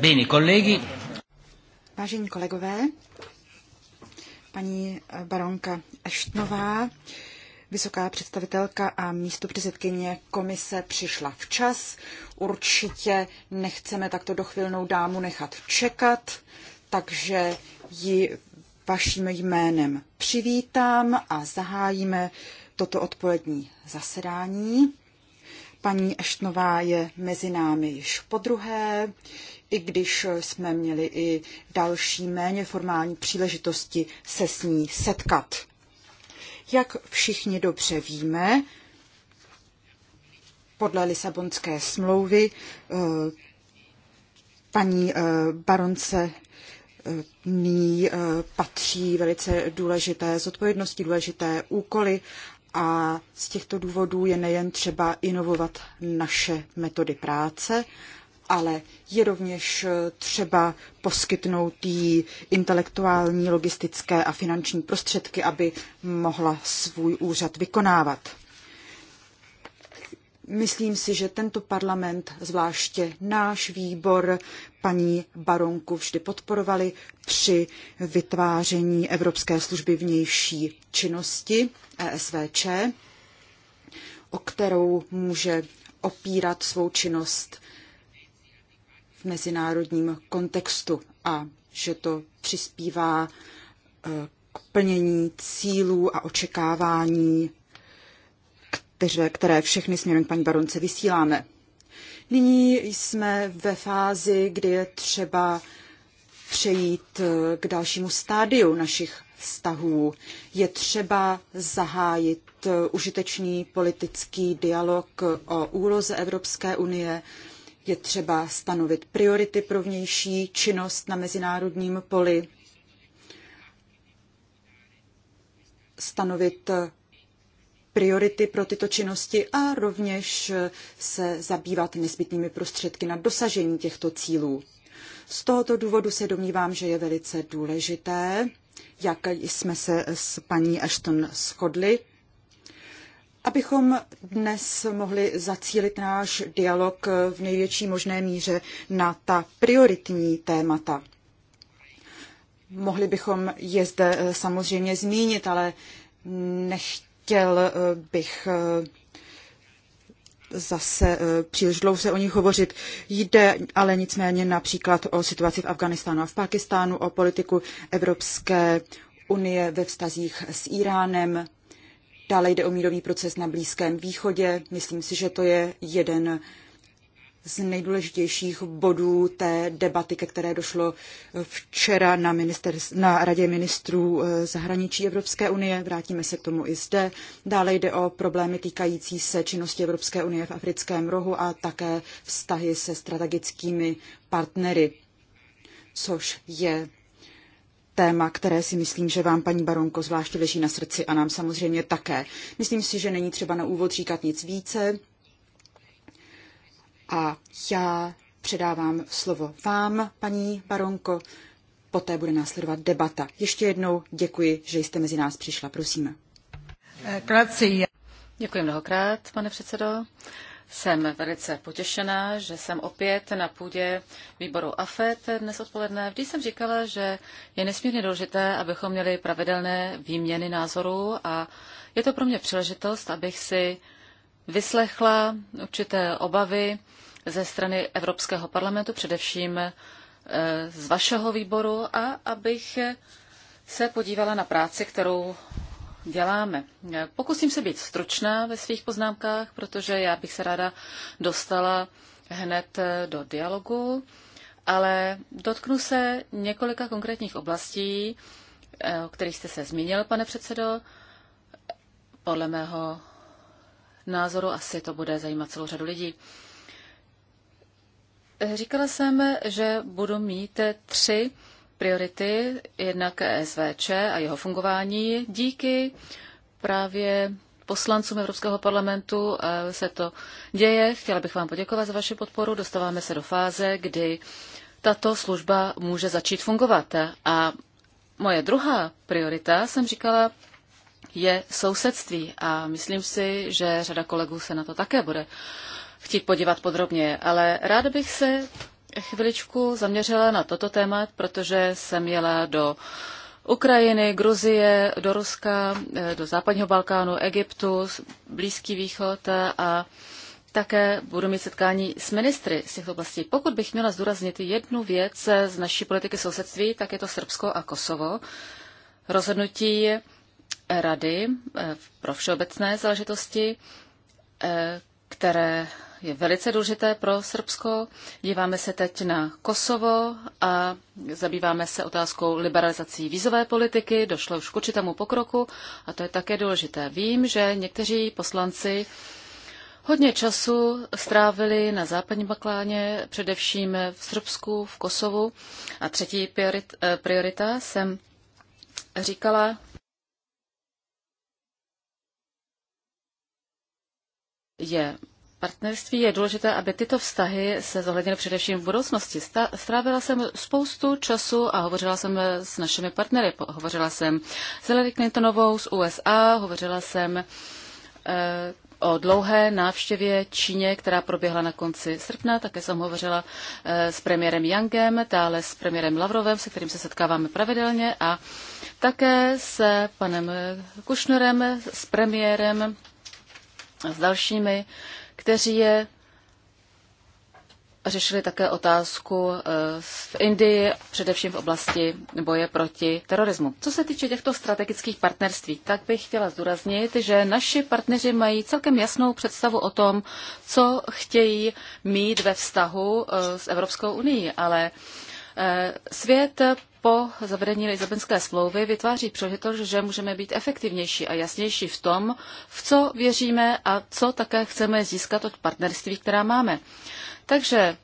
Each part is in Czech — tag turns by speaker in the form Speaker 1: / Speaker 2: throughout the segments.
Speaker 1: Bene, kolegy.
Speaker 2: Vážení kolegové, paní baronka Eštnová, vysoká představitelka a místo předsedkyně komise přišla včas. Určitě nechceme takto dochvilnou dámu nechat čekat, takže ji vaším jménem přivítám a zahájíme toto odpolední zasedání. Paní Eštnová je mezi námi již po druhé, i když jsme měli i další méně formální příležitosti se s ní setkat. Jak všichni dobře víme, podle Lisabonské smlouvy eh, paní eh, baronce eh, ní patří velice důležité zodpovědnosti, důležité úkoly a z těchto důvodů je nejen třeba inovovat naše metody práce, ale je rovněž třeba poskytnout jí intelektuální, logistické a finanční prostředky, aby mohla svůj úřad vykonávat. Myslím si, že tento parlament, zvláště náš výbor, paní baronku vždy podporovali při vytváření Evropské služby vnější činnosti ESVČ, o kterou může opírat svou činnost v mezinárodním kontextu a že to přispívá e, k plnění cílů a očekávání které, které všechny směrem k paní baronce vysíláme. Nyní jsme ve fázi, kdy je třeba přejít eh, k dalšímu stádiu našich vztahů. Je třeba zahájit eh, užitečný politický dialog o úloze Evropské unie, je třeba stanovit priority pro vnější činnost na mezinárodním poli, stanovit eh, priority pro tyto činnosti a rovněž se zabývat nezbytnými prostředky na dosažení těchto cílů. Z tohoto důvodu se domnívám, že je velice důležité, jak jsme se s paní Ashton shodli, abychom dnes mohli zacílit náš dialog v největší možné míře na ta prioritní témata. Mohli bychom je zde samozřejmě zmínit, ale nechtěli Chtěl eh, bych eh, zase eh, příliš dlouho se o nich hovořit. Jde ale nicméně například o situaci v Afganistánu a v Pakistánu, o politiku Evropské unie ve vztazích s Iránem. Dále jde o mírový proces na Blízkém východě. Myslím si, že to je jeden z nejdůležitějších bodů té debaty, ke které došlo včera na, minister, na Radě ministrů eh, zahraničí Evropské unie. Vrátíme se k tomu i zde. Dále jde o problémy týkající se činnosti Evropské unie v africkém rohu a také vztahy se strategickými partnery, což je téma, které si myslím, že vám, paní baronko, zvláště leží na srdci a nám samozřejmě také. Myslím si, že není třeba na úvod říkat nic více. A já předávám slovo vám, paní baronko, poté bude následovat debata. Ještě jednou děkuji, že jste mezi nás přišla, prosím.
Speaker 1: Děkuji mnohokrát, pane předsedo. Jsem velice potěšená, že jsem opět na půdě výboru AFET dnes odpoledne. Vždy jsem říkala, že je nesmírně důležité, abychom měli pravidelné výměny názorů a je to pro mě příležitost, abych si vyslechla určité obavy ze strany Evropského parlamentu, především eh, z vašeho výboru a abych se podívala na práci, kterou děláme. Pokusím se být stručná ve svých poznámkách, protože já bych se ráda dostala hned do dialogu, ale dotknu se několika konkrétních oblastí, eh, o kterých jste se zmínil, pane předsedo. Podle mého názoru. Asi to bude zajímat celou řadu lidí. Říkala jsem, že budu mít tři priority, jednak SVČ a jeho fungování. Díky právě poslancům Evropského parlamentu eh, se to děje. Chtěla bych vám poděkovat za vaši podporu. Dostáváme se do fáze, kdy tato služba může začít fungovat. A moje druhá priorita, jsem říkala, je sousedství a myslím si, že řada kolegů se na to také bude chtít podívat podrobně, ale rád bych se chviličku zaměřila na toto téma, protože jsem jela do Ukrajiny, Gruzie, do Ruska, eh, do západního Balkánu, Egyptu, Blízký východ eh, a také budu mít setkání s ministry z těchto oblastí. Pokud bych měla zdůraznit jednu věc z naší politiky sousedství, tak je to Srbsko a Kosovo. Rozhodnutí rady eh, pro všeobecné záležitosti, eh, které je velice důležité pro Srbsko. Díváme se teď na Kosovo a zabýváme se otázkou liberalizací vízové politiky. Došlo už k určitému pokroku a to je také důležité. Vím, že někteří poslanci hodně času strávili na západní Bakláně, především v Srbsku, v Kosovu. A třetí eh, priorita jsem říkala, je partnerství, je důležité, aby tyto vztahy se zohlednily především v budoucnosti. Strávila jsem spoustu času a hovořila jsem s našimi partnery. Hovořila jsem s Hillary Clintonovou z USA, hovořila jsem eh, o dlouhé návštěvě Číně, která proběhla na konci srpna. Také jsem hovořila eh, s premiérem Yangem, dále s premiérem Lavrovem, se kterým se setkáváme pravidelně a také s panem Kušnerem, s premiérem a s dalšími, kteří je řešili také otázku eh, v Indii, především v oblasti boje proti terorismu. Co se týče těchto strategických partnerství, tak bych chtěla zdůraznit, že naši partneři mají celkem jasnou představu o tom, co chtějí mít ve vztahu eh, s Evropskou unii, ale Eh, svět po zavedení Lisabonské smlouvy vytváří příležitost, že můžeme být efektivnější a jasnější v tom, v co věříme a co také chceme získat od partnerství, která máme. Takže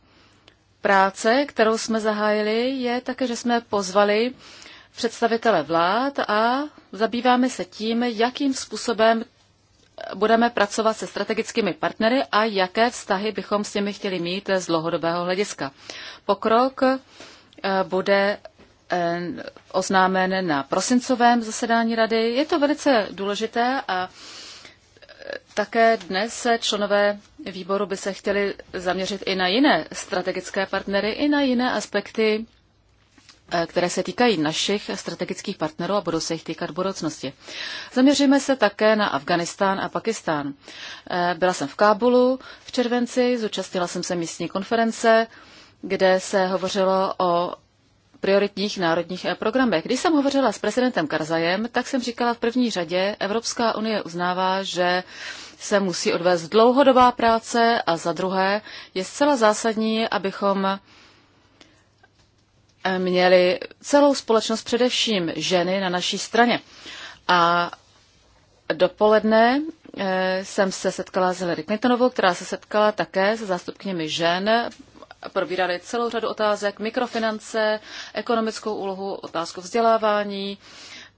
Speaker 1: práce, kterou jsme zahájili, je také, že jsme pozvali představitele vlád a zabýváme se tím, jakým způsobem budeme pracovat se strategickými partnery a jaké vztahy bychom s nimi chtěli mít z dlouhodobého hlediska. Pokrok Eh, bude eh, oznámen na prosincovém zasedání rady. Je to velice důležité a eh, také dnes členové výboru by se chtěli zaměřit i na jiné strategické partnery, i na jiné aspekty, které se týkají našich strategických partnerů a budou se jich týkat v budoucnosti. Zaměříme se také na Afganistán a Pakistán. Byla jsem v Kábulu v červenci, zúčastnila jsem se místní konference, kde se hovořilo o prioritních národních eh, programech. Když jsem hovořila s prezidentem Karzajem, tak jsem říkala v první řadě, Evropská unie uznává, že se musí odvést dlouhodobá práce a za druhé je zcela zásadní, abychom eh, měli celou společnost, především ženy, na naší straně. A dopoledne eh, jsem se setkala s Hillary Clintonovou, která se setkala také se zástupkněmi žen probírali celou řadu otázek, mikrofinance, ekonomickou úlohu, otázku vzdělávání,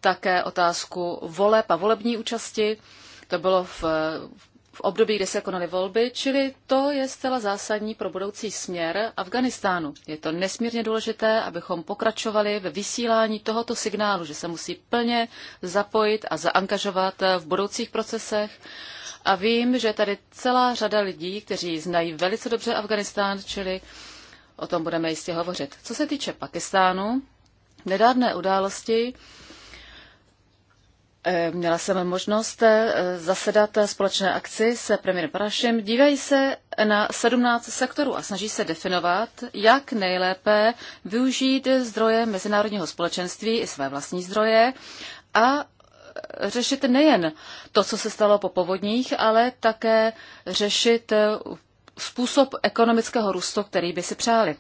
Speaker 1: také otázku voleb a volební účasti. To bylo v, v období, kdy se konaly volby, čili to je zcela zásadní pro budoucí směr Afganistánu. Je to nesmírně důležité, abychom pokračovali ve vysílání tohoto signálu, že se musí plně zapojit a zaangažovat v budoucích procesech a vím, že tady celá řada lidí, kteří znají velice dobře Afganistán, čili o tom budeme jistě hovořit. Co se týče Pakistánu, nedávné události, eh, Měla jsem možnost eh, zasedat společné akci se premiérem Parašem. Dívají se na 17 sektorů a snaží se definovat, jak nejlépe využít zdroje mezinárodního společenství i své vlastní zdroje a řešit nejen to, co se stalo po povodních, ale také řešit způsob ekonomického růstu, který by si přáli.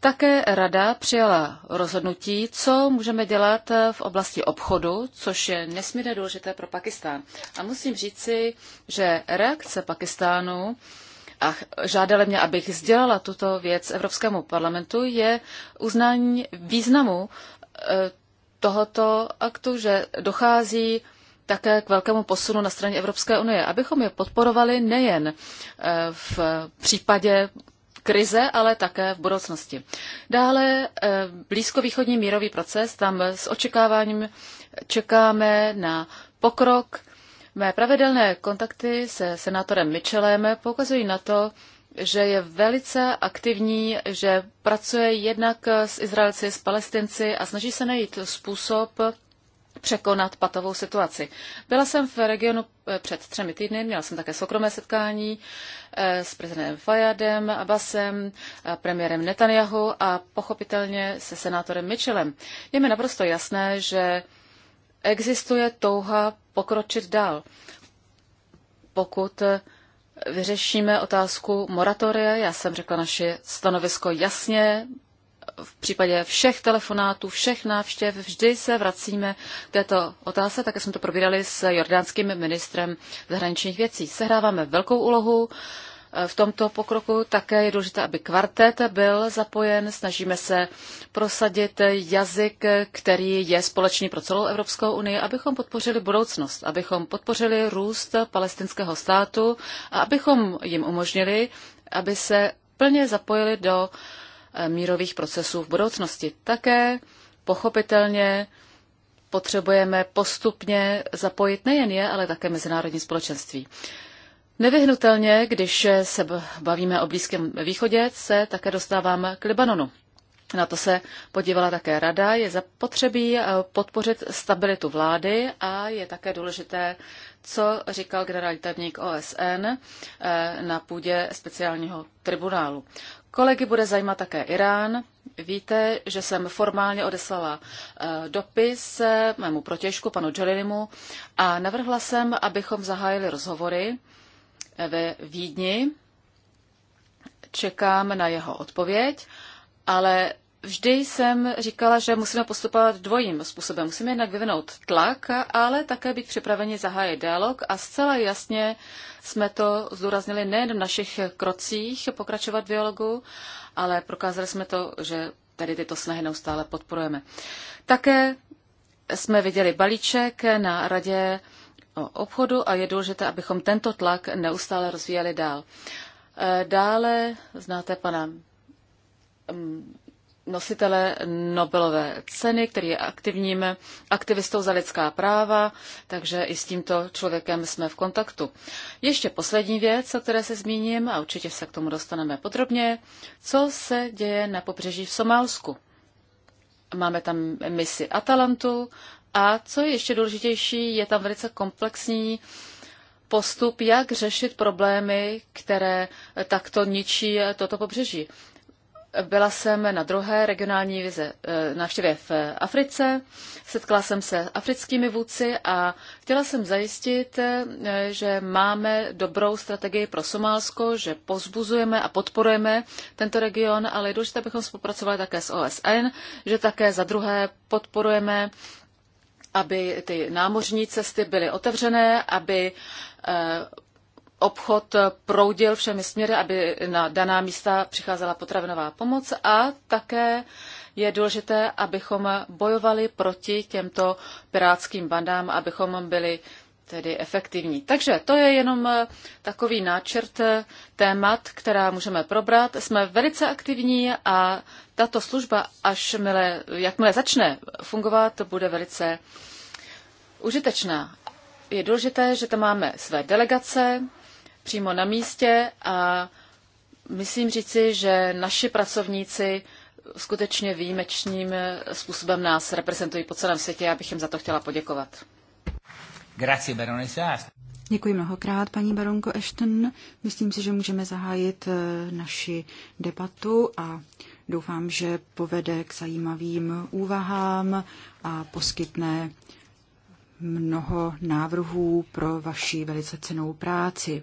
Speaker 1: Také rada přijala rozhodnutí, co můžeme dělat v oblasti obchodu, což je nesmírně důležité pro Pakistán. A musím říci, že reakce Pakistánu a žádali mě, abych sdělala tuto věc Evropskému parlamentu, je uznání významu eh, tohoto aktu, že dochází také k velkému posunu na straně Evropské unie, abychom je podporovali nejen eh, v případě krize, ale také v budoucnosti. Dále eh, blízkovýchodní mírový proces, tam s očekáváním čekáme na pokrok. Mé pravidelné kontakty se senátorem Mitchellem poukazují na to, že je velice aktivní, že pracuje jednak s Izraelci, s Palestinci a snaží se najít způsob překonat patovou situaci. Byla jsem v regionu eh, před třemi týdny, měla jsem také soukromé setkání eh, s prezidentem Fayadem, Abbasem, premiérem Netanyahu a pochopitelně se senátorem Mitchellem. Je mi naprosto jasné, že existuje touha pokročit dál. Pokud eh, vyřešíme otázku moratoria. Já jsem řekla naše stanovisko jasně. V případě všech telefonátů, všech návštěv vždy se vracíme k této otázce, také jsme to probírali s jordánským ministrem zahraničních věcí. Sehráváme velkou úlohu v tomto pokroku. Také je důležité, aby kvartet byl zapojen. Snažíme se prosadit jazyk, který je společný pro celou Evropskou unii, abychom podpořili budoucnost, abychom podpořili růst palestinského státu a abychom jim umožnili, aby se plně zapojili do eh, mírových procesů v budoucnosti. Také pochopitelně potřebujeme postupně zapojit nejen je, ale také mezinárodní společenství. Nevyhnutelně, když se bavíme o Blízkém východě, se také dostávám k Libanonu. Na to se podívala také rada. Je zapotřebí eh, podpořit stabilitu vlády a je také důležité, co říkal generální tajemník OSN eh, na půdě speciálního tribunálu. Kolegy bude zajímat také Irán. Víte, že jsem formálně odeslala eh, dopis mému protěžku, panu Jolinimu, a navrhla jsem, abychom zahájili rozhovory ve Vídni. Čekám na jeho odpověď, ale vždy jsem říkala, že musíme postupovat dvojím způsobem. Musíme jednak vyvinout tlak, ale také být připraveni zahájit dialog a zcela jasně jsme to zdůraznili nejen v našich krocích pokračovat v dialogu, ale prokázali jsme to, že tady tyto snahy neustále podporujeme. Také jsme viděli balíček na radě obchodu a je důležité, abychom tento tlak neustále rozvíjeli dál. E, dále znáte pana mm, nositele Nobelové ceny, který je aktivním aktivistou za lidská práva, takže i s tímto člověkem jsme v kontaktu. Ještě poslední věc, o které se zmíním, a určitě se k tomu dostaneme podrobně, co se děje na pobřeží v Somálsku. Máme tam misi Atalantu, a co je ještě důležitější, je tam velice komplexní postup, jak řešit problémy, které takto ničí toto pobřeží. Byla jsem na druhé regionální vize, eh, návštěvě v Africe, setkala jsem se africkými vůdci a chtěla jsem zajistit, eh, že máme dobrou strategii pro Somálsko, že pozbuzujeme a podporujeme tento region, ale je důležité, abychom spolupracovali také s OSN, že také za druhé podporujeme aby ty námořní cesty byly otevřené, aby eh, obchod proudil všemi směry, aby na daná místa přicházela potravinová pomoc a také je důležité, abychom bojovali proti těmto pirátským bandám, abychom byli tedy efektivní. Takže to je jenom eh, takový náčrt eh, témat, která můžeme probrat. Jsme velice aktivní a tato služba, až mile, jakmile začne fungovat, bude velice užitečná. Je důležité, že tam máme své delegace přímo na místě a myslím říci, že naši pracovníci skutečně výjimečným
Speaker 2: eh, způsobem nás reprezentují
Speaker 1: po celém světě. Já bych jim za to chtěla poděkovat.
Speaker 3: Grazie,
Speaker 2: Děkuji mnohokrát, paní baronko Ashton. Myslím si, že můžeme zahájit eh, naši debatu a doufám, že povede k zajímavým úvahám a poskytne mnoho návrhů pro vaši velice cenou práci.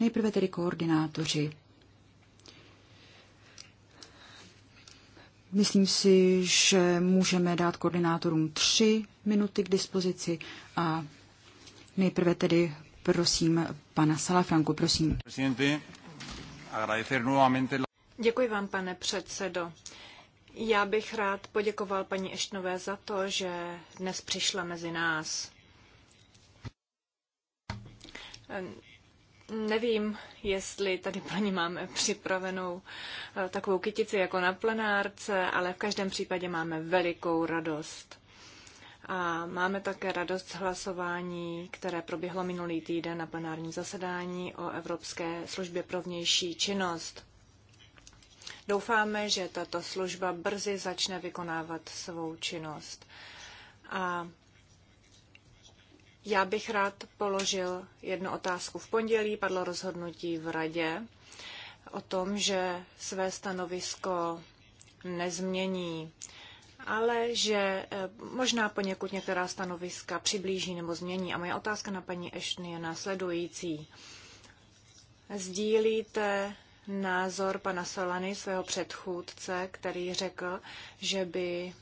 Speaker 2: Nejprve tedy koordinátoři. Myslím si, že můžeme dát koordinátorům tři minuty k dispozici a Nejprve tedy prosím pana Salafranku, prosím.
Speaker 3: Děkuji vám, pane předsedo. Já bych rád poděkoval paní Eštnové za to, že dnes přišla mezi nás. Nevím, jestli tady pro ní máme připravenou eh, takovou kytici jako na plenárce, ale v každém případě máme velikou radost. A máme také radost z hlasování, které proběhlo minulý týden na plenárním zasedání o Evropské službě pro vnější činnost. Doufáme, že tato služba brzy začne vykonávat svou činnost. A já bych rád položil jednu otázku. V pondělí padlo rozhodnutí v Radě o tom, že své stanovisko nezmění ale že eh, možná poněkud některá stanoviska přiblíží nebo změní. A moje otázka na paní Ešny je následující. Sdílíte názor pana Solany, svého předchůdce, který řekl, že by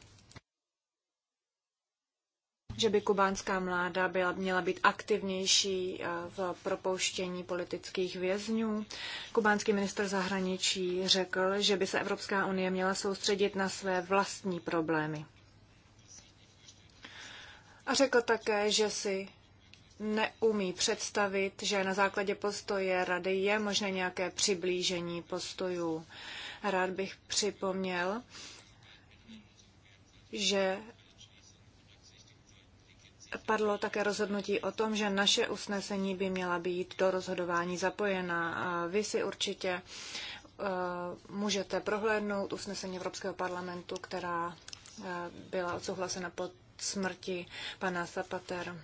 Speaker 3: že by kubánská mláda byla, měla být aktivnější eh, v propouštění politických vězňů. Kubánský minister zahraničí řekl, že by se Evropská unie měla soustředit na své vlastní problémy. A řekl také, že si neumí představit, že na základě postoje rady je možné nějaké přiblížení postojů. Rád bych připomněl, že Padlo také rozhodnutí o tom, že naše usnesení by měla být do rozhodování zapojena. A vy si určitě e, můžete prohlédnout usnesení Evropského parlamentu, která e, byla odsouhlasena pod smrti pana Zapatera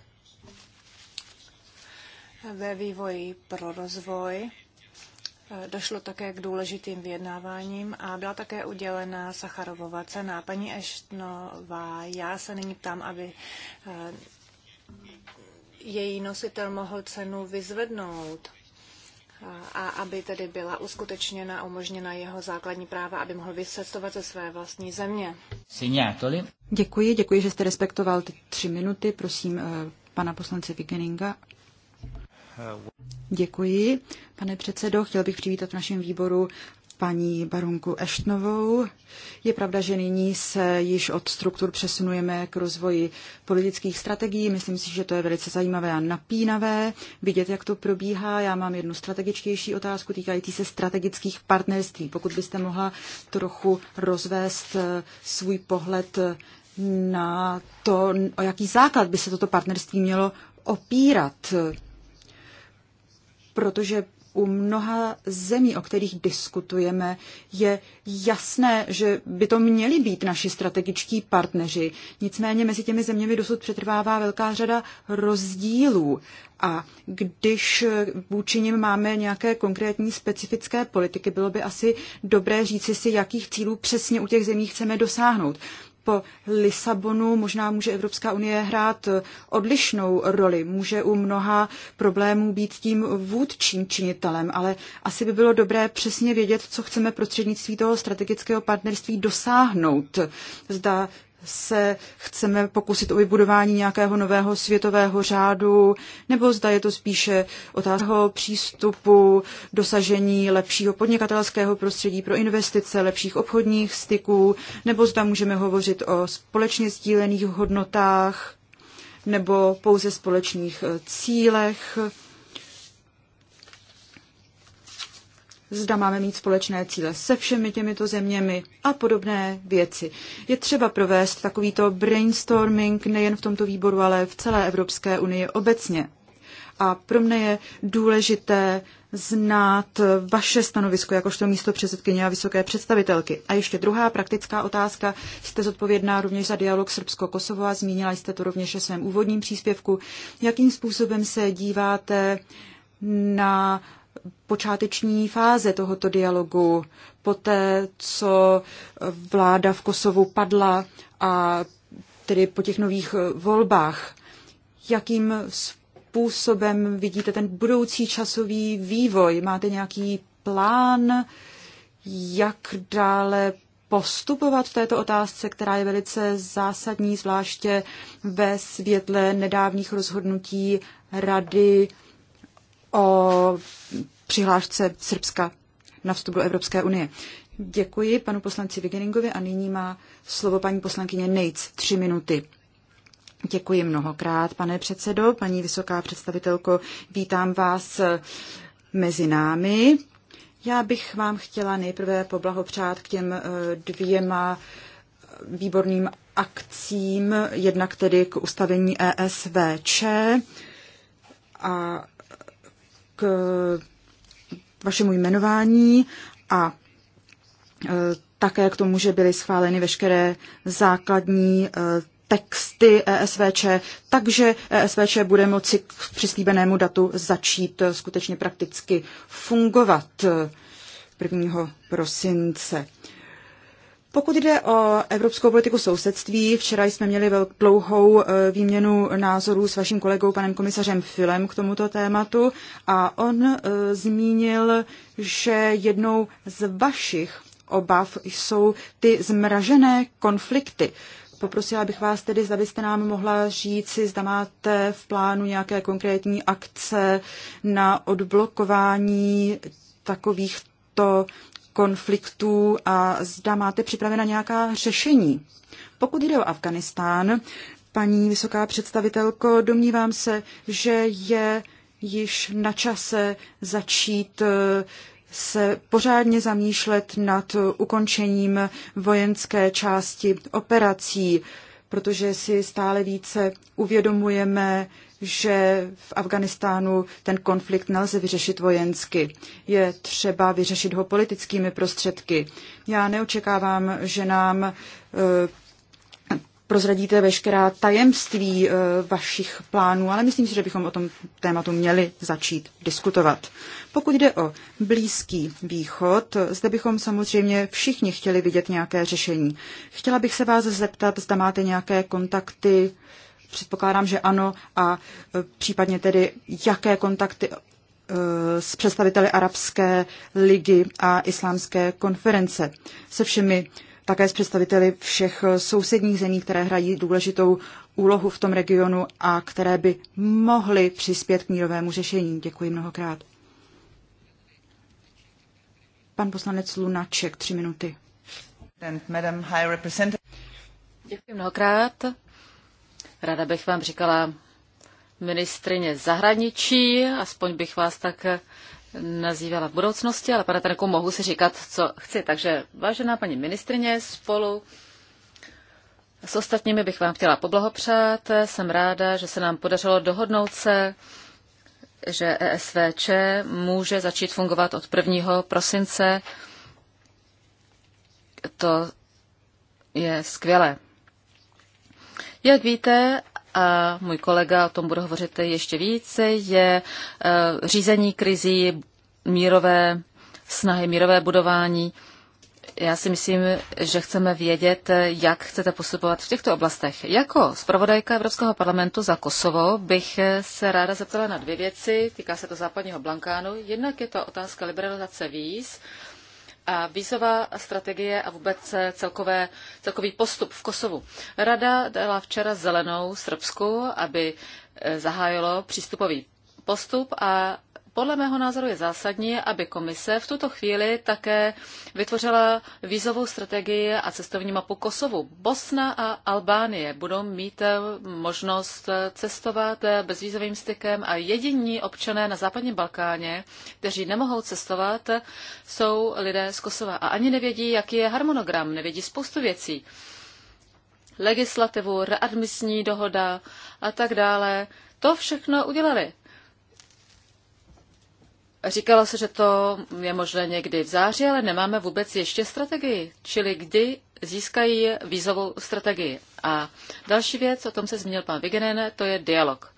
Speaker 3: ve vývoji pro rozvoj Došlo také k důležitým vyjednáváním a byla také udělena Sacharovova cena. Paní Eštnová, já se nyní ptám, aby eh, její nositel mohl cenu vyzvednout eh, a aby tedy byla uskutečněna a umožněna jeho základní práva, aby mohl vysestovat ze své vlastní země.
Speaker 2: Děkuji, děkuji, že jste respektoval ty tři minuty. Prosím eh, pana poslance Vigeninga Děkuji, pane předsedo. Chtěl bych přivítat v našem výboru paní baronku Eštnovou. Je pravda, že nyní se již od struktur přesunujeme k rozvoji politických strategií. Myslím si, že to je velice zajímavé a napínavé vidět, jak to probíhá. Já mám jednu strategičtější otázku týkající se strategických partnerství. Pokud byste mohla trochu rozvést eh, svůj pohled eh, na to, o jaký základ by se toto partnerství mělo opírat. Eh, protože u mnoha zemí, o kterých diskutujeme, je jasné, že by to měli být naši strategičtí partneři. Nicméně mezi těmi zeměmi dosud přetrvává velká řada rozdílů. A když vůči nim máme nějaké konkrétní specifické politiky, bylo by asi dobré říci si, jakých cílů přesně u těch zemí chceme dosáhnout po Lisabonu možná může Evropská unie hrát odlišnou roli. Může u mnoha problémů být tím vůdčím činitelem, ale asi by bylo dobré přesně vědět, co chceme prostřednictví toho strategického partnerství dosáhnout. Zda se chceme pokusit o vybudování nějakého nového světového řádu, nebo zda je to spíše otázka přístupu, dosažení lepšího podnikatelského prostředí pro investice, lepších obchodních styků, nebo zda můžeme hovořit o společně sdílených hodnotách, nebo pouze společných eh, cílech. zda máme mít společné cíle se všemi těmito zeměmi a podobné věci. Je třeba provést takovýto brainstorming nejen v tomto výboru, ale v celé Evropské unii obecně. A pro mne je důležité znát vaše stanovisko jakožto místo předsedkyně a vysoké představitelky. A ještě druhá praktická otázka. Jste zodpovědná rovněž za dialog Srbsko-Kosovo a zmínila jste to rovněž ve svém úvodním příspěvku. Jakým způsobem se díváte na počáteční fáze tohoto dialogu, poté co vláda v Kosovu padla a tedy po těch nových eh, volbách. Jakým způsobem vidíte ten budoucí časový vývoj? Máte nějaký plán, jak dále postupovat v této otázce, která je velice zásadní, zvláště ve světle nedávných rozhodnutí Rady o přihlášce Srbska na vstup do Evropské unie. Děkuji panu poslanci Vigeningovi a nyní má slovo paní poslankyně Nejc, tři minuty. Děkuji mnohokrát, pane předsedo, paní vysoká představitelko, vítám vás eh, mezi námi. Já bych vám chtěla nejprve poblahopřát k těm eh, dvěma eh, výborným akcím, jednak tedy k ustavení ESVČ a k vašemu jmenování a e, také k tomu, že byly schváleny veškeré základní e, texty ESVČ, takže ESVČ bude moci k přislíbenému datu začít e, skutečně prakticky fungovat 1. prosince. Pokud jde o evropskou politiku sousedství, včera jsme měli dlouhou eh, výměnu názorů s vaším kolegou panem komisařem Filem k tomuto tématu a on eh, zmínil, že jednou z vašich obav jsou ty zmražené konflikty. Poprosila bych vás tedy, zda byste nám mohla říci, zda máte v plánu nějaké konkrétní akce na odblokování takovýchto konfliktů a zda máte připravena nějaká řešení. Pokud jde o Afganistán, paní vysoká představitelko, domnívám se, že je již na čase začít eh, se pořádně zamýšlet nad ukončením vojenské části operací, protože si stále více uvědomujeme, že v Afganistánu ten konflikt nelze vyřešit vojensky. Je třeba vyřešit ho politickými prostředky. Já neočekávám, že nám e, prozradíte veškerá tajemství e, vašich plánů, ale myslím si, že bychom o tom tématu měli začít diskutovat. Pokud jde o Blízký východ, zde bychom samozřejmě všichni chtěli vidět nějaké řešení. Chtěla bych se vás zeptat, zda máte nějaké kontakty Předpokládám, že ano a e, případně tedy jaké kontakty e, s představiteli Arabské ligy a Islámské konference, se všemi také s představiteli všech sousedních zemí, které hrají důležitou úlohu v tom regionu a které by mohly přispět k mírovému řešení. Děkuji mnohokrát. Pan poslanec Lunaček, tři minuty. Děkuji mnohokrát,
Speaker 1: Ráda bych vám říkala
Speaker 2: ministrině
Speaker 1: zahraničí, aspoň bych vás tak nazývala v budoucnosti, ale pane Tanku, mohu si říkat, co chci. Takže vážená paní ministrině, spolu s ostatními bych vám chtěla poblahopřát. Jsem ráda, že se nám podařilo dohodnout se, že ESVČ může začít fungovat od 1. prosince. To je skvělé. Jak víte, a můj kolega o tom bude hovořit ještě více, je e, řízení krizí, mírové snahy, mírové budování. Já si myslím, že chceme vědět, jak chcete postupovat v těchto oblastech. Jako zpravodajka Evropského parlamentu za Kosovo bych se ráda zeptala na dvě věci. Týká se to západního Blankánu. Jednak je to otázka liberalizace víz vízová strategie a vůbec celkové, celkový postup v Kosovu. Rada dala včera zelenou Srbsku, aby eh, zahájilo přístupový postup a podle mého názoru je zásadní, aby komise v tuto chvíli také vytvořila vízovou strategii a cestovní mapu Kosovu. Bosna a Albánie budou mít eh, možnost eh, cestovat eh, bezvízovým stykem a jediní občané na západním Balkáně, kteří nemohou cestovat, jsou lidé z Kosova a ani nevědí, jaký je harmonogram, nevědí spoustu věcí. Legislativu, readmisní dohoda a tak dále. To všechno udělali Říkalo se, že to je možné někdy v září, ale nemáme vůbec ještě strategii, čili kdy získají vízovou strategii. A další věc, o tom se zmínil pan Vigenen, to je dialog.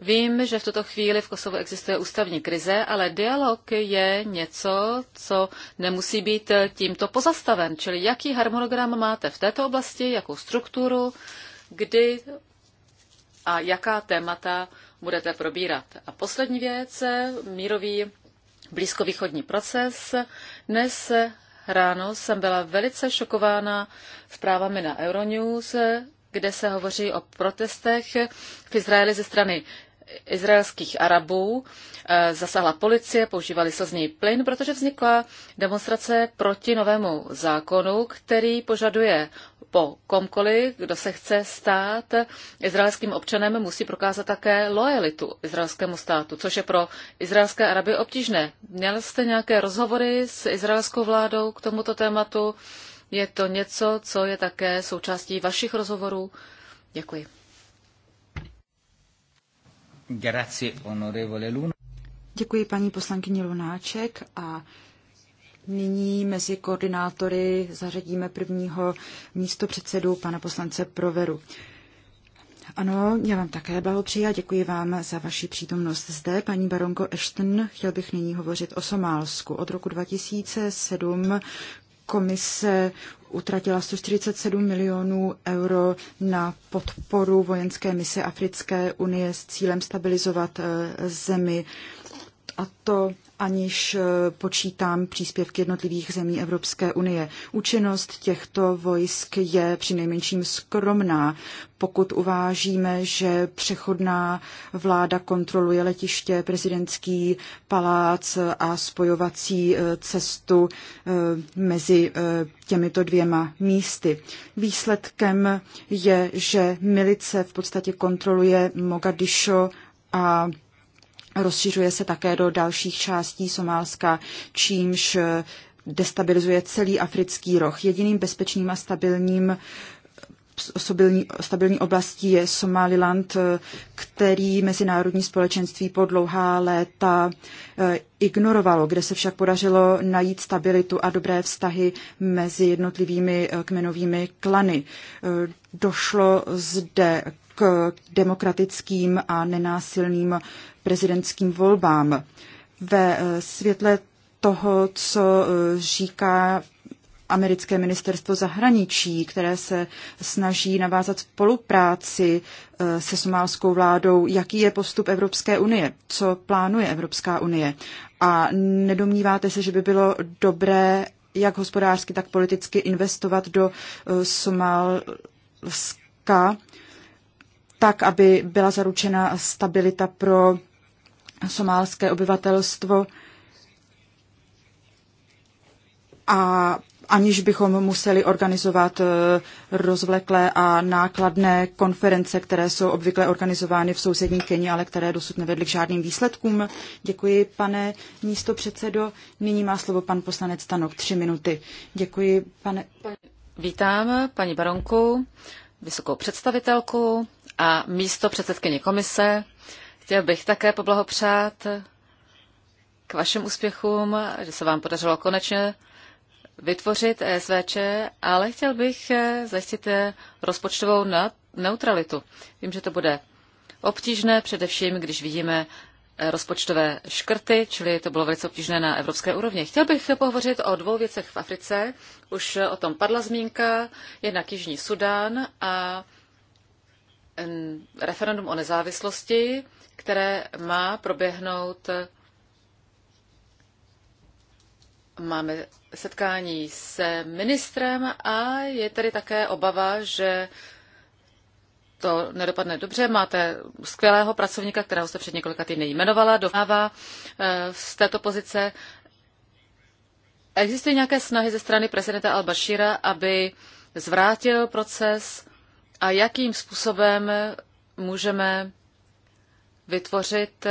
Speaker 1: Vím, že v tuto chvíli v Kosovu existuje ústavní krize, ale dialog je něco, co nemusí být tímto pozastaven. Čili jaký harmonogram máte v této oblasti, jakou strukturu, kdy a jaká témata budete probírat. A poslední věc, mírový blízkovýchodní proces. Dnes ráno jsem byla velice šokována zprávami na Euronews, kde se hovoří o protestech v Izraeli ze strany izraelských Arabů eh, zasahla policie, používali se z něj plyn, protože vznikla demonstrace proti novému zákonu, který požaduje po komkoliv, kdo se chce stát izraelským občanem, musí prokázat také lojalitu izraelskému státu, což je pro izraelské Araby obtížné. Měl jste nějaké rozhovory s izraelskou vládou k tomuto tématu? Je to něco, co je také součástí
Speaker 2: vašich rozhovorů? Děkuji. Děkuji paní poslankyni Lunáček a nyní mezi koordinátory zařadíme prvního místo předsedu pana poslance Proveru. Ano, já vám také blahopřeji a děkuji vám za vaši přítomnost zde. Paní baronko Ashton, chtěl bych nyní hovořit o Somálsku. Od roku 2007 komise utratila 147 milionů euro na podporu vojenské mise Africké unie s cílem stabilizovat eh, zemi. A to aniž eh, počítám příspěvky jednotlivých zemí Evropské unie. Účinnost těchto vojsk je přinejmenším skromná, pokud uvážíme, že přechodná vláda kontroluje letiště, prezidentský palác a spojovací eh, cestu eh, mezi těmito dvěma místy. Výsledkem je, že milice v podstatě kontroluje Mogadišo a rozšiřuje se také do dalších částí Somálska, čímž eh, destabilizuje celý africký roh. Jediným bezpečným a stabilním Osobilní, stabilní oblastí je Somaliland, eh, který mezinárodní společenství po dlouhá léta eh, ignorovalo, kde se však podařilo najít stabilitu a dobré vztahy mezi jednotlivými kmenovými klany. Došlo zde k demokratickým a nenásilným prezidentským volbám. Ve eh, světle toho, co eh, říká americké ministerstvo zahraničí, které se snaží navázat spolupráci eh, se somálskou vládou, jaký je postup Evropské unie, co plánuje Evropská unie. A nedomníváte se, že by bylo dobré jak hospodářsky, tak politicky investovat do Somálska, tak, aby byla zaručena stabilita pro somálské obyvatelstvo a aniž bychom museli organizovat eh, rozvleklé a nákladné konference, které jsou obvykle organizovány v sousední Keni, ale které dosud nevedly k žádným výsledkům. Děkuji, pane místo předsedo. Nyní má slovo pan poslanec Stanok. Tři minuty. Děkuji, pane... Vítám paní baronku,
Speaker 1: vysokou představitelku a místo předsedkyně komise. Chtěl bych také poblahopřát k vašim úspěchům, že se vám podařilo konečně vytvořit ESVČ, ale chtěl bych zajistit rozpočtovou neutralitu. Vím, že to bude obtížné, především když vidíme rozpočtové škrty, čili to bylo velice obtížné na evropské úrovni. Chtěl bych pohovořit o dvou věcech v Africe. Už o tom padla zmínka, jednak Jižní Sudán a referendum o nezávislosti, které má proběhnout. Máme setkání s ministrem a je tady také obava, že to nedopadne dobře. Máte skvělého pracovníka, kterého jste před několika týdny jmenovala, dovnává e, z této pozice. Existují nějaké snahy ze strany prezidenta Al-Bashira, aby zvrátil proces a jakým způsobem můžeme vytvořit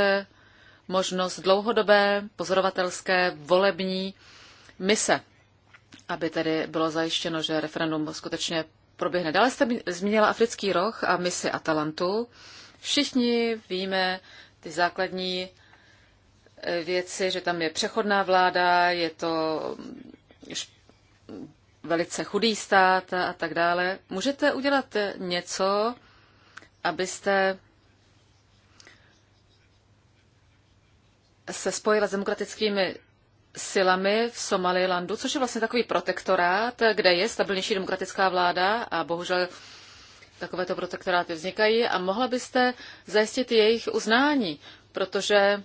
Speaker 1: možnost dlouhodobé pozorovatelské volební mise, aby tedy bylo zajištěno, že referendum skutečně proběhne. Dále jste zmínila Africký roh a misi Atalantu. Všichni víme ty základní eh, věci, že tam je přechodná vláda, je to velice chudý stát a tak dále. Můžete udělat něco, abyste se spojila s demokratickými silami v Somalilandu, což je vlastně takový protektorát, kde je stabilnější demokratická vláda a bohužel takovéto protektoráty vznikají a mohla byste zajistit jejich uznání, protože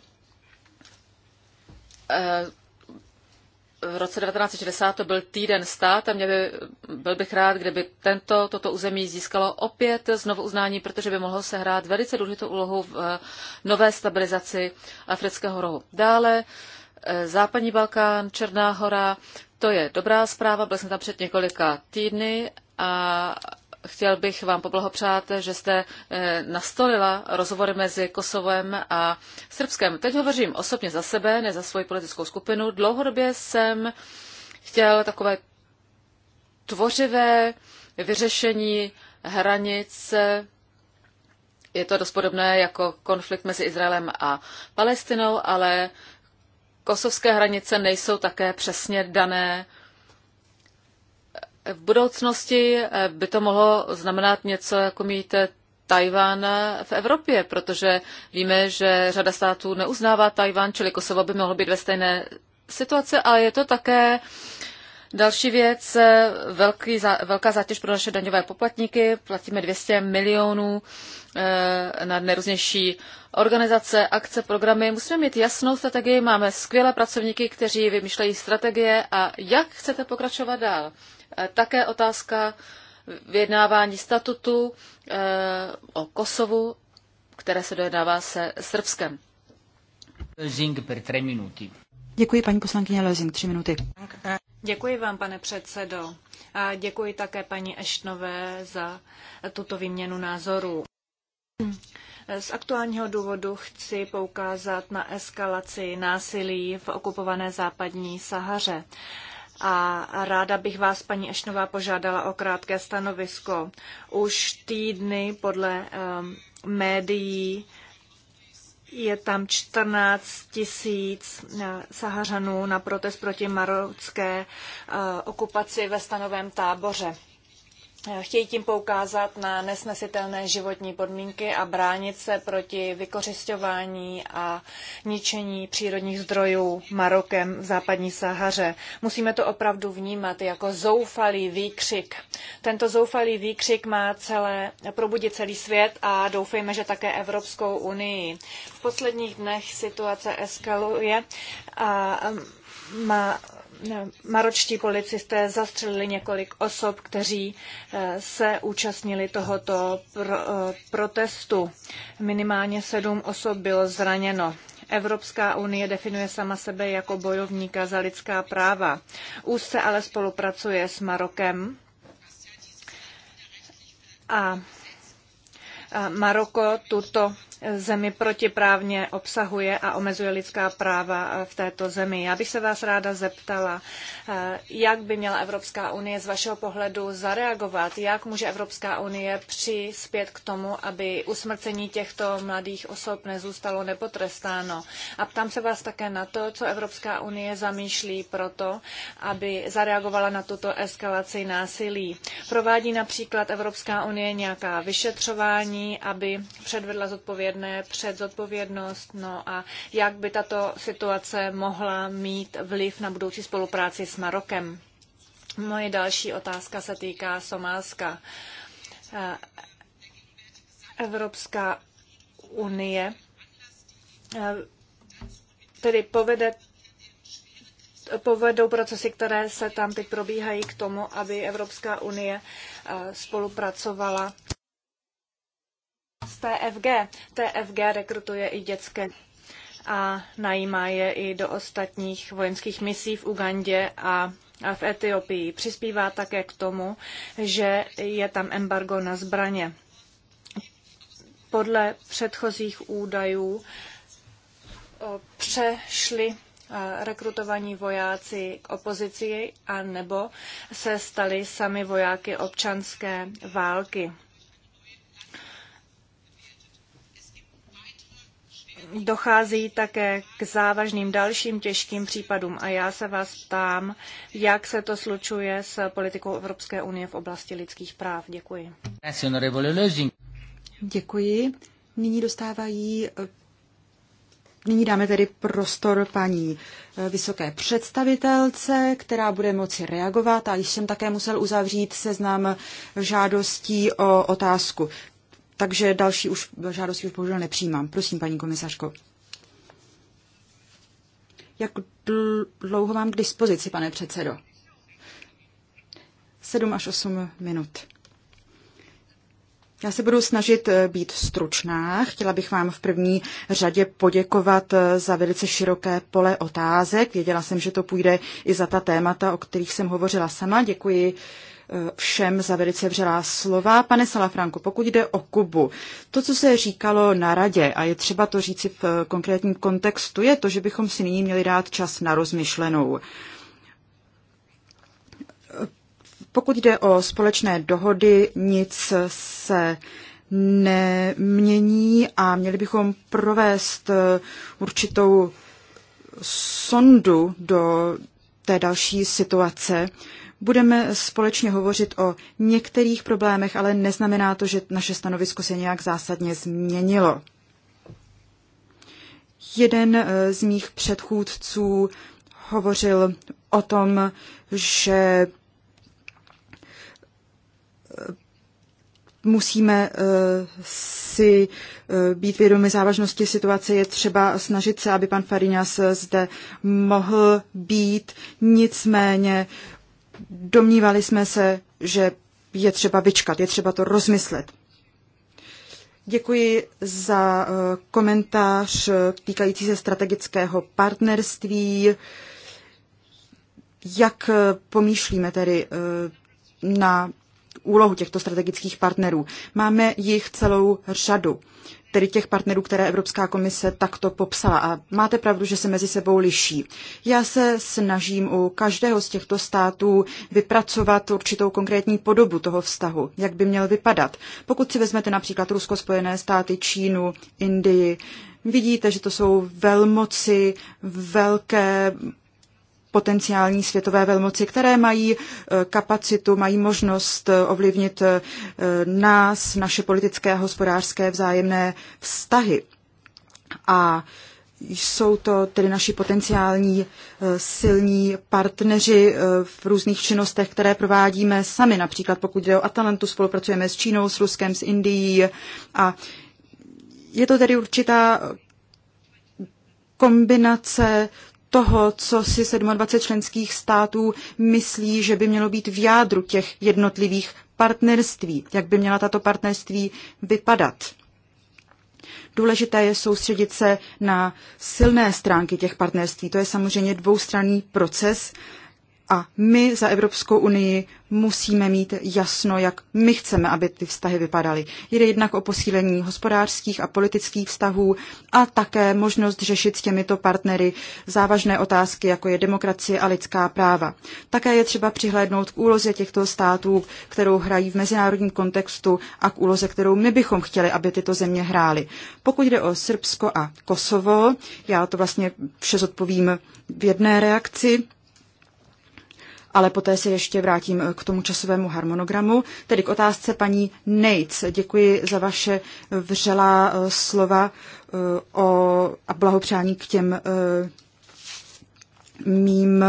Speaker 1: eh, v roce 1960 to byl týden stát a mě by, byl bych rád, kdyby tento, toto území získalo opět znovu uznání, protože by mohlo sehrát velice důležitou úlohu v eh, nové stabilizaci afrického rohu. Dále eh, Západní Balkán, Černá hora, to je dobrá zpráva, byl jsem tam před několika týdny a chtěl bych vám poblahopřát, že jste eh, nastolila rozhovory mezi Kosovem a Srbskem. Teď hovořím osobně za sebe, ne za svoji politickou skupinu. Dlouhodobě jsem chtěl takové tvořivé vyřešení hranic. Je to dost podobné jako konflikt mezi Izraelem a Palestinou, ale kosovské hranice nejsou také přesně dané v budoucnosti eh, by to mohlo znamenat něco, jako mít eh, Tajván eh, v Evropě, protože víme, že řada států neuznává Tajván, čili Kosovo by mohlo být ve stejné situaci, ale je to také další věc, velký, velká zátěž pro naše daňové poplatníky. Platíme 200 milionů na nejrůznější organizace, akce, programy. Musíme mít jasnou strategii, máme skvělé pracovníky, kteří vymýšlejí strategie a jak chcete pokračovat dál. Eh, také otázka vyjednávání statutu eh, o Kosovu, které se dojednává se Srbskem. minuty.
Speaker 2: Děkuji, paní poslankyně Lezing, tři minuty.
Speaker 3: Děkuji vám, pane předsedo. A děkuji také paní Eštnové za tuto výměnu názorů. Z aktuálního důvodu chci poukázat na eskalaci násilí v okupované západní Sahaře a ráda bych vás, paní Ešnová, požádala o krátké stanovisko. Už týdny podle um, médií je tam 14 tisíc uh, Sahařanů na protest proti marocké uh, okupaci ve stanovém táboře. Chtějí tím poukázat na nesnesitelné životní podmínky a bránit se proti vykořišťování a ničení přírodních zdrojů Marokem v západní Sahaře. Musíme to opravdu vnímat jako zoufalý výkřik. Tento zoufalý výkřik má celé, probudit celý svět a doufejme, že také Evropskou unii. V posledních dnech situace eskaluje a má, No, maročtí policisté zastřelili několik osob, kteří eh, se účastnili tohoto eh, protestu. Minimálně sedm osob bylo zraněno. Evropská unie definuje sama sebe jako bojovníka za lidská práva. Úzce ale spolupracuje s Marokem a Maroko tuto zemi protiprávně obsahuje a omezuje lidská práva eh, v této zemi. Já bych se vás ráda zeptala, eh, jak by měla Evropská unie z vašeho pohledu zareagovat, jak může Evropská unie přispět k tomu, aby usmrcení těchto mladých osob nezůstalo nepotrestáno. A ptám se vás také na to, co Evropská unie zamýšlí proto, aby zareagovala na tuto eskalaci násilí. Provádí například Evropská unie nějaká vyšetřování, aby předvedla zodpovědnost zodpovědné před zodpovědnost, no a jak by tato situace mohla mít vliv na budoucí spolupráci s Marokem. Moje další otázka se týká Somálska. Eh, Evropská unie eh, tedy povede povedou procesy, které se tam teď probíhají k tomu, aby Evropská unie eh, spolupracovala TFG. TFG rekrutuje i dětské a najímá je i do ostatních vojenských misí v Ugandě a v Etiopii. Přispívá také k tomu, že je tam embargo na zbraně. Podle předchozích údajů přešli rekrutovaní vojáci k opozici a nebo se stali sami vojáky občanské války. dochází také k závažným dalším těžkým případům a já se vás ptám, jak se to slučuje s politikou Evropské unie v oblasti lidských práv. Děkuji.
Speaker 2: Děkuji. Nyní dostávají Nyní dáme tedy prostor paní eh, vysoké představitelce, která bude moci reagovat a již jsem také musel uzavřít seznam žádostí o otázku takže další už žádosti už bohužel nepřijímám. Prosím, paní komisařko. Jak dlouho mám k dispozici, pane předsedo? Sedm až osm minut. Já se budu snažit eh, být stručná. Chtěla bych vám v první řadě poděkovat eh, za velice široké pole otázek. Věděla jsem, že to půjde i za ta témata, o kterých jsem hovořila sama. Děkuji všem za velice vřelá slova. Pane Salafranko, pokud jde o Kubu, to, co se říkalo na radě, a je třeba to říci v konkrétním kontextu, je to, že bychom si nyní měli dát čas na rozmyšlenou. Pokud jde o společné dohody, nic se nemění a měli bychom provést určitou sondu do té další situace, Budeme společně hovořit o některých problémech, ale neznamená to, že naše stanovisko se nějak zásadně změnilo. Jeden eh, z mých předchůdců hovořil o tom, že eh, musíme eh, si být vědomi závažnosti situace. Je třeba snažit se, aby pan Farinas zde mohl být. Nicméně domnívali jsme se, že je třeba vyčkat, je třeba to rozmyslet. Děkuji za eh, komentář eh, týkající se strategického partnerství. Jak eh, pomýšlíme tedy na úlohu těchto strategických partnerů? Máme jich celou řadu tedy těch partnerů, které Evropská komise takto popsala. A máte pravdu, že se mezi sebou liší. Já se snažím u každého z těchto států vypracovat určitou konkrétní podobu toho vztahu, jak by měl vypadat. Pokud si vezmete například Rusko, Spojené státy, Čínu, Indii, vidíte, že to jsou velmoci, velké potenciální světové velmoci, které mají eh, kapacitu, mají možnost eh, ovlivnit eh, nás, naše politické a hospodářské vzájemné vztahy. A jsou to tedy naši potenciální silní partneři v různých činnostech, které provádíme sami. Například pokud jde o Atalantu, spolupracujeme s Čínou, s Ruskem, s Indií a je to tedy určitá kombinace toho, co si 27 členských států myslí, že by mělo být v jádru těch jednotlivých partnerství, jak by měla tato partnerství vypadat. Důležité je soustředit se na silné stránky těch partnerství. To je samozřejmě dvoustranný proces a my za Evropskou unii musíme mít jasno, jak my chceme, aby ty vztahy vypadaly. Jde jednak o posílení hospodářských a politických vztahů a také možnost řešit s těmito partnery závažné otázky, jako je demokracie a lidská práva. Také je třeba přihlédnout k úloze těchto států, kterou hrají v mezinárodním kontextu a k úloze, kterou my bychom chtěli, aby tyto země hrály. Pokud jde o Srbsko a Kosovo, já to vlastně vše zodpovím v jedné reakci, ale poté se ještě vrátím eh, k tomu časovému harmonogramu, tedy k otázce paní Nates. Děkuji za vaše eh, vřelá eh, slova o, a blahopřání k těm mým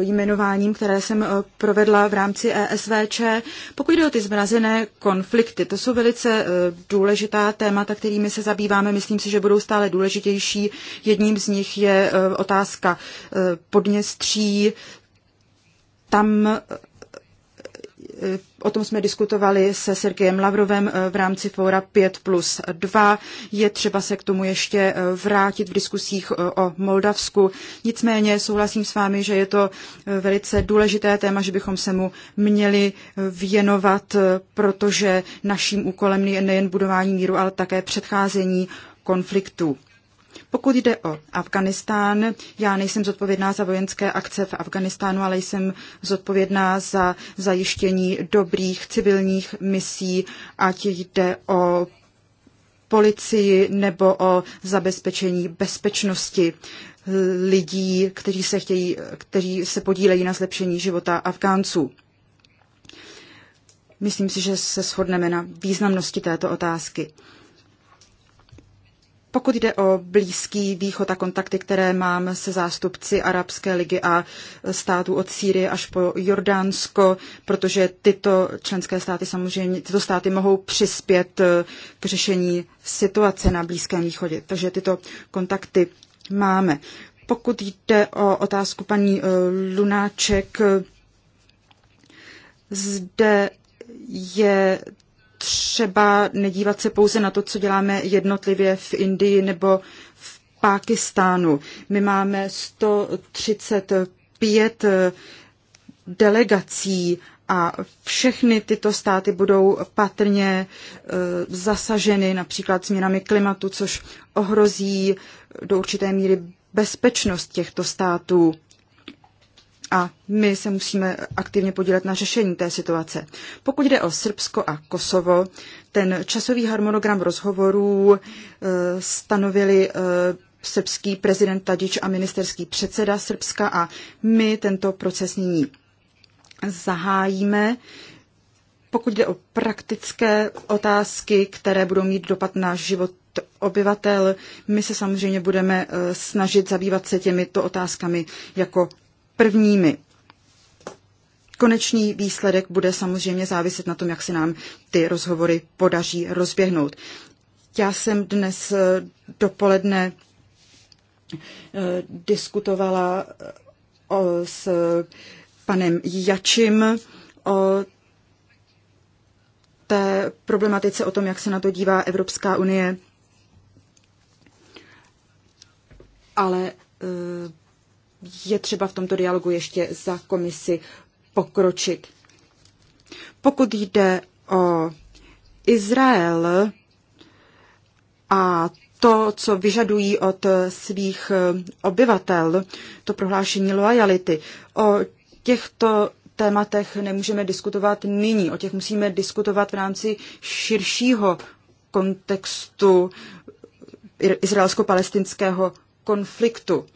Speaker 2: jmenováním, které jsem provedla v rámci ESVČ. Pokud jde o ty zmrazené konflikty, to jsou velice důležitá témata, kterými se zabýváme. Myslím si, že budou stále důležitější. Jedním z nich je otázka podněstří, tam eh, O tom jsme diskutovali se Sergejem Lavrovem eh, v rámci Fóra 5 plus 2. Je třeba se k tomu ještě eh, vrátit v diskusích o Moldavsku. Nicméně souhlasím s vámi, že je to velice důležité téma, že bychom se mu měli věnovat, protože naším úkolem je nejen budování míru, ale také předcházení konfliktů. Pokud jde o Afganistán, já nejsem zodpovědná za vojenské akce v Afganistánu, ale jsem zodpovědná za zajištění dobrých civilních misí, ať jde o policii nebo o zabezpečení bezpečnosti lidí, kteří se, chtějí, kteří se podílejí na zlepšení života Afgánců. Myslím si, že se shodneme na významnosti této otázky. Pokud jde o Blízký východ a kontakty, které mám se zástupci Arabské ligy a států od Sýrie až po Jordánsko, protože tyto členské státy samozřejmě, tyto státy mohou přispět eh, k řešení situace na Blízkém východě. Takže tyto kontakty máme. Pokud jde o otázku paní eh, Lunáček, eh, zde je třeba nedívat se pouze na to, co děláme jednotlivě v Indii nebo v Pákistánu. My máme 135 eh, delegací a všechny tyto státy budou patrně eh, zasaženy například změnami klimatu, což ohrozí do určité míry bezpečnost těchto států a my se musíme aktivně podílet na řešení té situace. Pokud jde o Srbsko a Kosovo, ten časový harmonogram rozhovorů eh, stanovili eh, srbský prezident Tadič a ministerský předseda Srbska a my tento proces nyní zahájíme. Pokud jde o praktické otázky, které budou mít dopad na život obyvatel, my se samozřejmě budeme eh, snažit zabývat se těmito otázkami jako prvními. Konečný výsledek bude samozřejmě záviset na tom, jak se nám ty rozhovory podaří rozběhnout. Já jsem dnes eh, dopoledne eh, diskutovala eh, s panem Jačim o té problematice, o tom, jak se na to dívá Evropská unie. Ale je třeba v tomto dialogu ještě za komisi pokročit. Pokud jde o Izrael a to, co vyžadují od svých obyvatel, to prohlášení loajality, o těchto tématech nemůžeme diskutovat nyní, o těch musíme diskutovat v rámci širšího kontextu izraelsko-palestinského konfliktu.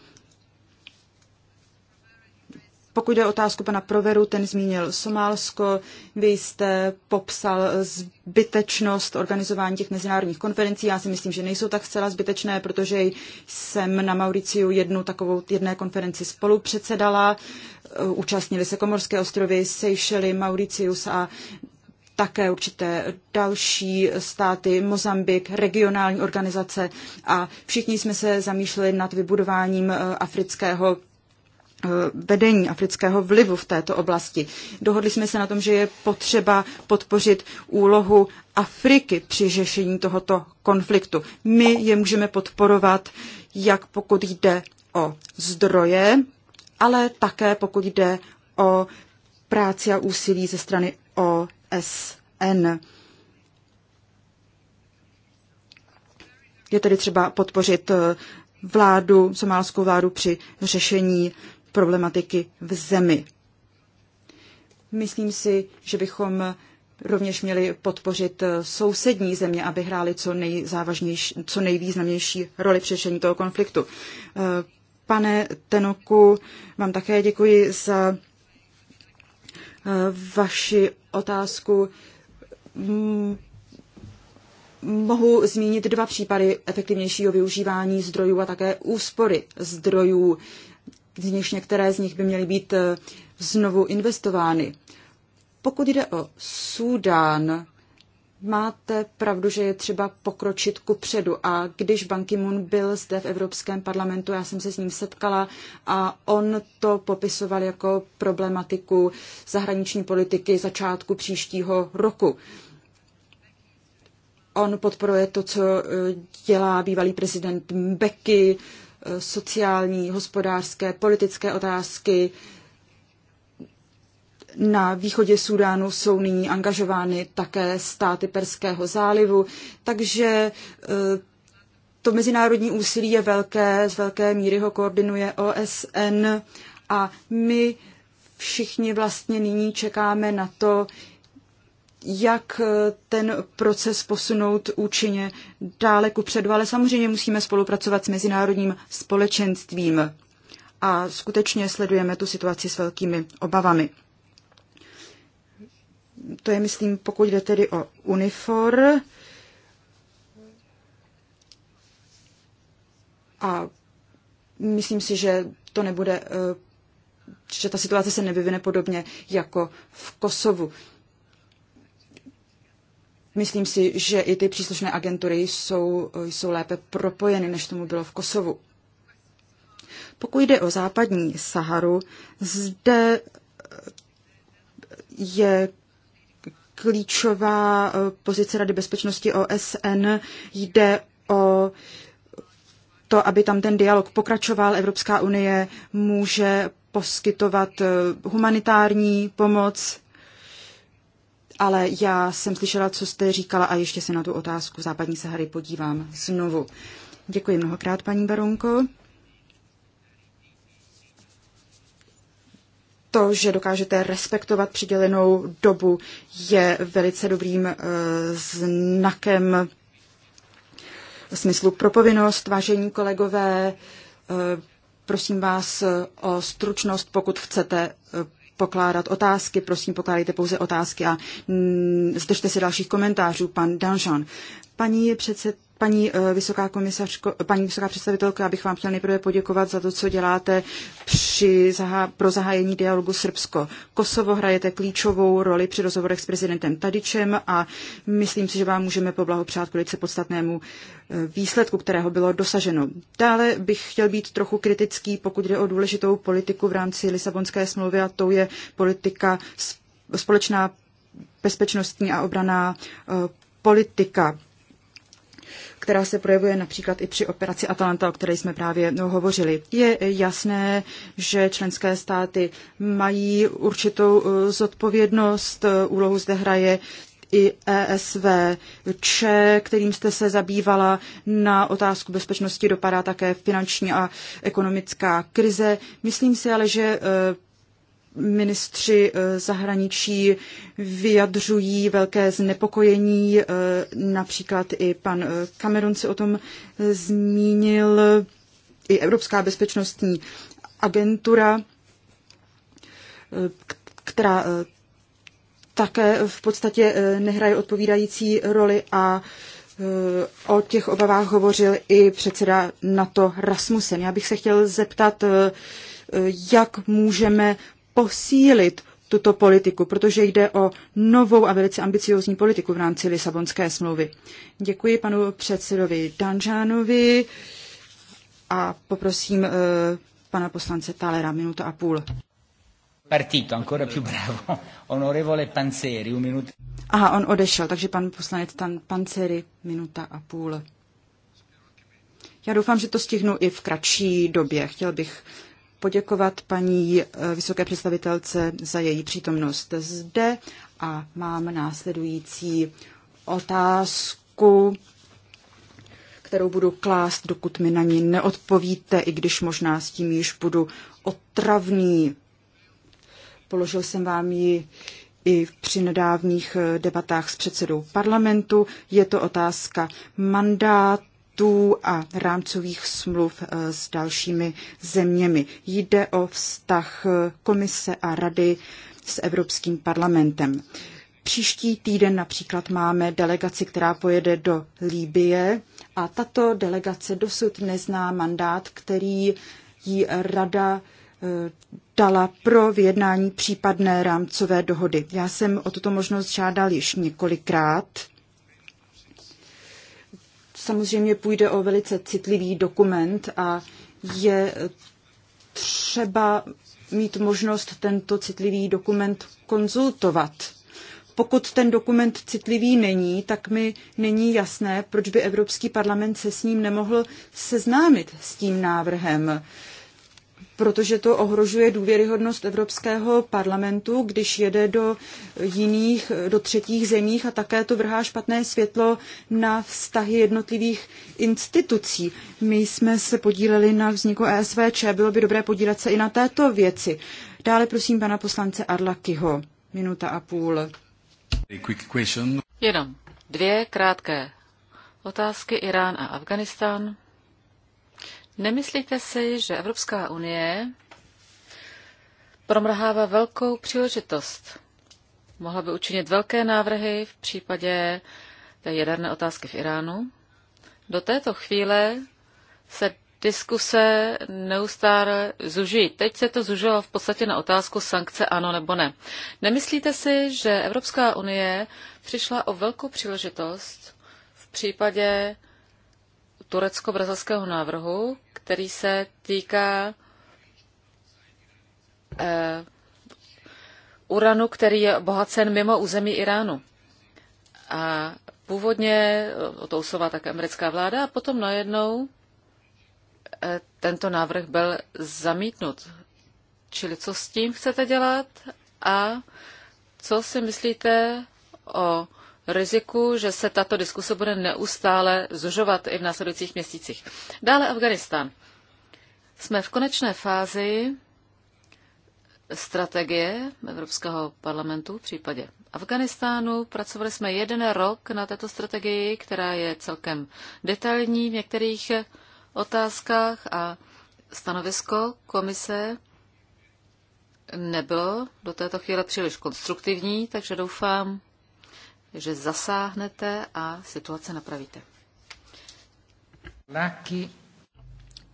Speaker 2: Pokud jde o otázku pana Proveru, ten zmínil Somálsko, vy jste popsal zbytečnost organizování těch mezinárodních konferencí. Já si myslím, že nejsou tak zcela zbytečné, protože jsem na Mauriciu jednu takovou jedné konferenci spolu předsedala. Účastnili se Komorské ostrovy, Seychely, Mauricius a také určité další státy, Mozambik, regionální organizace a všichni jsme se zamýšleli nad vybudováním eh, afrického Eh, vedení afrického vlivu v této oblasti. Dohodli jsme se na tom, že je potřeba podpořit úlohu Afriky při řešení tohoto konfliktu. My je můžeme podporovat, jak pokud jde o zdroje, ale také pokud jde o práci a úsilí ze strany OSN. Je tedy třeba podpořit eh, vládu, somálskou vládu při řešení problematiky v zemi. Myslím si, že bychom rovněž měli podpořit eh, sousední země, aby hrály co, nejzávažnější, co nejvýznamnější roli v řešení toho konfliktu. Eh, pane Tenoku, vám také děkuji za eh, vaši otázku. Mohu zmínit dva případy efektivnějšího využívání zdrojů a také úspory zdrojů z nich některé z nich by měly být eh, znovu investovány. Pokud jde o Súdán, máte pravdu, že je třeba pokročit ku předu. A když Ban Ki-moon byl zde v Evropském parlamentu, já jsem se s ním setkala a on to popisoval jako problematiku zahraniční politiky začátku příštího roku. On podporuje to, co eh, dělá bývalý prezident Becky, sociální, hospodářské, politické otázky na východě Súdánu jsou nyní angažovány také státy Perského zálivu, takže eh, to mezinárodní úsilí je velké, z velké míry ho koordinuje OSN a my všichni vlastně nyní čekáme na to, jak eh, ten proces posunout účinně dále ku předu, ale samozřejmě musíme spolupracovat s mezinárodním společenstvím a skutečně sledujeme tu situaci s velkými obavami. To je, myslím, pokud jde tedy o unifor. A myslím si, že to nebude, eh, že ta situace se nevyvine podobně jako v Kosovu. Myslím si, že i ty příslušné agentury jsou, jsou lépe propojeny, než tomu bylo v Kosovu. Pokud jde o západní Saharu, zde je klíčová eh, pozice Rady bezpečnosti OSN. Jde o to, aby tam ten dialog pokračoval. Evropská unie může poskytovat eh, humanitární pomoc ale já jsem slyšela, co jste říkala a ještě se na tu otázku západní Sahary podívám znovu. Děkuji mnohokrát, paní Baronko. To, že dokážete respektovat přidělenou dobu, je velice dobrým e, znakem eh, smyslu pro povinnost. Vážení kolegové, e, prosím vás o stručnost, pokud chcete pokládat otázky. Prosím, pokládejte pouze otázky a mm, zdržte se dalších komentářů, pan Danžan. Paní předsed, Paní eh, vysoká komisařko, paní vysoká představitelka, já bych vám chtěl nejprve poděkovat za to, co děláte při zaha- pro zahájení dialogu Srbsko. Kosovo hrajete klíčovou roli při rozhovorech s prezidentem Tadičem a myslím si, že vám můžeme poblahopřát k velice podstatnému eh, výsledku, kterého bylo dosaženo. Dále bych chtěl být trochu kritický, pokud jde o důležitou politiku v rámci Lisabonské smlouvy a to je politika společná bezpečnostní a obraná eh, politika která se projevuje například i při operaci Atalanta, o které jsme právě no, hovořili. Je jasné, že členské státy mají určitou uh, zodpovědnost, uh, úlohu zde hraje i ESV, če, kterým jste se zabývala. Na otázku bezpečnosti dopadá také finanční a ekonomická krize. Myslím si ale, že uh, ministři eh, zahraničí vyjadřují velké znepokojení, eh, například i pan eh, Cameron se o tom zmínil, i Evropská bezpečnostní agentura, která také v podstatě nehraje odpovídající roli a O těch obavách hovořil i předseda NATO Rasmussen. Já bych se chtěl zeptat, jak můžeme posílit tuto politiku, protože jde o novou a velice ambiciózní politiku v rámci Lisabonské smlouvy. Děkuji panu předsedovi Danžánovi a poprosím uh, pana poslance Talera minuta a půl.
Speaker 3: Partito, ancora più bravo. Onorevole Panzeri, un minuto.
Speaker 2: Aha, on odešel, takže pan poslanec tan Panzeri, minuta a půl. Já doufám, že to stihnu i v kratší době. Chtěl bych poděkovat paní eh, vysoké představitelce za její přítomnost zde a mám následující otázku, kterou budu klást, dokud mi na ní neodpovíte, i když možná s tím již budu otravný. Položil jsem vám ji i při nedávných eh, debatách s předsedou parlamentu. Je to otázka mandát kontraktů a rámcových smluv eh, s dalšími zeměmi. Jde o vztah eh, komise a rady s Evropským parlamentem. Příští týden například máme delegaci, která pojede do Líbie a tato delegace dosud nezná mandát, který jí rada eh, dala pro vyjednání případné rámcové dohody. Já jsem o tuto možnost žádal již několikrát Samozřejmě půjde o velice citlivý dokument a je třeba mít možnost tento citlivý dokument konzultovat. Pokud ten dokument citlivý není, tak mi není jasné, proč by Evropský parlament se s ním nemohl seznámit s tím návrhem protože to ohrožuje důvěryhodnost Evropského parlamentu, když jede do jiných, do třetích zemích a také to vrhá špatné světlo na vztahy jednotlivých institucí. My jsme se podíleli na vzniku ESVČ, bylo by dobré podílet se i na této věci. Dále prosím pana poslance Arlakyho, minuta a půl.
Speaker 1: Jenom dvě krátké otázky Irán a Afganistán. Nemyslíte si, že Evropská unie promrhává velkou příležitost? Mohla by učinit velké návrhy v případě té jaderné otázky v Iránu? Do této chvíle se diskuse neustále zužijí. Teď se to zužilo v podstatě na otázku sankce ano nebo ne. Nemyslíte si, že Evropská unie přišla o velkou příležitost v případě turecko-brazilského návrhu, který se týká eh, uranu, který je bohacen mimo území Iránu. A původně eh, o to usovala také americká vláda a potom najednou eh, tento návrh byl zamítnut. Čili co s tím chcete dělat a co si myslíte o riziku, že se tato diskuse bude neustále zužovat i v následujících měsících. Dále Afganistán. Jsme v konečné fázi strategie Evropského parlamentu v případě Afganistánu. Pracovali jsme jeden rok na této strategii, která je celkem detailní v některých otázkách a stanovisko komise nebylo do této chvíle příliš konstruktivní, takže doufám, že zasáhnete a situace napravíte.
Speaker 2: Laki.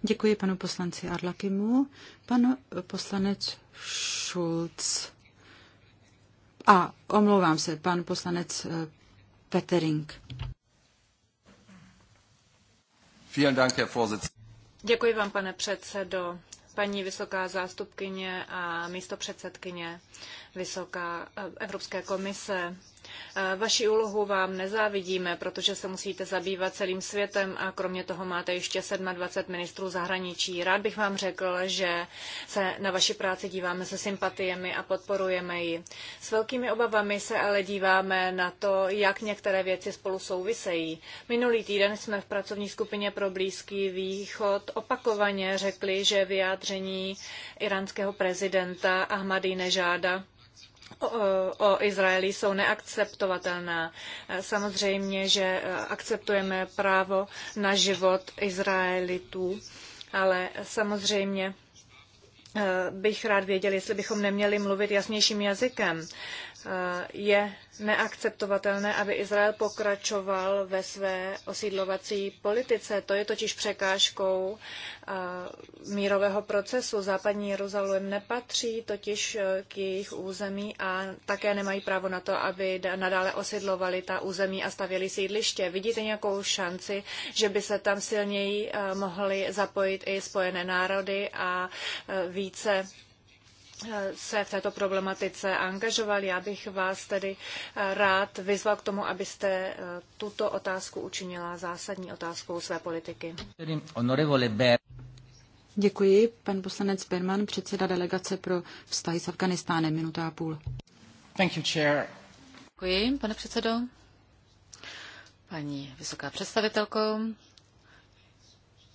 Speaker 2: Děkuji panu poslanci Arlakimu. Pan poslanec Schulz. A omlouvám se, pan poslanec eh, Petering.
Speaker 3: Děkuji vám, pane předsedo paní vysoká zástupkyně a místopředsedkyně Vysoká eh, Evropské komise. Vaši úlohu vám nezávidíme, protože se musíte zabývat celým světem a kromě toho máte ještě 27 ministrů zahraničí. Rád bych vám řekl, že se na vaši práci díváme se sympatiemi a podporujeme ji. S velkými obavami se ale díváme na to, jak některé věci spolu souvisejí. Minulý týden jsme v pracovní skupině pro Blízký východ opakovaně řekli, že vyjádření iránského prezidenta Ahmadinežáda o Izraeli jsou neakceptovatelná. Eh, samozřejmě, že eh, akceptujeme právo na život Izraelitů, ale samozřejmě eh, bych rád věděl, jestli bychom neměli mluvit jasnějším jazykem. Eh, je neakceptovatelné, aby Izrael pokračoval ve své osídlovací politice. To je totiž překážkou eh, mírového procesu. Západní Jeruzalém nepatří totiž eh, k jejich území a také nemají právo na to, aby nadále osidlovali ta území a stavěli sídliště. Vidíte nějakou šanci, že by se tam silněji mohly zapojit i Spojené národy a více se v této problematice angažoval. Já bych vás tedy eh, rád vyzval k tomu, abyste eh, tuto otázku učinila zásadní otázkou své politiky.
Speaker 2: Děkuji. Pan poslanec Berman, předseda delegace pro vztahy s Afganistánem, minuta a půl. Thank you, chair. Děkuji, pane předsedo.
Speaker 1: Paní vysoká představitelko,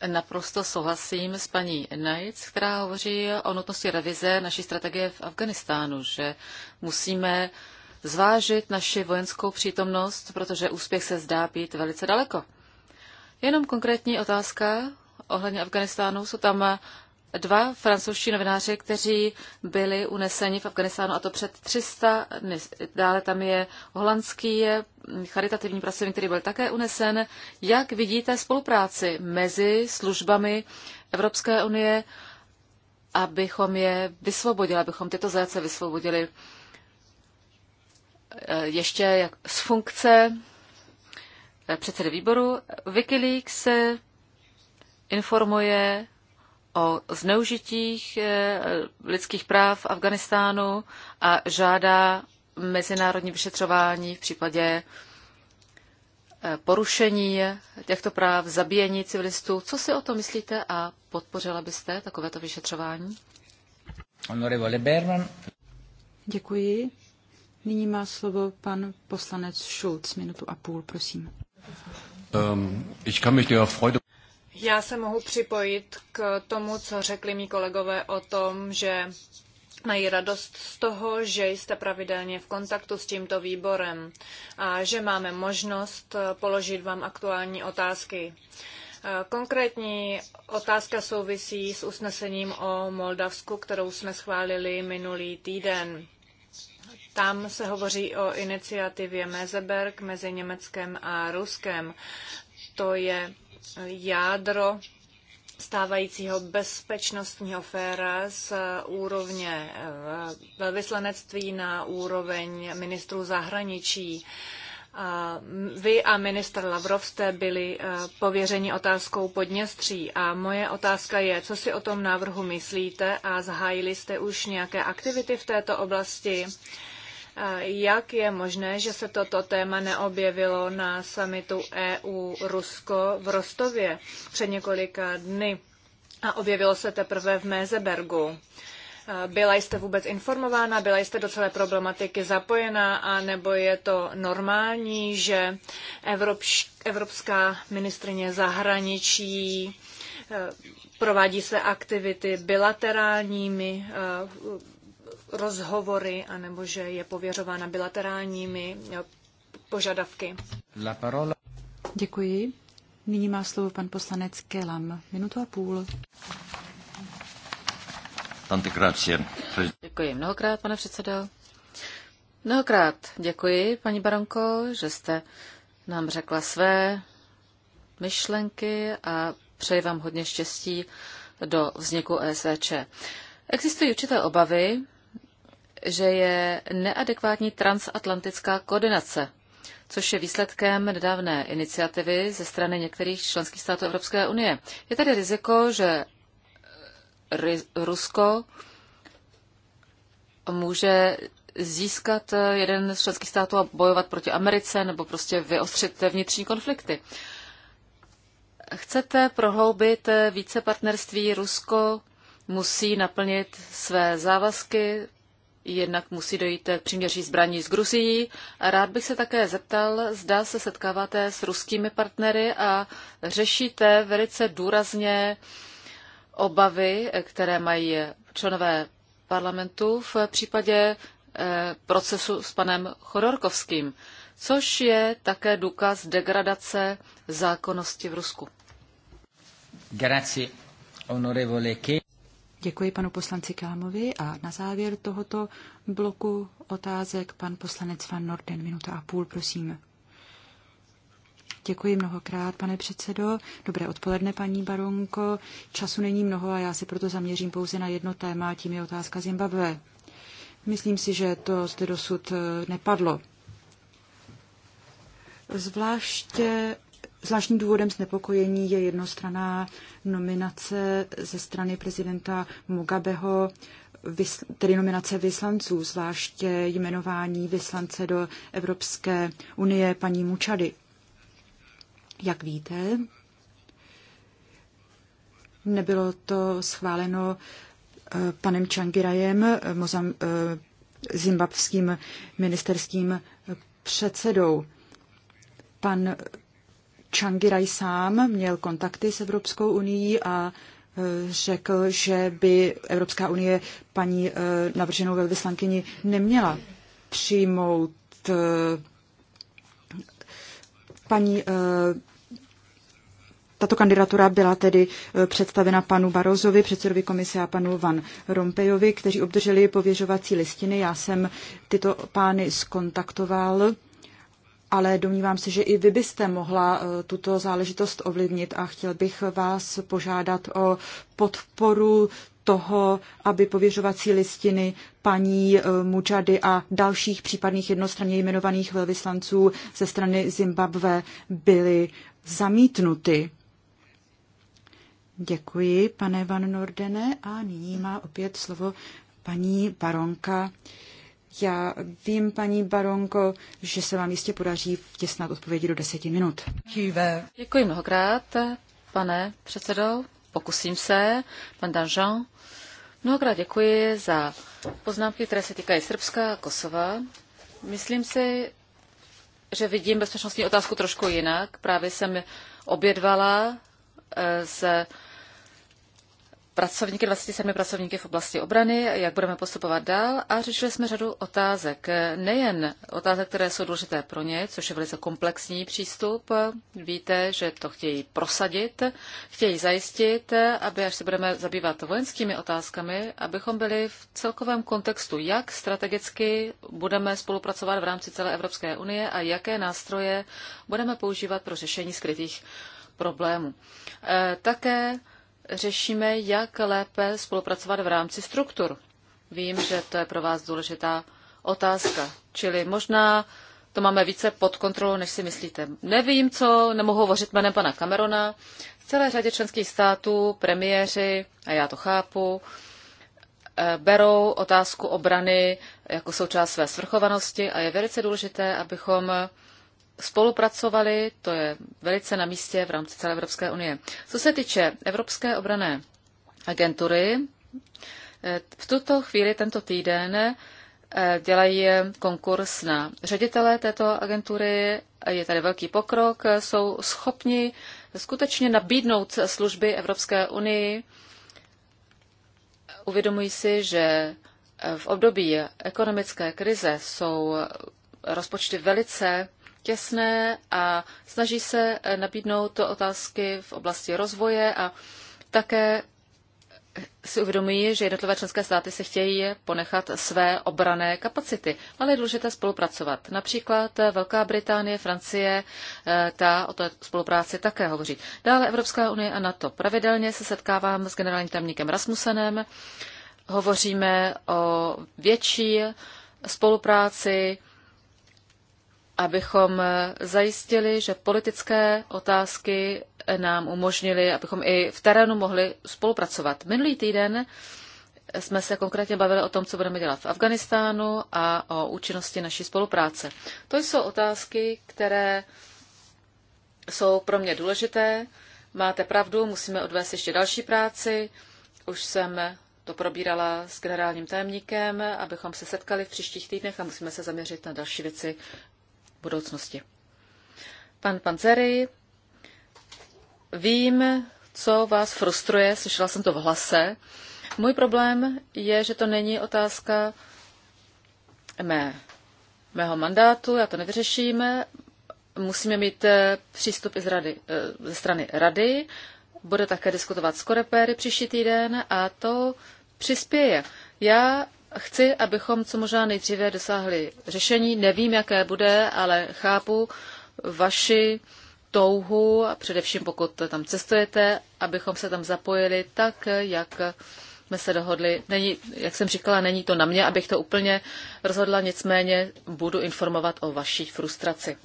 Speaker 1: Naprosto souhlasím s paní Najic, která hovoří o nutnosti revize naší strategie v Afganistánu, že musíme zvážit naši vojenskou přítomnost, protože úspěch se zdá být velice daleko. Jenom konkrétní otázka ohledně Afganistánu. Jsou tam dva francouzští novináři, kteří byli uneseni v Afganistánu, a to před 300 dny. Dále tam je holandský je charitativní pracovník, který byl také unesen. Jak vidíte spolupráci mezi službami Evropské unie, abychom je vysvobodili, abychom tyto zajace vysvobodili eh, ještě jak z funkce eh, předsedy výboru. Wikileaks informuje o zneužitích eh, lidských práv v Afganistánu a žádá mezinárodní vyšetřování v případě eh, porušení těchto práv, zabíjení civilistů. Co si o to myslíte a podpořila byste takovéto vyšetřování?
Speaker 2: Děkuji. Nyní má slovo pan poslanec Schulz. Minutu a půl, prosím.
Speaker 3: Um, ich kann mich der Freude... Já se mohu připojit k tomu, co řekli mý kolegové o tom, že mají radost z toho, že jste pravidelně v kontaktu s tímto výborem a že máme možnost eh, položit vám aktuální otázky. Eh, konkrétní otázka souvisí s usnesením o Moldavsku, kterou jsme schválili minulý týden. Tam se hovoří o iniciativě Mezeberg mezi Německem a Ruskem. To je jádro stávajícího bezpečnostního féra z úrovně eh, velvyslanectví na úroveň ministrů zahraničí. Vy a ministr Lavrov jste byli eh, pověřeni otázkou Podněstří a moje otázka je, co si o tom návrhu myslíte a zahájili jste už nějaké aktivity v této oblasti? Jak je možné, že se toto téma neobjevilo na samitu EU-Rusko v Rostově před několika dny a objevilo se teprve v Mézebergu? Byla jste vůbec informována, byla jste do celé problematiky zapojená, a nebo je to normální, že Evropš- Evropská ministrině zahraničí e, provádí své aktivity bilaterálními e, rozhovory, anebo že je pověřována bilaterálními požadavky.
Speaker 2: La parola. Děkuji. Nyní má slovo pan poslanec Kelam. Minutu a půl.
Speaker 1: Děkuji mnohokrát, pane předsedo. Mnohokrát děkuji, paní Baronko, že jste nám řekla své myšlenky a přeji vám hodně štěstí do vzniku ESVČ. E Existují určité obavy, že je neadekvátní transatlantická koordinace, což je výsledkem nedávné iniciativy ze strany některých členských států Evropské unie. Je tady riziko, že Rusko může získat jeden z členských států a bojovat proti Americe nebo prostě vyostřit vnitřní konflikty. Chcete prohloubit více partnerství? Rusko musí naplnit své závazky, jednak musí dojít k příměří zbraní z Gruzií. rád bych se také zeptal, zda se setkáváte s ruskými partnery a řešíte velice důrazně obavy, které mají členové parlamentu v případě eh, procesu s panem Chodorkovským, což je také důkaz degradace zákonnosti v Rusku.
Speaker 3: Grazie,
Speaker 2: onorevole Ke. Děkuji panu poslanci Kámovi a na závěr tohoto bloku otázek pan poslanec Van Norden, minuta a půl, prosím. Děkuji mnohokrát, pane předsedo. Dobré odpoledne, paní Baronko. Času není mnoho a já se proto zaměřím pouze na jedno téma, tím je otázka Zimbabwe. Myslím si, že to zde dosud nepadlo. Zvláště Zvláštním důvodem znepokojení je jednostraná nominace ze strany prezidenta Mugabeho, tedy nominace vyslanců, zvláště jmenování vyslance do Evropské unie paní Mučady. Jak víte, nebylo to schváleno eh, panem Čangirajem, eh, mozam, eh, zimbabským ministerským předsedou. Pan Čangiraj sám měl kontakty s Evropskou unii a e, řekl, že by Evropská unie paní e, navrženou velvyslankyni neměla přijmout e, paní tato kandidatura byla tedy představena panu Barozovi, předsedovi komise a panu Van Rompejovi, kteří obdrželi pověřovací listiny. Já jsem tyto pány skontaktoval ale domnívám se, že i vy byste mohla eh, tuto záležitost ovlivnit a chtěl bych vás požádat o podporu toho, aby pověřovací listiny paní eh, Mučady a dalších případných jednostranně jmenovaných velvyslanců ze strany Zimbabwe byly zamítnuty. Děkuji, pane Van Nordene, a nyní má opět slovo paní baronka já vím, paní Baronko, že se vám jistě podaří vtěsnat odpovědi do deseti minut. Děkuji mnohokrát, pane předsedo.
Speaker 1: Pokusím se. Pan Danžan. mnohokrát děkuji za poznámky, které se týkají Srbska a Kosova. Myslím si, že vidím bezpečnostní otázku trošku jinak. Právě jsem obědvala eh, se pracovníky, 27 pracovníky v oblasti obrany, jak budeme postupovat dál a řešili jsme řadu otázek. Nejen otázek, které jsou důležité pro ně, což je velice komplexní přístup. Víte, že to chtějí prosadit, chtějí zajistit, aby až se budeme zabývat vojenskými otázkami, abychom byli v celkovém kontextu, jak strategicky budeme spolupracovat v rámci celé Evropské unie a jaké nástroje budeme používat pro řešení skrytých problémů. Eh, také řešíme, jak lépe spolupracovat v rámci struktur. Vím, že to je pro vás důležitá otázka. Čili možná to máme více pod kontrolou, než si myslíte. Nevím, co, nemohu hovořit jménem pana Camerona. V celé řadě členských států premiéři, a já to chápu, eh, berou otázku obrany jako součást své svrchovanosti a je velice důležité, abychom spolupracovali, to je velice na místě v rámci celé Evropské unie. Co se týče Evropské obrané agentury, eh, v tuto chvíli, tento týden, eh, dělají konkurs na ředitele této agentury. Je tady velký pokrok. Jsou schopni skutečně nabídnout služby Evropské unii. Uvědomují si, že eh, v období ekonomické krize jsou rozpočty velice těsné a snaží se eh, nabídnout to otázky v oblasti rozvoje a také si uvědomují, že jednotlivé členské státy se chtějí ponechat své obrané kapacity, ale je důležité spolupracovat. Například eh, Velká Británie, Francie, eh, ta o té spolupráci také hovoří. Dále Evropská unie a NATO. Pravidelně se setkávám s generálním tajemníkem Rasmusenem, hovoříme o větší spolupráci abychom zajistili, že politické otázky nám umožnily, abychom i v terénu mohli spolupracovat. Minulý týden jsme se konkrétně bavili o tom, co budeme dělat v Afganistánu a o účinnosti naší spolupráce. To jsou otázky, které jsou pro mě důležité. Máte pravdu, musíme odvést ještě další práci. Už jsem to probírala s generálním tajemníkem, abychom se setkali v příštích týdnech a musíme se zaměřit na další věci budoucnosti. Pan Panzeri, vím, co vás frustruje, slyšela jsem to v hlase. Můj problém je, že to není otázka mé, mého mandátu, já to nevyřeším. Musíme mít eh, přístup i z rady, eh, ze strany rady, bude také diskutovat s korepéry příští týden a to přispěje. Já Chci, abychom co možná nejdříve dosáhli řešení. Nevím, jaké bude, ale chápu vaši touhu, a především pokud tam cestujete, abychom se tam zapojili tak, jak jsme se dohodli. Není, jak jsem říkala, není to na mě, abych to úplně rozhodla, nicméně budu informovat o vaší frustraci.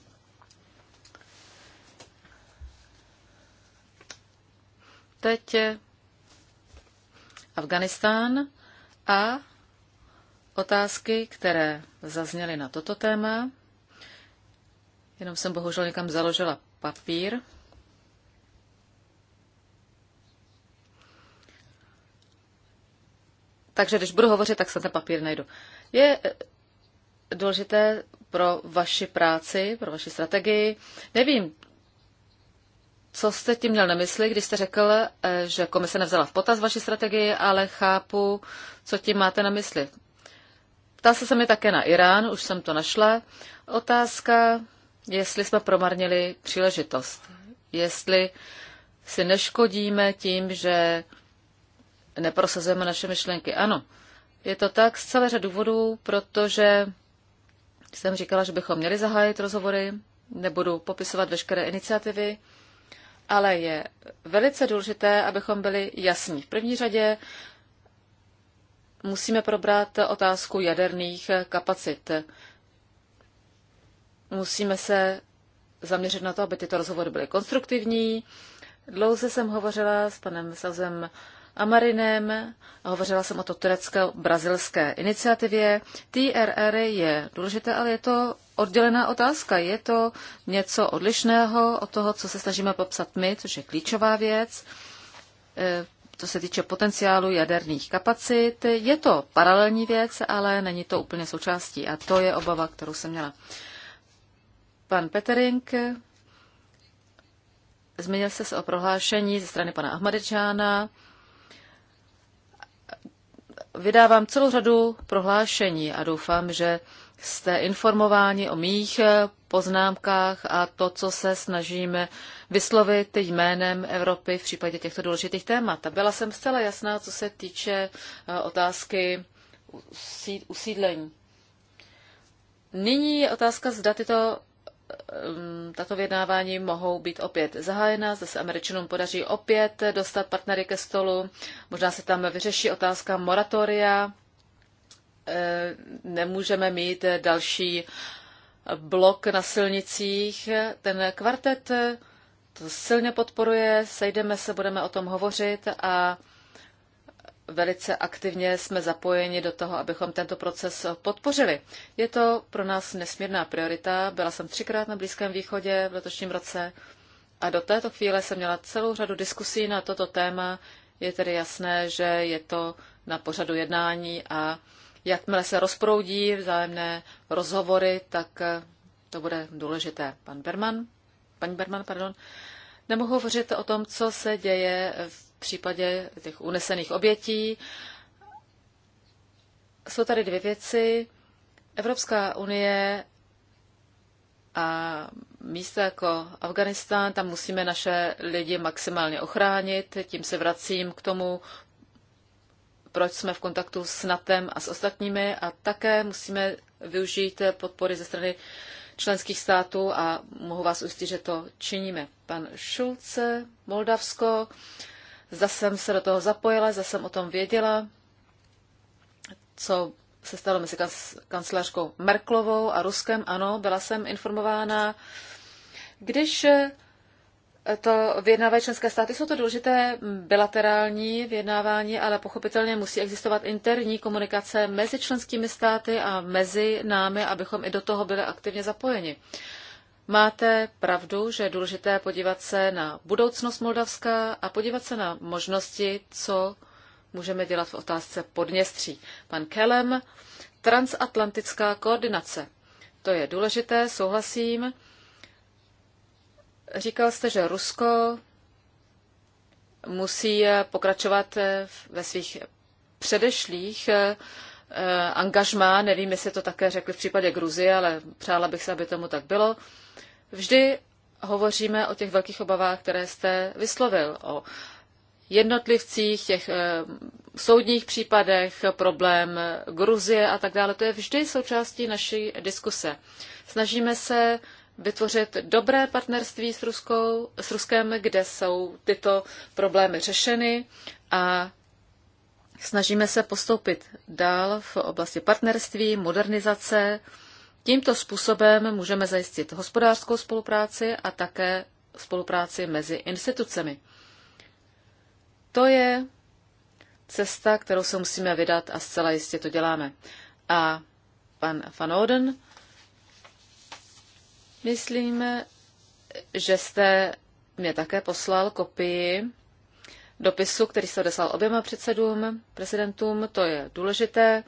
Speaker 1: Teď Afganistán a otázky, které zazněly na toto téma. Jenom jsem bohužel někam založila papír. Takže když budu hovořit, tak se ten papír najdu. Je eh, důležité pro vaši práci, pro vaši strategii. Nevím, co jste tím měl na mysli, když jste řekl, eh, že komise nevzala v potaz vaši strategii, ale chápu, co tím máte na mysli. Ptal se mi také na Irán, už jsem to našla. Otázka, jestli jsme promarnili příležitost. Jestli si neškodíme tím, že neprosazujeme naše myšlenky. Ano, je to tak z celé řady důvodů, protože jsem říkala, že bychom měli zahájit rozhovory, nebudu popisovat veškeré iniciativy, ale je velice důležité, abychom byli jasní. V první řadě musíme probrat otázku jaderných kapacit. Musíme se zaměřit na to, aby tyto rozhovory byly konstruktivní. Dlouze jsem hovořila s panem Sazem Amarinem, hovořila jsem o to turecko-brazilské iniciativě. TRR je důležité, ale je to oddělená otázka. Je to něco odlišného od toho, co se snažíme popsat my, což je klíčová věc. Eh, co se týče potenciálu jaderných kapacit. Je to paralelní věc, ale není to úplně součástí a to je obava, kterou jsem měla. Pan Petering zmínil se o prohlášení ze strany pana Ahmadečána. Vydávám celou řadu prohlášení a doufám, že jste informováni o mých poznámkách a to, co se snažíme vyslovit jménem Evropy v případě těchto důležitých témat. A byla jsem zcela jasná, co se týče e, otázky usídlení. Nyní je otázka, zda tyto e, tato vyjednávání mohou být opět zahájena, se Američanům podaří opět dostat partnery ke stolu, možná se tam vyřeší otázka moratoria, e, nemůžeme mít další blok na silnicích. Ten kvartet to silně podporuje, sejdeme se, budeme o tom hovořit a velice aktivně jsme zapojeni do toho, abychom tento proces podpořili. Je to pro nás nesmírná priorita. Byla jsem třikrát na Blízkém východě v letošním roce a do této chvíle jsem měla celou řadu diskusí na toto téma. Je tedy jasné, že je to na pořadu jednání a jakmile se rozproudí vzájemné rozhovory, tak eh, to bude důležité. Pan Berman, paní Berman, pardon, nemohu hovořit o tom, co se děje v případě těch unesených obětí. Jsou tady dvě věci. Evropská unie a místa jako Afganistán, tam musíme naše lidi maximálně ochránit. Tím se vracím k tomu proč jsme v kontaktu s NATem a s ostatními a také musíme využít podpory ze strany členských států a mohu vás ujistit, že to činíme. Pan Šulce, Moldavsko, zase jsem se do toho zapojila, zase jsem o tom věděla, co se stalo mezi kancelářkou Merklovou a Ruskem. Ano, byla jsem informována. Když to vyjednávají členské státy, jsou to důležité bilaterální vyjednávání, ale pochopitelně musí existovat interní komunikace mezi členskými státy a mezi námi, abychom i do toho byli aktivně zapojeni. Máte pravdu, že je důležité podívat se na budoucnost Moldavska a podívat se na možnosti, co můžeme dělat v otázce podněstří. Pan Kelem, transatlantická koordinace. To je důležité, souhlasím. Říkal jste, že Rusko musí pokračovat eh, ve svých předešlých eh, eh, angažmá, nevím, jestli to také řekli v případě Gruzie, ale přála bych se, aby tomu tak bylo. Vždy hovoříme o těch velkých obavách, které jste vyslovil, o jednotlivcích, těch soudních případech, problém Gruzie a tak dále. To je vždy součástí naší diskuse. Snažíme se vytvořit dobré partnerství s, Ruskou, s Ruskem, kde jsou tyto problémy řešeny a snažíme se postoupit dál v oblasti partnerství, modernizace. Tímto způsobem můžeme zajistit hospodářskou spolupráci a také spolupráci mezi institucemi. To je cesta, kterou se musíme vydat a zcela jistě to děláme. A pan Van Oden Myslím, že jste mě také poslal kopii dopisu, který se odeslal oběma předsedům, prezidentům, to je důležité.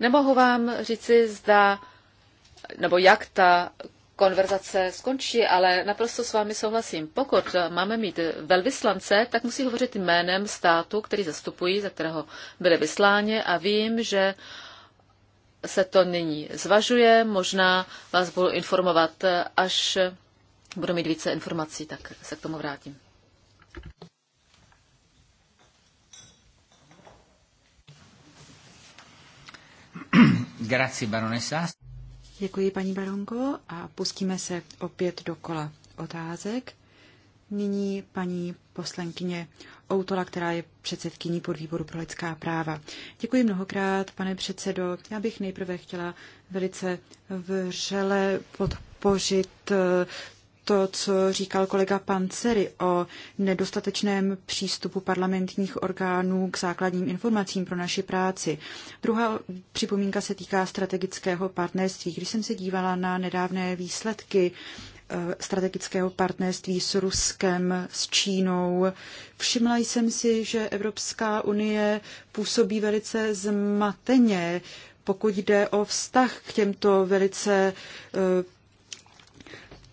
Speaker 1: Nemohu vám říci, zda nebo jak ta konverzace skončí, ale naprosto s vámi souhlasím. Pokud máme mít velvyslance, tak musí hovořit jménem státu, který zastupují, za kterého byly vysláně a vím, že uh, se to nyní zvažuje. Možná vás budu informovat, až budu mít více informací, tak se k tomu vrátím.
Speaker 2: Děkuji, paní baronko, a pustíme se opět do kola otázek. Nyní paní poslankyně Outola, která je předsedkyní podvýboru pro lidská práva. Děkuji mnohokrát, pane předsedo. Já bych nejprve chtěla velice vřele podpořit eh, to, co říkal kolega Pancery o nedostatečném přístupu parlamentních orgánů k základním informacím pro naši práci. Druhá připomínka se týká strategického partnerství. Když jsem se dívala na nedávné výsledky Eh, strategického partnerství s Ruskem, s Čínou. Všimla jsem si, že Evropská unie působí velice zmateně, pokud jde o vztah k těmto velice eh,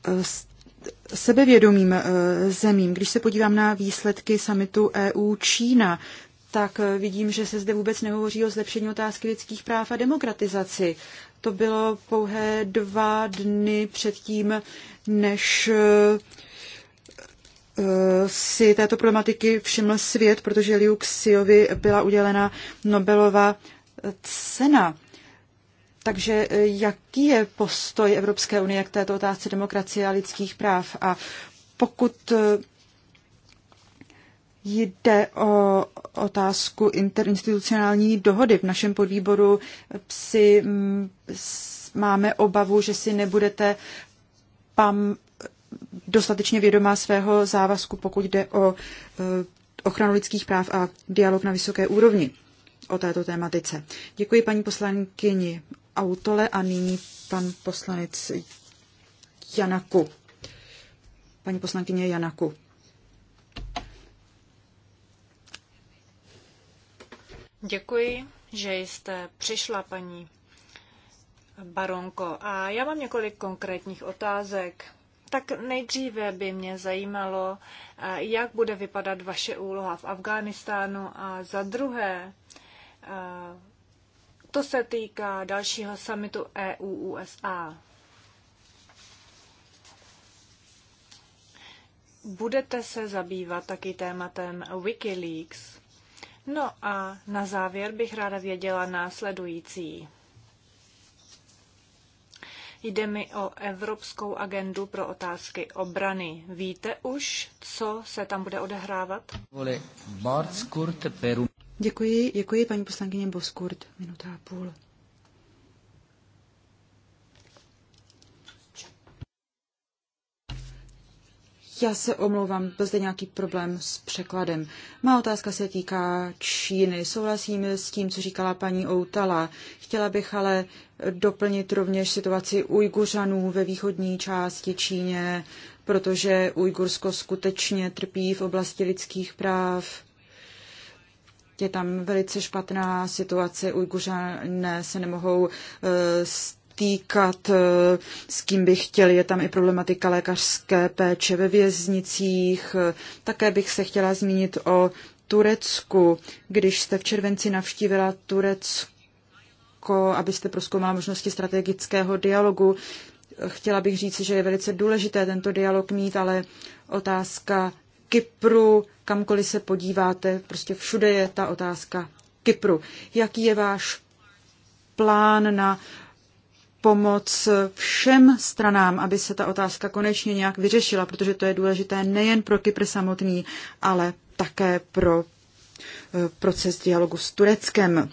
Speaker 2: eh, sebevědomým zemím. Když se podívám na výsledky samitu EU-Čína, tak vidím, že se zde vůbec nehovoří o zlepšení otázky lidských práv a demokratizaci. To bylo pouhé dva dny předtím, než eh, si této problematiky všiml svět, protože Liu Xiovi byla udělena Nobelova cena. Takže eh, jaký je postoj Evropské unie k této otázce demokracie a lidských práv? A pokud eh, jde o otázku interinstitucionální dohody. V našem podvýboru si mm, máme obavu, že si nebudete pam dostatečně vědomá svého závazku, pokud jde o eh, ochranu lidských práv a dialog na vysoké úrovni o této tématice. Děkuji paní poslankyni Autole a nyní pan poslanec Janaku. Paní poslankyně Janaku.
Speaker 3: Děkuji, že jste přišla, paní baronko. A já mám několik konkrétních otázek. Tak nejdříve by mě zajímalo, jak bude vypadat vaše úloha v Afghánistánu a za druhé, to se týká dalšího samitu EU-USA. Budete se zabývat taky tématem Wikileaks? No a na závěr bych ráda věděla následující. Jde mi o Evropskou agendu pro otázky obrany. Víte už, co se tam bude odehrávat?
Speaker 2: Děkuji, děkuji paní poslankyně Boskurt. Minuta a půl. Já se omlouvám, byl zde nějaký problém s překladem. Má otázka se týká Číny. Souhlasím s tím, co říkala paní Outala. Chtěla bych ale doplnit rovněž situaci Ujguřanů ve východní části Číně, protože Ujgursko skutečně trpí v oblasti lidských práv. Je tam velice špatná situace, Ujguřané se nemohou eh, týkat, eh, s kým bych chtěl. Je tam i problematika lékařské péče ve věznicích. Také bych se chtěla zmínit o Turecku. Když jste v červenci navštívila Turecko, abyste proskoumala možnosti strategického dialogu, chtěla bych říct, že je velice důležité tento dialog mít, ale otázka Kypru, kamkoliv se podíváte, prostě všude je ta otázka Kypru. Jaký je váš plán na pomoc všem stranám, aby se ta otázka konečně nějak vyřešila, protože to je důležité nejen pro Kypr samotný, ale také pro eh, proces dialogu s Tureckem.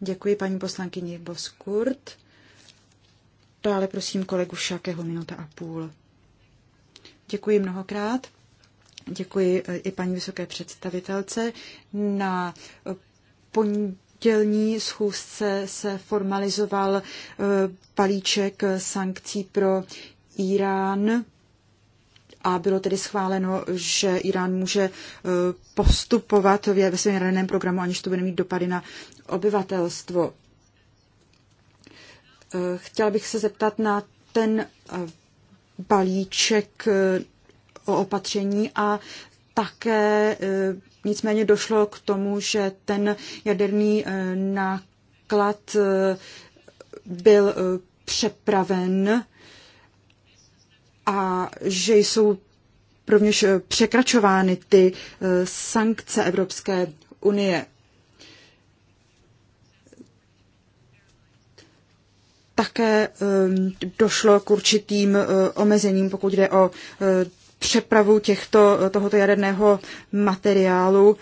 Speaker 2: Děkuji paní poslankyni Boskurt. Dále prosím kolegu Šakého minuta a půl. Děkuji mnohokrát. Děkuji eh, i paní vysoké představitelce na eh, pon pondělní schůzce se formalizoval eh, palíček sankcí pro Irán a bylo tedy schváleno, že Irán může eh, postupovat ve svém jaderném programu, aniž to bude mít dopady na obyvatelstvo. Eh, chtěla bych se zeptat na ten balíček o opatření a také Nicméně došlo k tomu, že ten jaderný eh, náklad eh, byl eh, přepraven a že jsou rovněž překračovány ty sankce Evropské unie. Také došlo k určitým omezením, pokud jde o přepravu těchto, tohoto jaderného materiálu.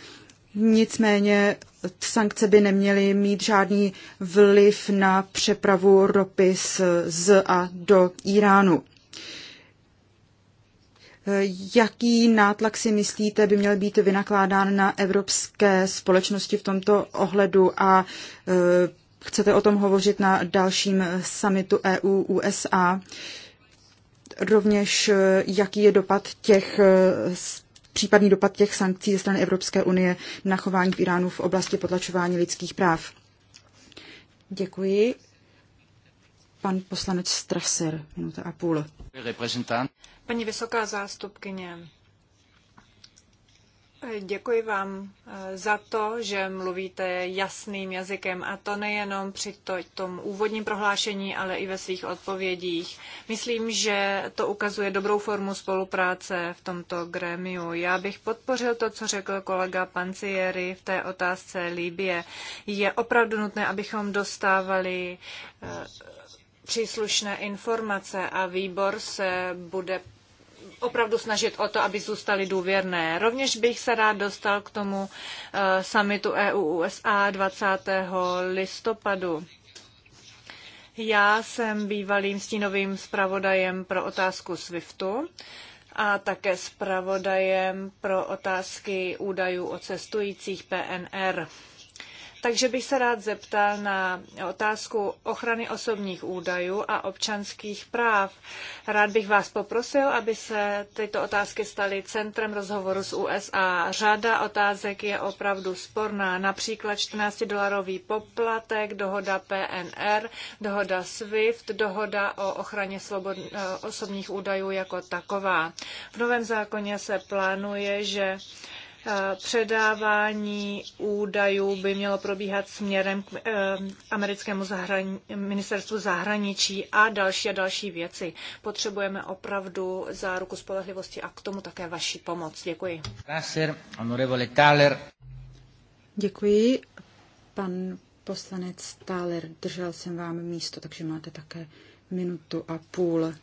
Speaker 2: Nicméně sankce by neměly mít žádný vliv na přepravu ropy z, z a do Iránu. Jaký nátlak si myslíte by měl být vynakládán na evropské společnosti v tomto ohledu a e, chcete o tom hovořit na dalším summitu EU-USA? rovněž, eh, jaký je dopad těch eh, případný dopad těch sankcí ze strany Evropské unie na chování v Iránu v oblasti potlačování lidských práv. Děkuji. Pan poslanec Strasser, minuta a půl.
Speaker 3: Paní vysoká zástupkyně, Děkuji vám eh, za to, že mluvíte jasným jazykem a to nejenom při tom úvodním prohlášení, ale i ve svých odpovědích. Myslím, že to ukazuje dobrou formu spolupráce v tomto grémiu. Já bych podpořil to, co řekl kolega Pancieri v té otázce líbě. Je opravdu nutné, abychom dostávali eh, příslušné informace a výbor se bude opravdu snažit o to, aby zůstaly důvěrné. Rovněž bych se rád dostal k tomu eh, summitu EU-USA 20. listopadu. Já jsem bývalým stínovým zpravodajem pro otázku SWIFTu a také zpravodajem pro otázky údajů o cestujících PNR. Takže bych se rád zeptal na otázku ochrany osobních údajů a občanských práv. Rád bych vás poprosil, aby se tyto otázky staly centrem rozhovoru s USA. Řada otázek je opravdu sporná, například 14-dolarový poplatek, dohoda PNR, dohoda SWIFT, dohoda o ochraně svobod, eh, osobních údajů jako taková. V novém zákoně se plánuje, že Eh, předávání údajů by mělo probíhat směrem k eh, americkému zahrani- ministerstvu zahraničí a další a další věci. Potřebujeme opravdu záruku spolehlivosti a k tomu také vaši pomoc. Děkuji.
Speaker 2: Děkuji. Pan poslanec Thaler, držel jsem vám místo, takže máte také minutu a půl.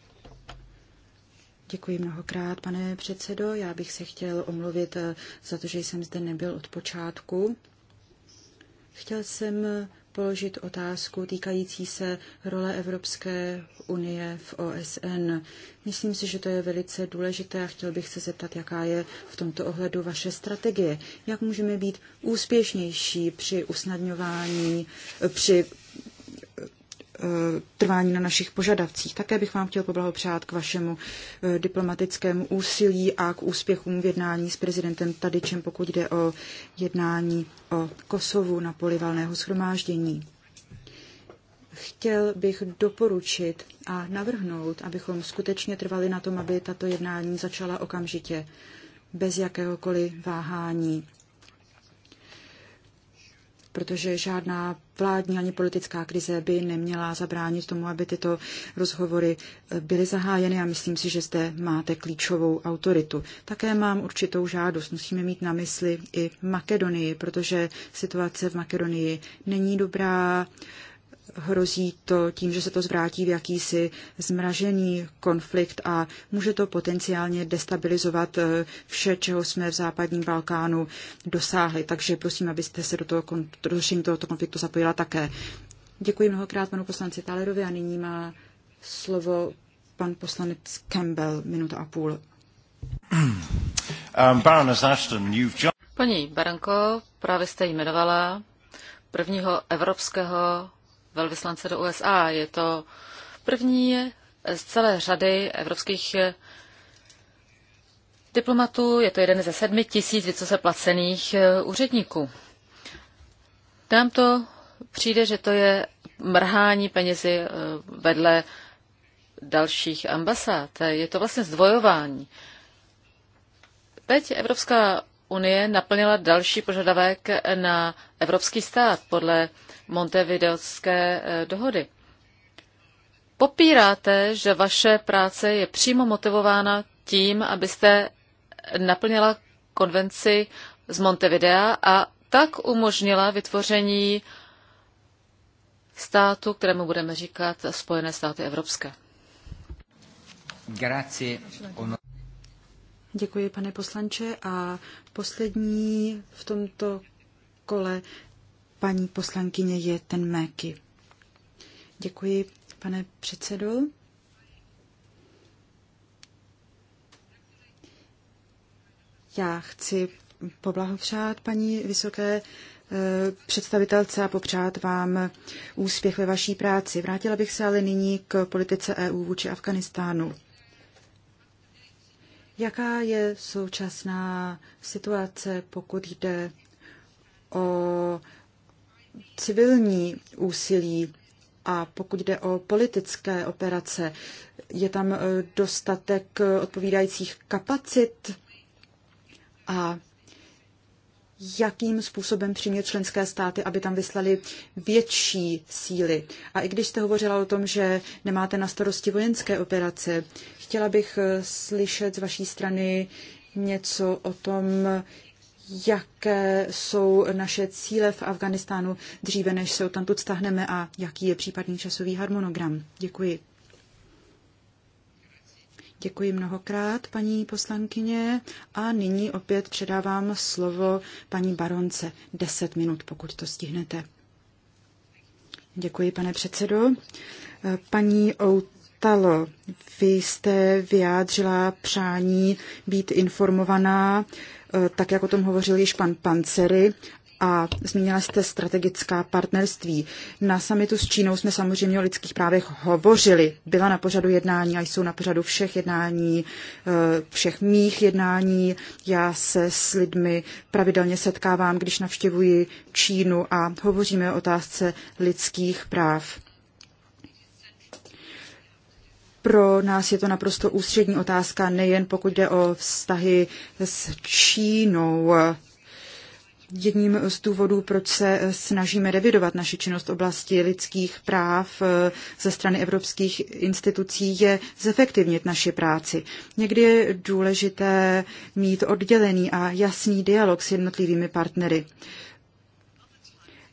Speaker 2: Děkuji mnohokrát, pane předsedo. Já bych se chtěl omluvit eh, za to, že jsem zde nebyl od počátku. Chtěl jsem položit otázku týkající se role Evropské unie v OSN. Myslím si, že to je velice důležité a chtěl bych se zeptat, jaká je v tomto ohledu vaše strategie. Jak můžeme být úspěšnější při usnadňování, eh, při Eh, trvání na našich požadavcích. Také bych vám chtěl poblahopřát k vašemu eh, diplomatickému úsilí a k úspěchům v jednání s prezidentem Tadičem, pokud jde o jednání o Kosovu na polivalného valného schromáždění. Chtěl bych doporučit a navrhnout, abychom skutečně trvali na tom, aby tato jednání začala okamžitě, bez jakéhokoliv váhání protože žádná vládní ani politická krize by neměla zabránit tomu, aby tyto rozhovory eh, byly zahájeny a myslím si, že zde máte klíčovou autoritu. Také mám určitou žádost. Musíme mít na mysli i Makedonii, protože situace v Makedonii není dobrá hrozí to tím, že se to zvrátí v jakýsi zmražený konflikt a může to potenciálně destabilizovat eh, vše, čeho jsme v západním Balkánu dosáhli. Takže prosím, abyste se do toho do řešení tohoto konfliktu zapojila také. Děkuji mnohokrát panu poslanci Talerovi a nyní má slovo pan poslanec Campbell, minuta
Speaker 3: a půl. Um, Baroness Ashton,
Speaker 2: Paní Baranko,
Speaker 1: právě jste jmenovala prvního evropského velvyslance do USA. Je to první z celé řady evropských diplomatů, je to jeden ze sedmi tisíc vysoce placených eh, úředníků. Nám to přijde, že to je mrhání penězi eh, vedle dalších ambasád. Je to vlastně zdvojování. Teď Evropská unie naplnila další požadavek na evropský stát podle Montevideoské eh, dohody. Popíráte, že vaše práce je přímo motivována tím, abyste naplnila konvenci z Montevidea a tak umožnila vytvoření státu, kterému budeme říkat Spojené státy evropské.
Speaker 2: Děkuji, pane poslanče. A poslední v tomto kole paní poslankyně je ten Méky. Děkuji, pane předsedo. Já chci poblahopřát paní vysoké eh, představitelce a popřát vám úspěch ve vaší práci. Vrátila bych se ale nyní k politice EU vůči Afganistánu. Jaká je současná situace, pokud jde o civilní úsilí a pokud jde o politické operace, je tam e, dostatek odpovídajících kapacit a jakým způsobem přimět členské státy, aby tam vyslali větší síly. A i když jste hovořila o tom, že nemáte na starosti vojenské operace, chtěla bych e, slyšet z vaší strany něco o tom, jaké jsou naše cíle v Afganistánu dříve, než se odtamtud stáhneme a jaký je případný časový harmonogram. Děkuji. Děkuji mnohokrát, paní poslankyně. A nyní opět předávám slovo paní baronce. Deset minut, pokud to stihnete. Děkuji, pane předsedo. Paní Outalo, vy jste vyjádřila přání být informovaná Eh, tak jak o tom hovořil již pan Pancery, a zmínila jste strategická partnerství. Na samitu s Čínou jsme samozřejmě o lidských právech hovořili. Byla na pořadu jednání a jsou na pořadu všech jednání, eh, všech mých jednání. Já se s lidmi pravidelně setkávám, když navštěvuji Čínu a hovoříme o otázce lidských práv. Pro nás je to naprosto ústřední otázka, nejen pokud jde o vztahy s Čínou. Jedním z důvodů, proč se snažíme revidovat naši činnost v oblasti lidských práv eh, ze strany evropských institucí, je zefektivnit naši práci. Někdy je důležité mít oddělený a jasný dialog s jednotlivými partnery.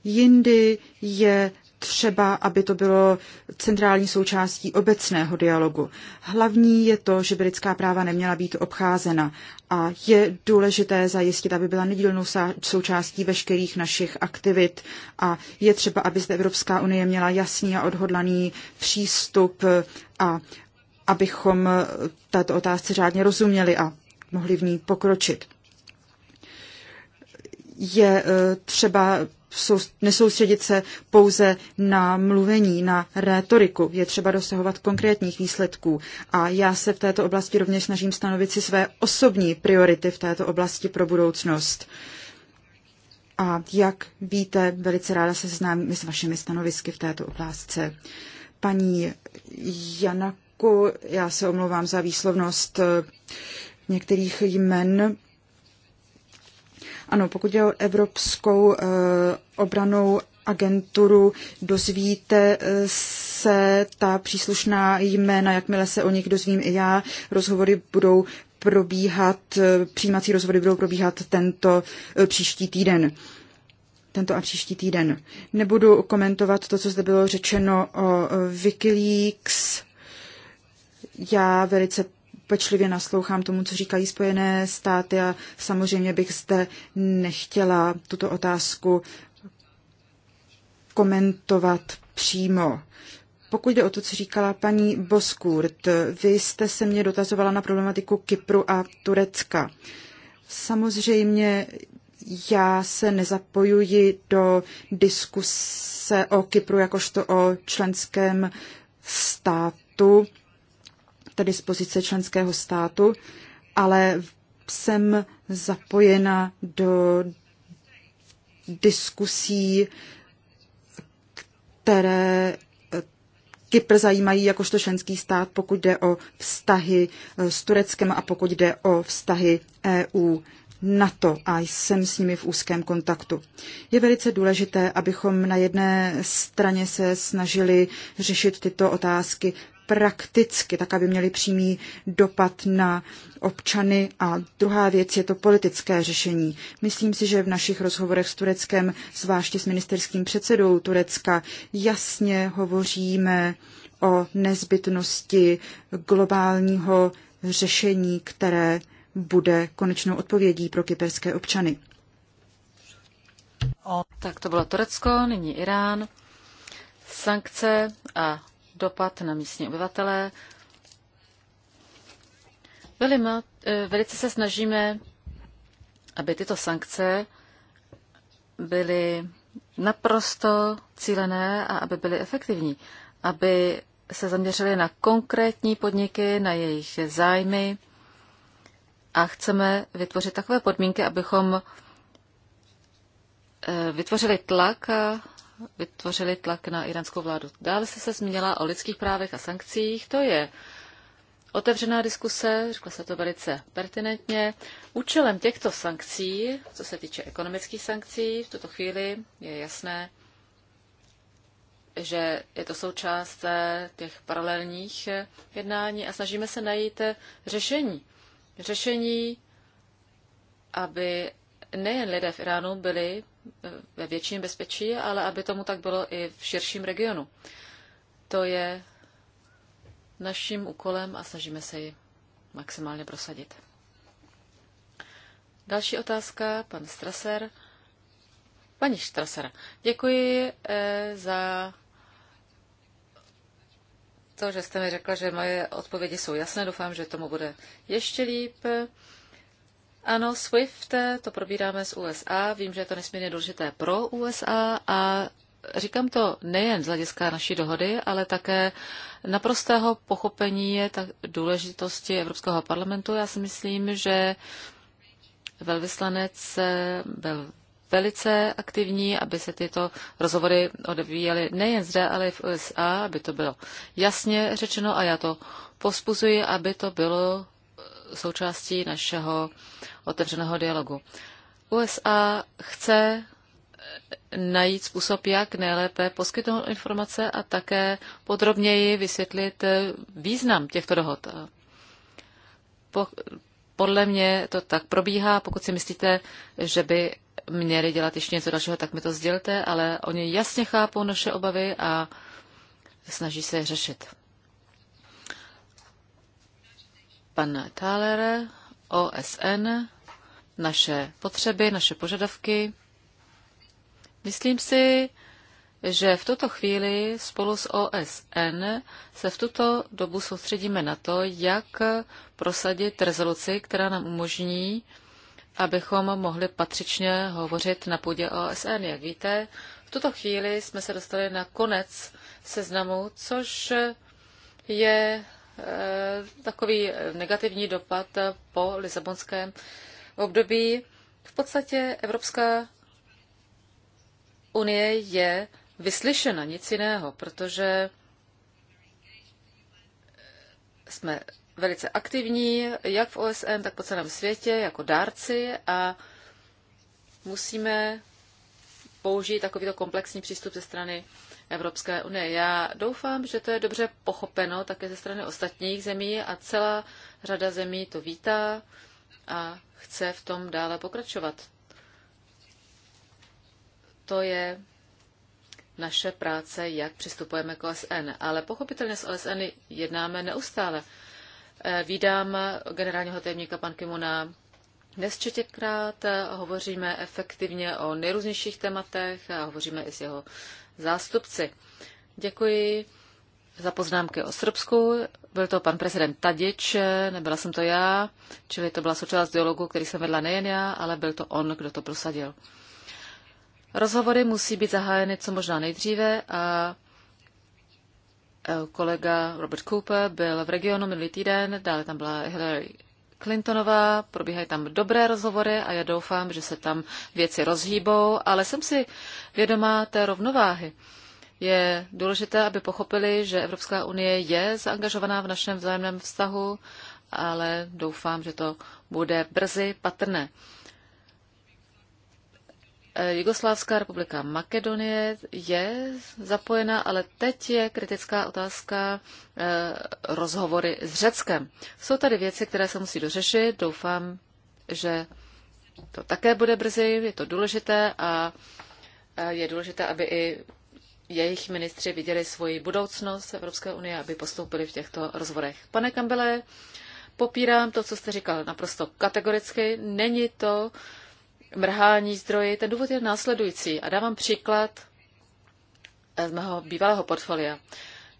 Speaker 2: Jindy je třeba, aby to bylo centrální součástí obecného dialogu. Hlavní je to, že lidská práva neměla být obcházena a je důležité zajistit, aby byla nedílnou součástí veškerých našich aktivit a je třeba, aby zde Evropská unie měla jasný a odhodlaný přístup a abychom této otázce řádně rozuměli a mohli v ní pokročit. Je eh, třeba nesoustředit se pouze na mluvení, na rétoriku. Je třeba dosahovat konkrétních výsledků. A já se v této oblasti rovněž snažím stanovit si své osobní priority v této oblasti pro budoucnost. A jak víte, velice ráda se seznámím s vašimi stanovisky v této oblasti, Paní Janaku, já se omlouvám za výslovnost eh, některých jmen. Ano, pokud je o Evropskou eh, obranou agenturu, dozvíte eh, se ta příslušná jména, jakmile se o nich dozvím i já, rozhovory budou probíhat, eh, přijímací rozhovory budou probíhat tento příští týden tento a příští týden. Nebudu komentovat to, co zde bylo řečeno o Wikileaks. Já velice pečlivě naslouchám tomu, co říkají Spojené státy a samozřejmě bych zde nechtěla tuto otázku komentovat přímo. Pokud jde o to, co říkala paní Boskurt, vy jste se mě dotazovala na problematiku Kypru a Turecka. Samozřejmě já se nezapojuji do diskuse o Kypru jakožto o členském státu tedy z pozice členského státu, ale jsem zapojena do diskusí, které eh, Kypr zajímají jakožto členský stát, pokud jde o vztahy eh, s Tureckem a pokud jde o vztahy EU. NATO a jsem s nimi v úzkém kontaktu. Je velice důležité, abychom na jedné straně se snažili řešit tyto otázky prakticky, tak aby měly přímý dopad na občany. A druhá věc je to politické řešení. Myslím si, že v našich rozhovorech s Tureckem, zvláště s ministerským předsedou Turecka, jasně hovoříme o nezbytnosti globálního řešení, které bude konečnou odpovědí pro kyperské občany.
Speaker 1: Tak to bylo Turecko, nyní Irán, sankce a dopad na místní obyvatelé. Eh, velice se snažíme, aby tyto sankce byly naprosto cílené a aby byly efektivní, aby se zaměřili na konkrétní podniky, na jejich zájmy a chceme vytvořit takové podmínky, abychom eh, vytvořili tlak vytvořili tlak na iránskou vládu. Dále jste se zmínila o lidských právech a sankcích. To je otevřená diskuse, řekla se to velice pertinentně. Účelem těchto sankcí, co se týče ekonomických sankcí, v tuto chvíli je jasné, že je to součást těch paralelních jednání a snažíme se najít řešení. Řešení, aby nejen lidé v Iránu byli ve větším bezpečí, ale aby tomu tak bylo i v širším regionu. To je naším úkolem a snažíme se ji maximálně prosadit. Další otázka, pan Strasser. Paní Strasser, děkuji eh, za to, že jste mi řekla, že moje odpovědi jsou jasné. Doufám, že tomu bude ještě líp. Ano, SWIFT, to probíráme z USA. Vím, že je to nesmírně důležité pro USA a říkám to nejen z hlediska naší dohody, ale také naprostého pochopení je tak důležitosti Evropského parlamentu. Já si myslím, že velvyslanec byl velice aktivní, aby se tyto rozhovory odvíjely nejen zde, ale i v USA, aby to bylo jasně řečeno a já to pospuzuji, aby to bylo součástí našeho otevřeného dialogu. USA chce najít způsob, jak nejlépe poskytnout informace a také podrobněji vysvětlit význam těchto dohod. Po, podle mě to tak probíhá. Pokud si myslíte, že by měli dělat ještě něco dalšího, tak mi to sdělte, ale oni jasně chápou naše obavy a snaží se je řešit. pan Thaler, OSN, naše potřeby, naše požadavky. Myslím si, že v tuto chvíli spolu s OSN se v tuto dobu soustředíme na to, jak prosadit rezoluci, která nám umožní, abychom mohli patřičně hovořit na půdě OSN. Jak víte, v tuto chvíli jsme se dostali na konec seznamu, což je Eh, takový negativní dopad po Lisabonském období. V podstatě Evropská unie je vyslyšena, nic jiného, protože jsme velice aktivní, jak v OSN, tak po celém světě, jako dárci a musíme použít takovýto komplexní přístup ze strany Evropské unie. Já doufám, že to je dobře pochopeno také ze strany ostatních zemí a celá řada zemí to vítá a chce v tom dále pokračovat. To je naše práce, jak přistupujeme k OSN. Ale pochopitelně s OSN jednáme neustále. Eh, Vídám generálního tajemníka pan Kimuna nesčetěkrát, hovoříme efektivně o nejrůznějších tématech, hovoříme i s jeho zástupci. Děkuji za poznámky o Srbsku. Byl to pan prezident Tadič, nebyla jsem to já, čili to byla součást dialogu, který jsem vedla nejen já, ale byl to on, kdo to prosadil. Rozhovory musí být zahájeny co možná nejdříve a eh, kolega Robert Cooper byl v regionu minulý týden, dále tam byla Hillary Clintonová, probíhají tam dobré rozhovory a já doufám, že se tam věci rozhýbou, ale jsem si vědomá té rovnováhy. Je důležité, aby pochopili, že Evropská unie je zaangažovaná v našem vzájemném vztahu, ale doufám, že to bude brzy patrné. Jugoslávská republika Makedonie je zapojena, ale teď je kritická otázka eh, rozhovory s Řeckem. Jsou tady věci, které se musí dořešit. Doufám, že to také bude brzy, je to důležité a je důležité, aby i jejich ministři viděli svoji budoucnost Evropské unie, aby postoupili v těchto rozvorech. Pane Kambele, popírám to, co jste říkal naprosto kategoricky. Není to uh, mrhání zdroji. Ten důvod je následující a dávám příklad eh, z mého bývalého portfolia.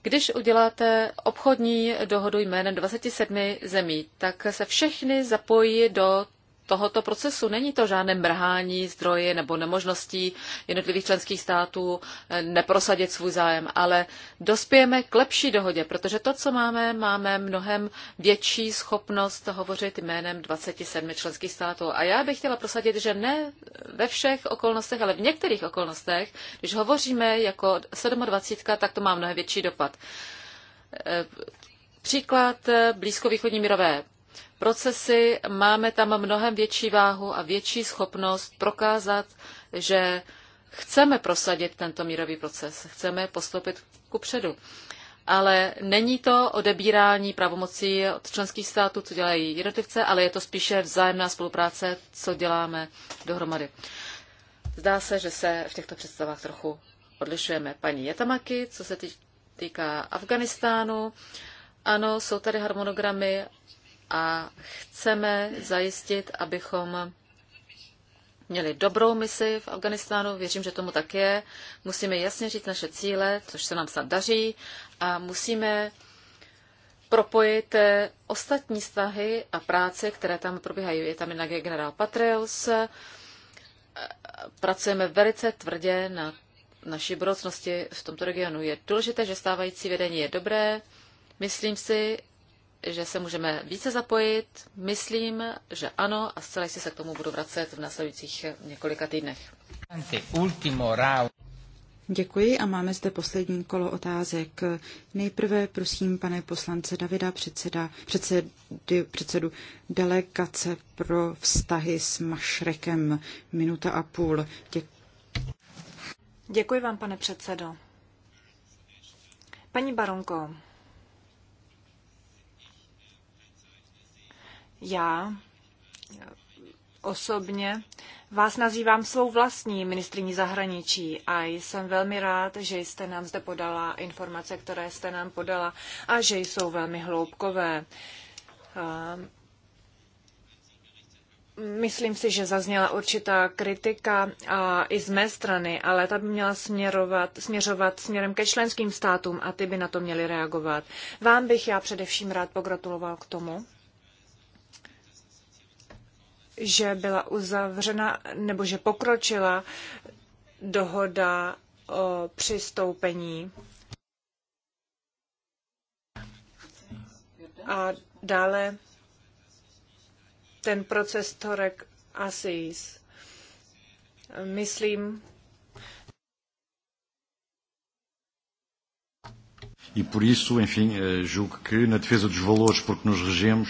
Speaker 1: Když uděláte obchodní dohodu jménem 27 zemí, tak se všechny zapojí do tohoto procesu. Není to žádné mrhání zdroje nebo nemožností jednotlivých členských států eh, neprosadit svůj zájem, ale dospějeme k lepší dohodě, protože to, co máme, máme mnohem větší schopnost hovořit jménem 27 členských států. A já bych chtěla prosadit, že ne ve všech okolnostech, ale v některých okolnostech, když hovoříme jako 27, tak to má mnohem větší dopad. Eh, příklad eh, blízkovýchodní mírové procesy, máme tam mnohem větší váhu a větší schopnost prokázat, že chceme prosadit tento mírový proces, chceme postoupit kupředu. Ale není to odebírání pravomocí od členských států, co dělají jednotlivce, ale je to spíše vzájemná spolupráce, co děláme dohromady. Zdá se, že se v těchto představách trochu odlišujeme. Paní Jetamaki, co se týká Afganistánu, ano, jsou tady harmonogramy a chceme zajistit, abychom měli dobrou misi v Afganistánu, věřím, že tomu tak je. Musíme jasně říct naše cíle, což se nám snad daří, a musíme propojit eh, ostatní stahy a práce, které tam probíhají. Je tam jinak generál Patreus, eh, pracujeme velice tvrdě na naší budoucnosti v tomto regionu. Je důležité, že stávající vedení je dobré. Myslím si, že se můžeme více zapojit.
Speaker 2: Myslím, že
Speaker 1: ano a zcela jistě se k tomu budu vracet v následujících několika týdnech.
Speaker 2: Děkuji a máme zde poslední kolo otázek. Nejprve prosím pane poslance Davida, předseda, předsedy, předsedu delegace pro vztahy s Mašrekem. Minuta a půl. Dě...
Speaker 3: Děkuji vám, pane předsedo. Paní Baronko, Já osobně vás nazývám svou vlastní ministriní zahraničí a jsem velmi rád, že jste nám zde podala informace, které jste nám podala a že jsou velmi hloubkové. Ehm, myslím si, že zazněla určitá kritika a i z mé strany, ale ta by měla směrovat, směřovat směrem ke členským státům a ty by na to měly reagovat. Vám bych já především rád pogratuloval k tomu, že byla uzavřena nebo že pokročila dohoda o přistoupení. A dále ten proces Torek Asis. Myslím,
Speaker 2: E por isso, enfim, eh, julgo que na defesa dos valores por que nos regemos,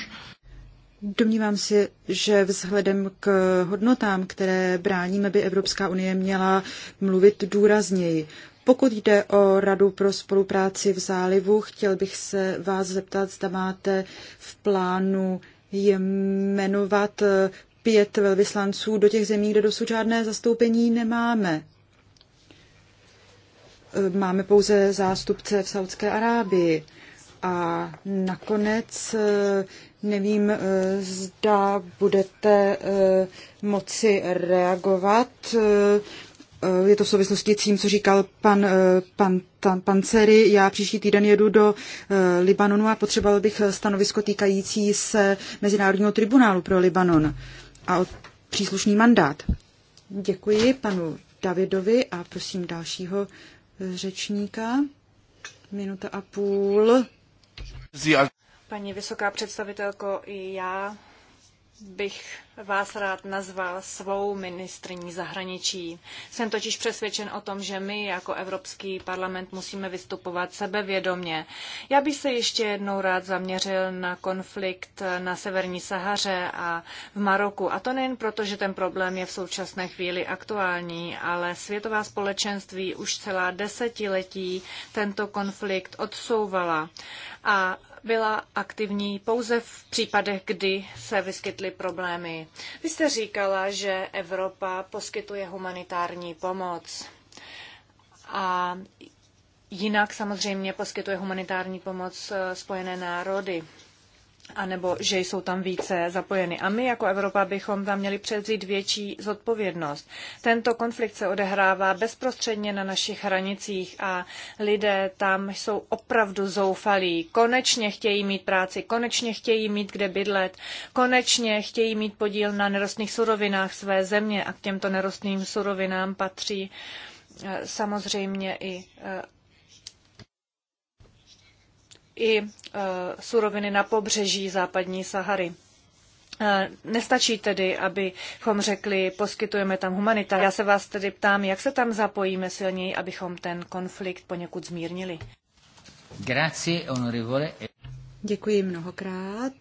Speaker 2: Domnívám se, že vzhledem k hodnotám, které bráníme, by Evropská unie měla mluvit důrazněji. Pokud jde o Radu pro spolupráci v zálivu, chtěl bych se vás zeptat, zda máte v plánu jmenovat pět velvyslanců do těch zemí, kde dosud žádné zastoupení nemáme. Máme pouze zástupce v Saudské Arábii. A nakonec eh, nevím, eh, zda budete eh, moci reagovat. Je to v souvislosti s tím, co říkal pan, pan, pan Cery. Já příští týden jedu do Libanonu a potřeboval bych stanovisko týkající se Mezinárodního tribunálu pro Libanon a příslušný mandát. Děkuji panu Davidovi a prosím dalšího řečníka. Minuta a půl.
Speaker 3: Paní vysoká představitelko, i já bych vás rád nazval svou ministrní zahraničí. Jsem totiž přesvědčen o tom, že my jako Evropský parlament musíme vystupovat sebevědomě. Já bych se ještě jednou rád zaměřil na konflikt na Severní Sahaře a v Maroku. A to nejen proto, že ten problém je v současné chvíli aktuální, ale světová společenství už celá desetiletí tento konflikt odsouvala. A byla aktivní pouze v případech, kdy se vyskytly problémy. Vy jste říkala, že Evropa poskytuje humanitární pomoc. A jinak samozřejmě poskytuje humanitární pomoc eh, Spojené národy anebo že jsou tam více zapojeny. A my jako Evropa bychom tam měli převzít větší zodpovědnost. Tento konflikt se odehrává bezprostředně na našich hranicích a lidé tam jsou opravdu zoufalí. Konečně chtějí mít práci, konečně chtějí mít kde bydlet, konečně chtějí mít podíl na nerostných surovinách své země a k těmto nerostným surovinám patří eh, samozřejmě i eh, i e, suroviny na pobřeží západní Sahary. E, nestačí tedy, abychom řekli, poskytujeme tam humanitár. Já se vás tedy ptám, jak se tam zapojíme silněji, abychom ten konflikt poněkud zmírnili. Grazie,
Speaker 2: Děkuji mnohokrát.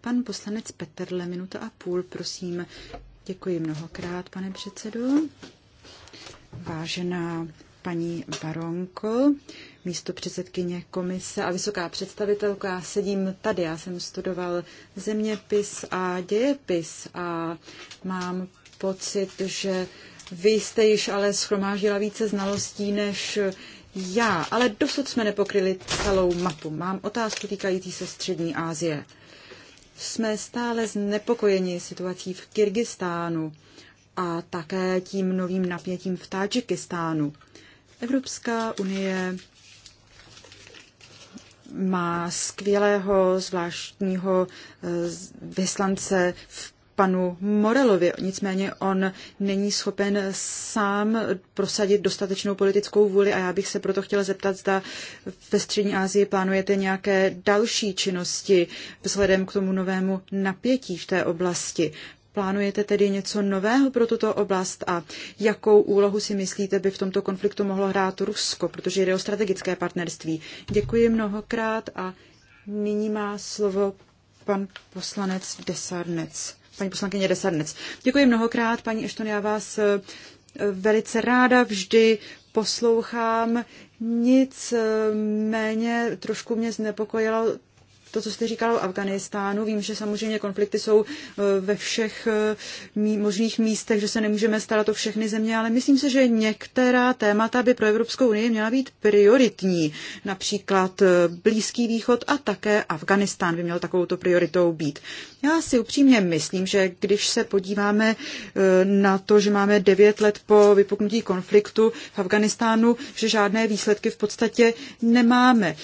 Speaker 2: Pan poslanec Petrle, minuta a půl, prosím. Děkuji mnohokrát, pane předsedo. Vážená paní Baronko, místo předsedkyně komise a vysoká představitelka. Já sedím tady, já jsem studoval zeměpis a dějepis a mám pocit, že vy jste již ale schromáždila více znalostí než já, ale dosud jsme nepokryli celou mapu. Mám otázku týkající se Střední Asie. Jsme stále znepokojeni situací v Kyrgyzstánu a také tím novým napětím v Tadžikistánu. Evropská unie má skvělého zvláštního eh, vyslance v panu Morelovi. Nicméně on není schopen sám prosadit dostatečnou politickou vůli a já bych se proto chtěla zeptat, zda ve Střední Asii plánujete nějaké další činnosti vzhledem k tomu novému napětí v té oblasti. Plánujete tedy něco nového pro tuto oblast a jakou úlohu si myslíte by v tomto konfliktu mohlo hrát Rusko, protože jde o strategické partnerství? Děkuji mnohokrát a nyní má slovo pan poslanec Desarnec. Paní poslankyně Desarnec. Děkuji mnohokrát, paní Ešton, já vás eh, velice ráda vždy poslouchám. Nic eh, méně trošku mě znepokojilo to, co jste říkal o Afganistánu, vím, že samozřejmě konflikty jsou e, ve všech e, možných místech, že se nemůžeme starat o všechny země, ale myslím se, že některá témata by pro Evropskou unii měla být prioritní. Například e, Blízký východ a také Afganistán by měl takovouto prioritou být. Já si upřímně myslím, že když se podíváme na to, že máme devět let po vypuknutí konfliktu v Afganistánu, že žádné výsledky v podstatě nemáme.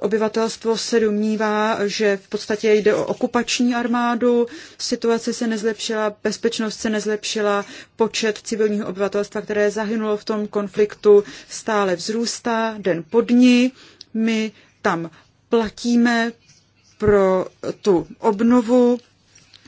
Speaker 2: Obyvatelstvo se domnívá, že v podstatě jde o okupační armádu, situace se nezlepšila, bezpečnost se nezlepšila, počet civilního obyvatelstva, které zahynulo v tom konfliktu, stále vzrůstá den po dni. My tam platíme pro tu obnovu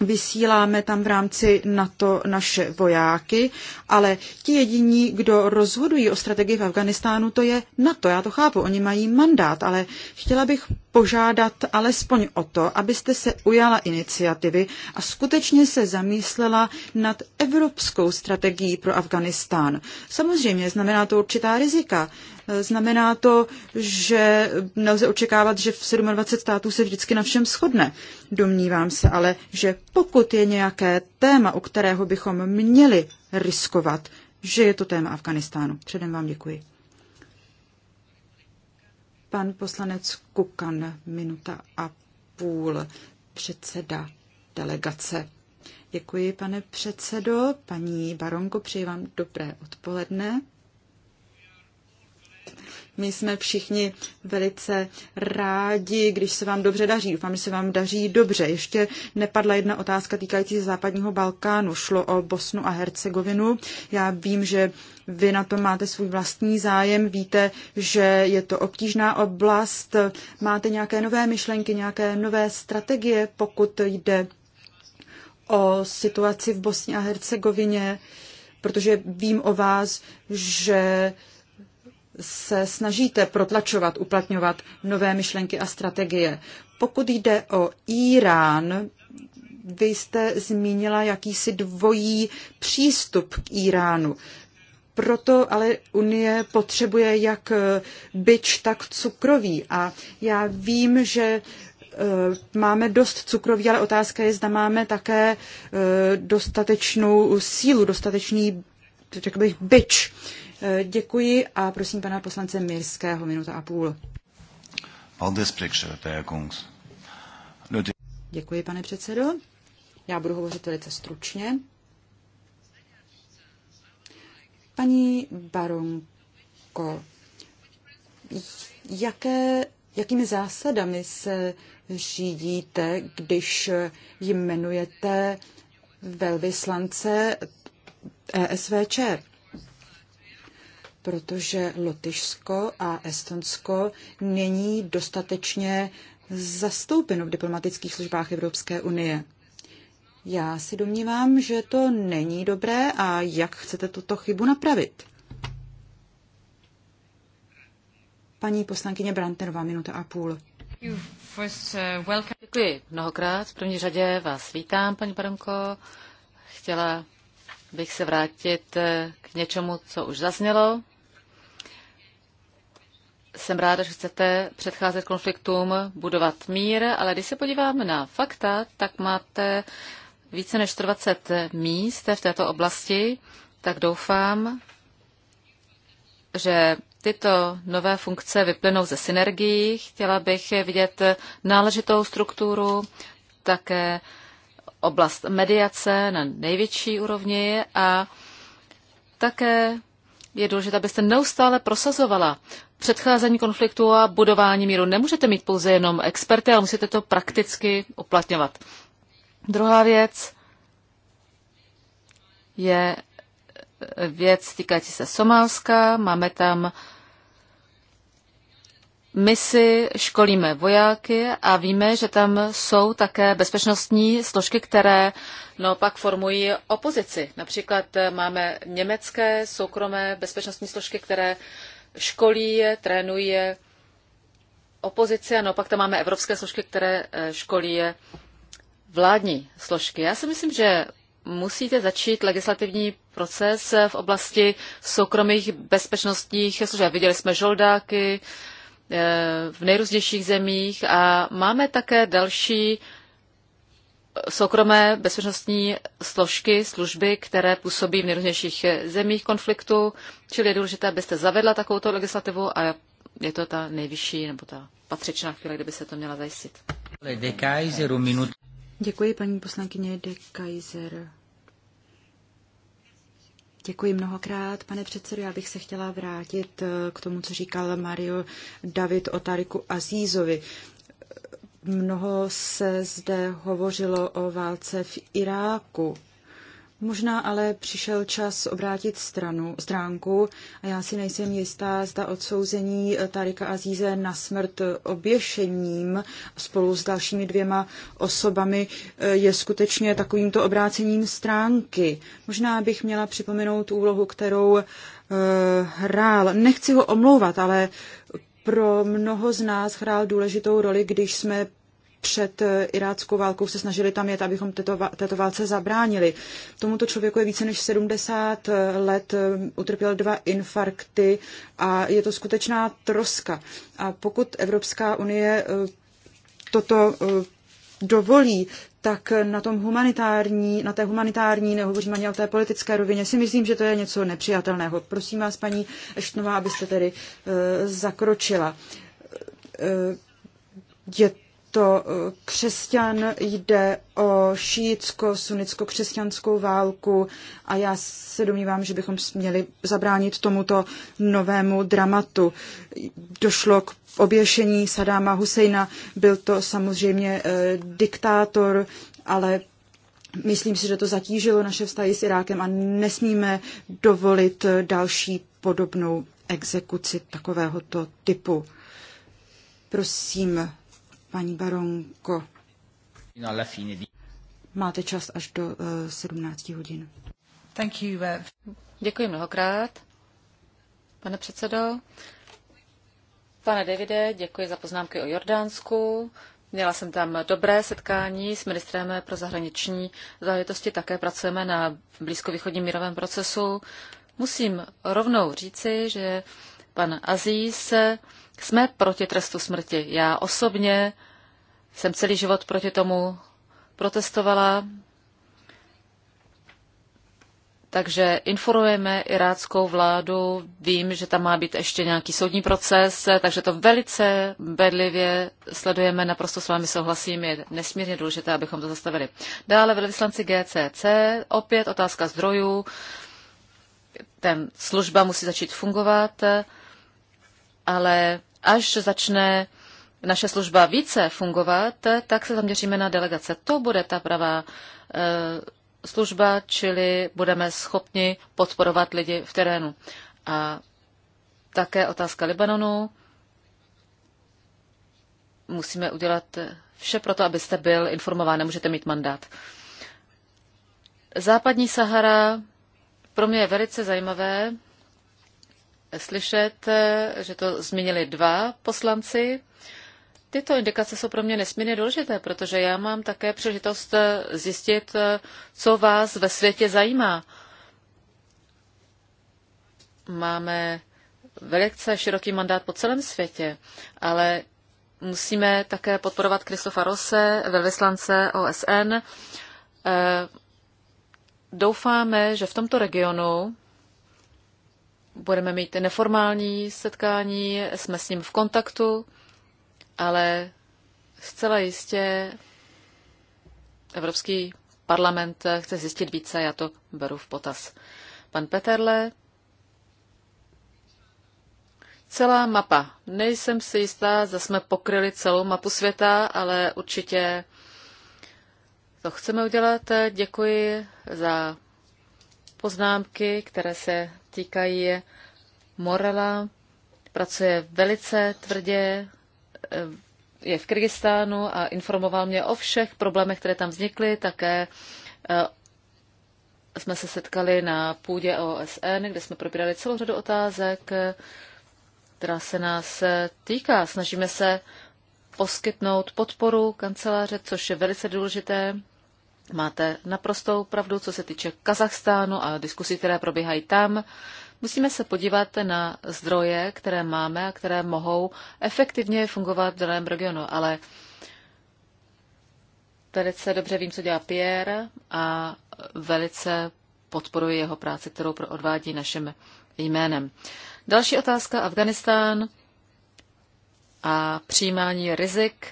Speaker 2: vysíláme tam v rámci NATO naše vojáky, ale ti jediní, kdo rozhodují o strategii v Afganistánu, to je NATO. Já to chápu, oni mají mandát, ale chtěla bych požádat alespoň o to, abyste se ujala iniciativy a skutečně se zamyslela nad evropskou strategií pro Afganistán. Samozřejmě znamená to určitá rizika. Eh, znamená to, že nelze očekávat, že v 27 států se vždycky na všem shodne. Domnívám se ale, že pokud je nějaké téma, u kterého bychom měli riskovat, že je to téma Afganistánu. Předem vám děkuji. Pan poslanec Kukan, minuta a půl, předseda delegace. Děkuji, pane předsedo. Paní Baronko, přeji vám dobré odpoledne. My jsme všichni velice rádi, když se vám dobře daří. Doufám, že se vám daří dobře. Ještě nepadla jedna otázka týkající se západního Balkánu. Šlo o Bosnu a Hercegovinu. Já vím, že vy na to máte svůj vlastní zájem, víte, že je to obtížná oblast. Máte nějaké nové myšlenky, nějaké nové strategie, pokud jde o situaci v Bosně a Hercegovině, protože vím o vás, že se snažíte protlačovat, uplatňovat nové myšlenky a strategie. Pokud jde o Irán, vy jste zmínila jakýsi dvojí přístup k Iránu. Proto ale Unie potřebuje jak byč, tak cukrový. A já vím, že e, máme dost cukroví, ale otázka je, zda máme také e, dostatečnou sílu, dostatečný, řekl bych, byč Děkuji a prosím pana poslance Mirského, minuta a půl. Děkuji, pane předsedo. Já budu hovořit velice stručně. Paní Baronko, jaké, jakými zásadami se řídíte, když jmenujete velvyslance ESVČ? protože Lotyšsko a Estonsko není dostatečně zastoupeno v diplomatických službách Evropské unie. Já si domnívám, že to není dobré a jak chcete tuto chybu napravit? Paní poslankyně Brantnerová, minuta a půl.
Speaker 1: Děkuji mnohokrát. V první řadě vás vítám, paní Baronko. Chtěla bych se vrátit k něčemu, co už zaznělo jsem ráda, že chcete předcházet konfliktům, budovat mír, ale když se podíváme na fakta, tak máte více než 120 míst v této oblasti, tak doufám, že tyto nové funkce vyplynou ze synergií. Chtěla bych vidět náležitou strukturu, také oblast mediace na největší úrovni a také je důležité, abyste neustále prosazovala předcházení konfliktu a budování míru. Nemůžete mít pouze jenom experty, ale musíte to prakticky uplatňovat. Druhá věc je eh, věc týkající se Somálska. Máme tam misi, školíme vojáky a víme, že tam jsou také bezpečnostní složky, které no, pak formují opozici. Například eh, máme německé soukromé bezpečnostní složky, které školí je, trénují je opozice a naopak tam máme evropské složky, které e, školí je vládní složky. Já si myslím, že musíte začít legislativní proces v oblasti soukromých bezpečnostních služeb. Viděli jsme žoldáky e, v nejrůznějších zemích a máme také další soukromé bezpečnostní složky, služby, které působí v nejrůznějších zemích konfliktu, čili je důležité, abyste zavedla takovouto legislativu a je to ta nejvyšší nebo ta
Speaker 2: patřičná chvíle, kdyby se to měla zajistit. Děkuji, paní poslankyně de Kaiser. Děkuji mnohokrát, pane předsedo. Já bych se chtěla vrátit eh, k tomu, co říkal Mario David o Tariku Azízovi. Mnoho se zde hovořilo o válce v Iráku. Možná ale přišel čas obrátit stranu, stránku a já si nejsem jistá, zda odsouzení Tarika Azíze na smrt oběšením spolu s dalšími dvěma osobami eh, je skutečně takovýmto obrácením stránky. Možná bych měla připomenout úlohu, kterou eh, hrál. Nechci ho omlouvat, ale pro mnoho z nás hrál důležitou roli, když jsme před eh, iráckou válkou se snažili tam jet, abychom této, této válce zabránili. Tomuto člověku je více než 70 eh, let, eh, utrpěl dva infarkty a je to skutečná troska. A pokud Evropská unie toto dovolí, tak na tom humanitární, na té humanitární, nehovořím ani o té politické rovině, si myslím, že to je něco nepřijatelného. Prosím vás, paní Eštnová, abyste tedy e, zakročila. E, je to eh, křesťan, jde o šíitsko-sunicko-křesťanskou válku a já se domnívám, že bychom měli zabránit tomuto novému dramatu. Došlo k oběšení Sadáma Husejna. Byl to samozřejmě eh, diktátor, ale myslím si, že to zatížilo naše vztahy s Irákem a nesmíme dovolit eh, další podobnou exekuci takovéhoto typu. Prosím, paní baronko. Máte čas až do e, eh, 17 hodin. Thank you. Uh,
Speaker 1: Děkuji mnohokrát, pane předsedo. Pane Davide, děkuji za poznámky o Jordánsku. Měla jsem tam dobré setkání s ministrem pro zahraniční záležitosti. Také pracujeme na blízkovýchodním mírovém procesu. Musím rovnou říci, že pan Aziz, jsme proti trestu smrti. Já osobně jsem celý život proti tomu protestovala. Takže informujeme iráckou vládu, vím, že tam má být ještě nějaký soudní proces, takže to velice bedlivě sledujeme, naprosto s vámi souhlasím, je nesmírně důležité, abychom to zastavili. Dále vyslanci GCC, opět otázka zdrojů, ten služba musí začít fungovat, ale až začne naše služba více fungovat, tak se zaměříme na delegace. To bude ta pravá eh, služba, čili budeme schopni podporovat lidi v terénu. A také otázka Libanonu. Musíme udělat vše pro to, abyste byl informován, nemůžete mít mandát. Západní Sahara pro mě je velice zajímavé slyšet, že to zmínili dva poslanci. Tyto indikace jsou pro mě nesmírně důležité, protože já mám také příležitost eh, zjistit, eh, co vás ve světě zajímá. Máme velice široký mandát po celém světě, ale musíme také podporovat Kristofa Rose, velvyslance OSN. Eh, doufáme, že v tomto regionu budeme mít neformální setkání, jsme s ním v kontaktu ale zcela jistě Evropský parlament chce zjistit více, já to beru v potaz. Pan Peterle, celá mapa. Nejsem si jistá, že jsme pokryli celou mapu světa, ale určitě to chceme udělat. Děkuji za poznámky, které se týkají Morela. Pracuje velice tvrdě, Eh, je v Kyrgyzstánu a informoval mě o všech problémech, které tam vznikly, také eh, jsme se setkali na půdě OSN, kde jsme probírali celou řadu otázek, která se nás eh, týká. Snažíme se poskytnout podporu kanceláře, což je velice důležité. Máte naprostou pravdu, co se týče Kazachstánu a diskusí, které probíhají tam. Musíme se podívat na zdroje, které máme a které mohou efektivně fungovat v daném regionu, ale velice dobře vím, co dělá Pierre a velice podporuji jeho práci, kterou odvádí našim jménem. Další otázka, Afganistán a přijímání rizik.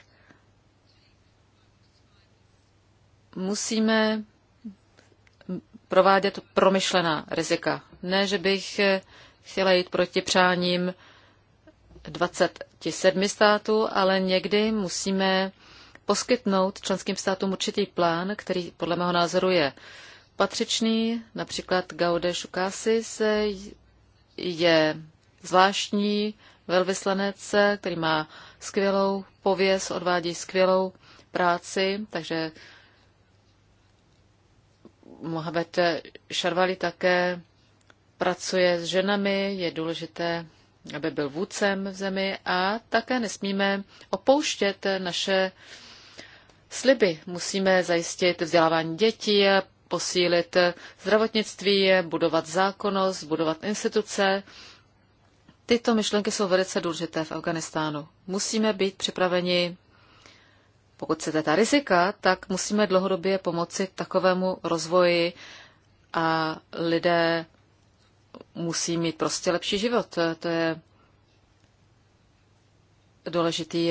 Speaker 1: Musíme provádět promyšlená rizika ne, že bych eh, chtěla jít proti přáním 27 států, ale někdy musíme poskytnout členským státům určitý plán, který podle mého názoru je patřičný. Například Gaude Šukásis eh, je zvláštní velvyslanec, eh, který má skvělou pověst, odvádí skvělou práci, takže Mohamed Šarvali také pracuje s ženami, je důležité, aby byl vůdcem v zemi a také nesmíme opouštět naše sliby. Musíme zajistit vzdělávání dětí, posílit zdravotnictví, budovat zákonnost, budovat instituce. Tyto myšlenky jsou velice důležité v Afganistánu. Musíme být připraveni, pokud chcete ta rizika, tak musíme dlouhodobě pomoci takovému rozvoji a lidé musí mít prostě lepší život. To je důležitý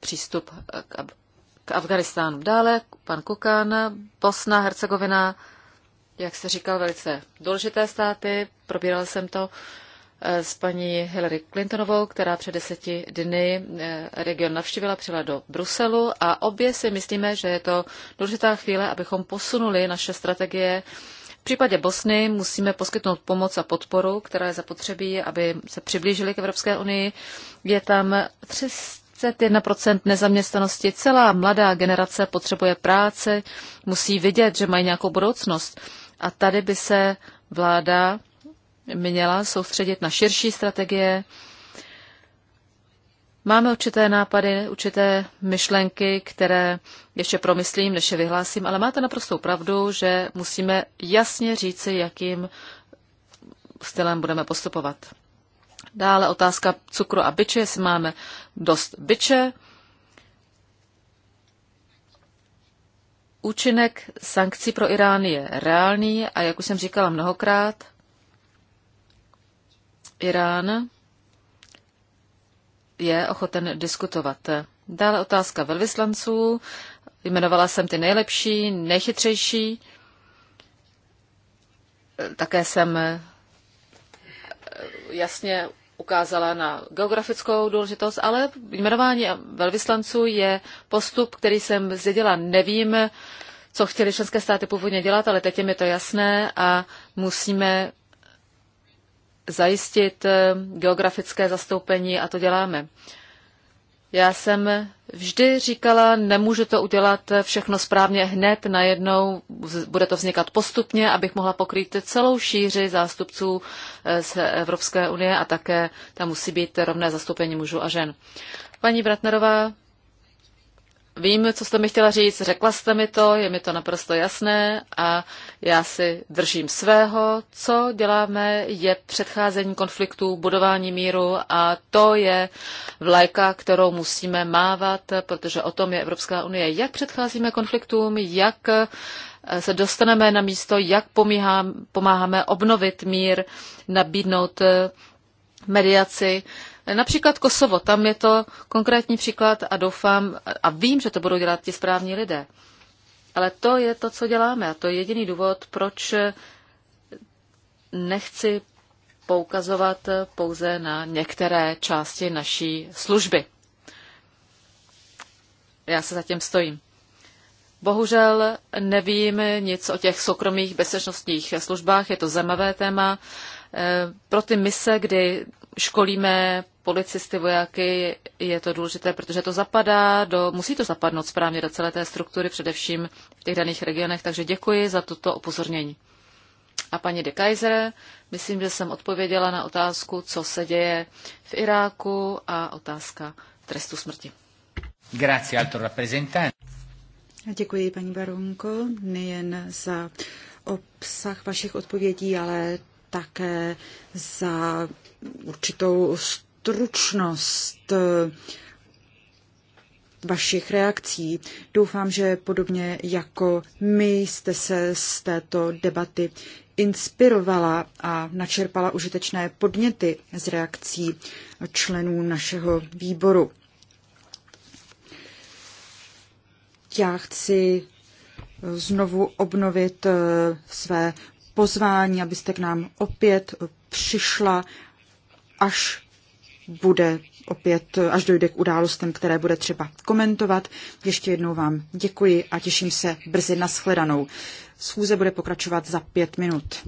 Speaker 1: přístup k, k Afganistánu. Dále pan Kukan, Bosna, Hercegovina, jak se říkal, velice důležité státy. Probíral jsem to eh, s paní Hillary Clintonovou, která před deseti dny eh, region navštívila, přijela do Bruselu a obě si myslíme, že je to důležitá chvíle, abychom posunuli naše strategie v případě Bosny musíme poskytnout pomoc a podporu, která je zapotřebí, aby se přiblížili k Evropské unii. Je tam 31% nezaměstnanosti. Celá mladá generace potřebuje práce, musí vidět, že mají nějakou budoucnost. A tady by se vláda měla soustředit na širší strategie, Máme určité nápady, určité myšlenky, které ještě promyslím, než je vyhlásím, ale máte naprostou pravdu, že musíme jasně říci, jakým stylem budeme postupovat. Dále otázka cukru a byče, jestli máme dost byče. Účinek sankcí pro Irán je reálný a jak už jsem říkala mnohokrát, Irán je ochoten diskutovat. Dále otázka velvyslanců. Jmenovala jsem ty nejlepší, nejchytřejší. Také jsem eh, jasně ukázala na geografickou důležitost, ale jmenování velvyslanců je postup, který jsem zjedila. Nevím, co chtěli členské státy původně dělat, ale teď je mi to jasné a musíme zajistit eh, geografické zastoupení a to děláme. Já jsem vždy říkala, nemůžu to udělat všechno správně hned najednou, bude to vznikat postupně, abych mohla pokrýt celou šíři zástupců eh, z Evropské unie a také tam musí být rovné zastoupení mužů a žen. Paní Bratnerová vím, co jste mi chtěla říct, řekla jste mi to, je mi to naprosto jasné a já si držím svého. Co děláme, je předcházení konfliktů, budování míru a to je vlajka, kterou musíme mávat, protože o tom je Evropská unie. Jak předcházíme konfliktům, jak eh, se dostaneme na místo, jak pomáháme obnovit mír, nabídnout eh, mediaci Například Kosovo, tam je to konkrétní příklad a doufám a vím, že to budou dělat ti správní lidé. Ale to je to, co děláme a to je jediný důvod, proč nechci poukazovat pouze na některé části naší služby. Já se zatím stojím. Bohužel nevím nic o těch soukromých bezpečnostních službách, je to zajímavé téma. E, pro ty mise, kdy školíme policisty, vojáky, je to důležité, protože to zapadá do, musí to zapadnout správně do celé té struktury, především v těch daných regionech, takže děkuji za toto upozornění. A paní de Kaiser, myslím, že jsem odpověděla na otázku, co se děje v Iráku a otázka trestu smrti.
Speaker 3: Grazie, alto rappresentante.
Speaker 2: Děkuji, paní Baronko, nejen za obsah vašich odpovědí, ale také za určitou stručnost eh, vašich reakcí. Doufám, že podobně jako my jste se z této debaty inspirovala a načerpala užitečné podněty z reakcí členů našeho výboru. Já chci znovu obnovit eh, své pozvání, abyste k nám opět přišla, až bude opět, až dojde k událostem, které bude třeba komentovat. Ještě jednou vám děkuji a těším se brzy na shledanou. Schůze bude pokračovat za pět minut.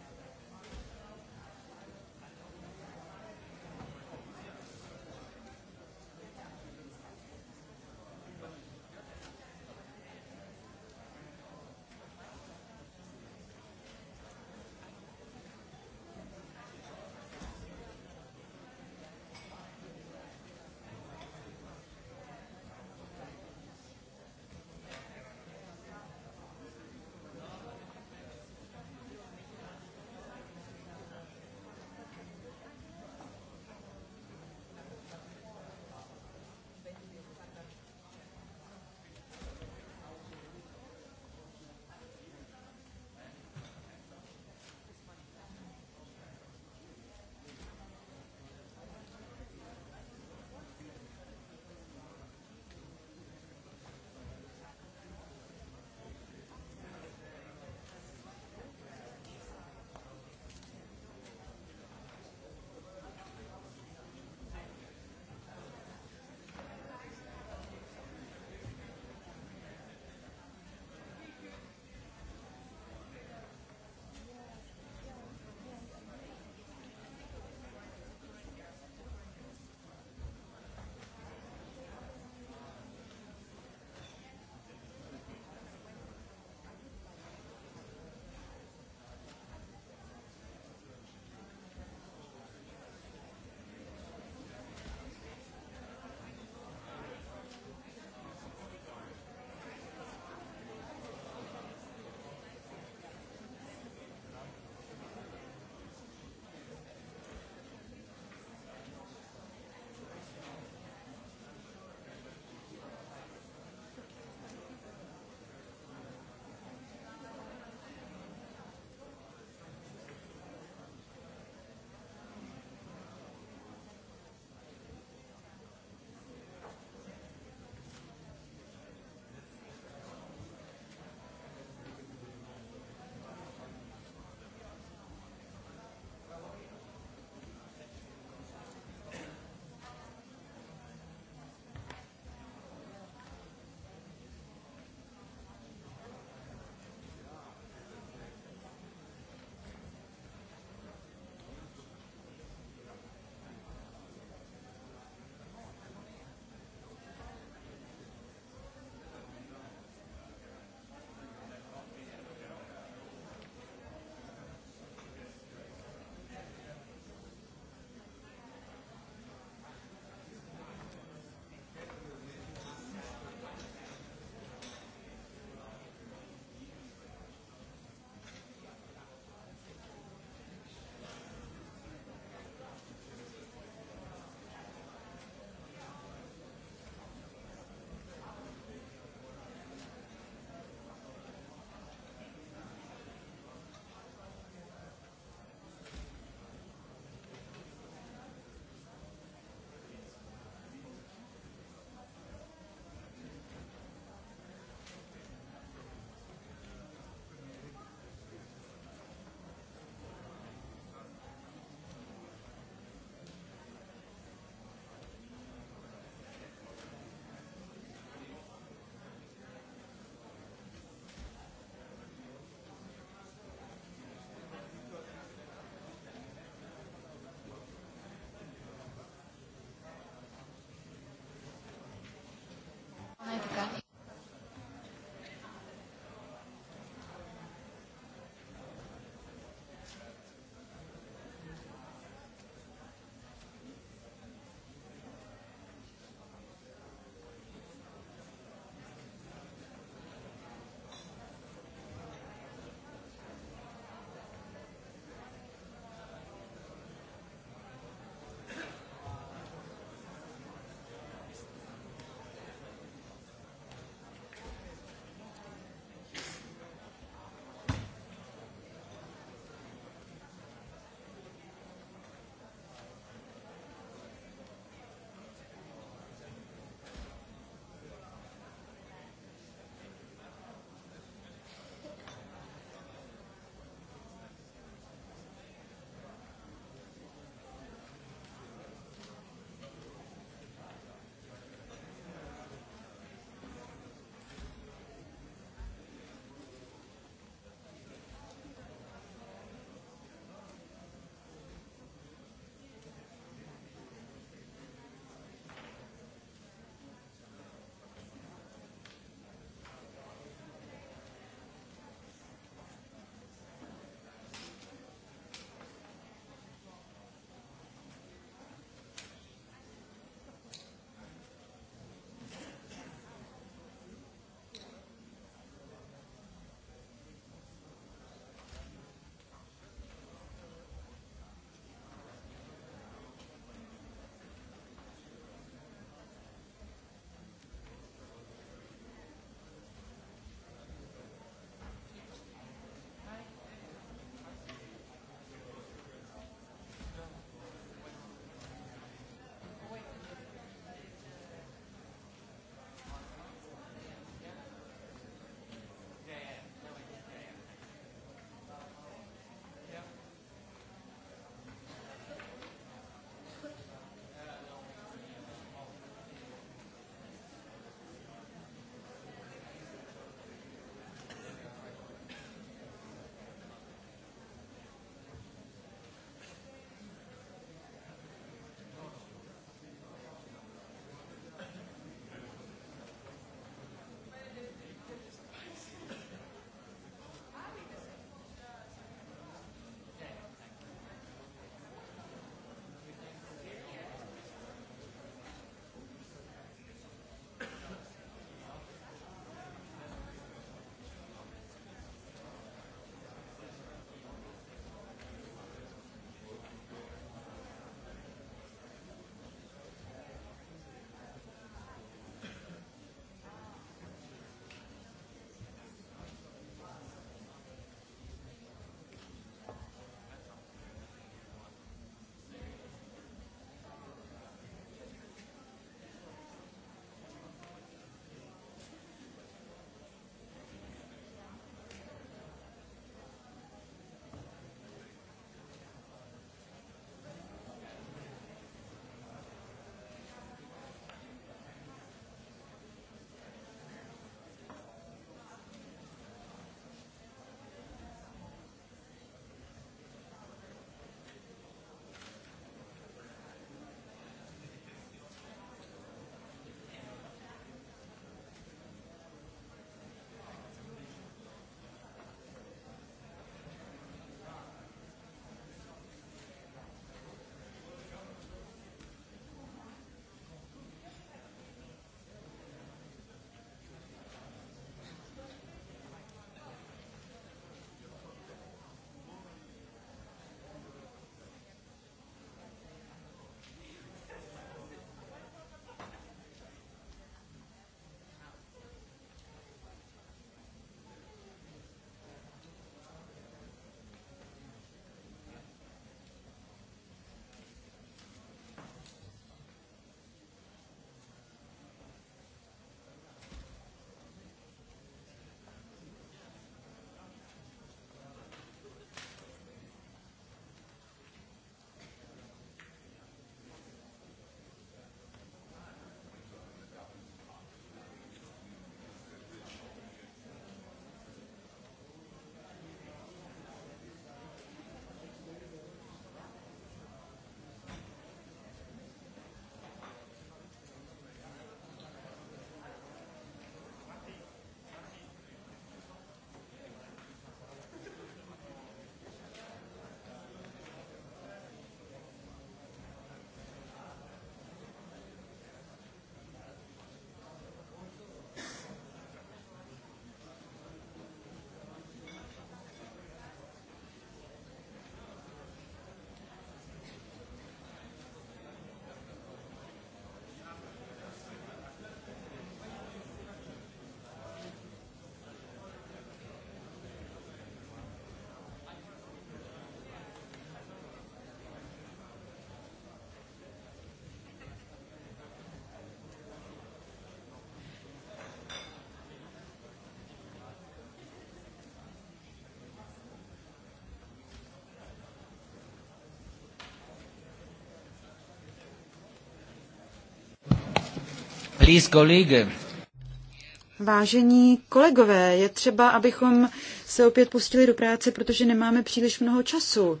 Speaker 2: Vážení kolegové, je třeba, abychom se opět pustili do práce, protože nemáme příliš mnoho času.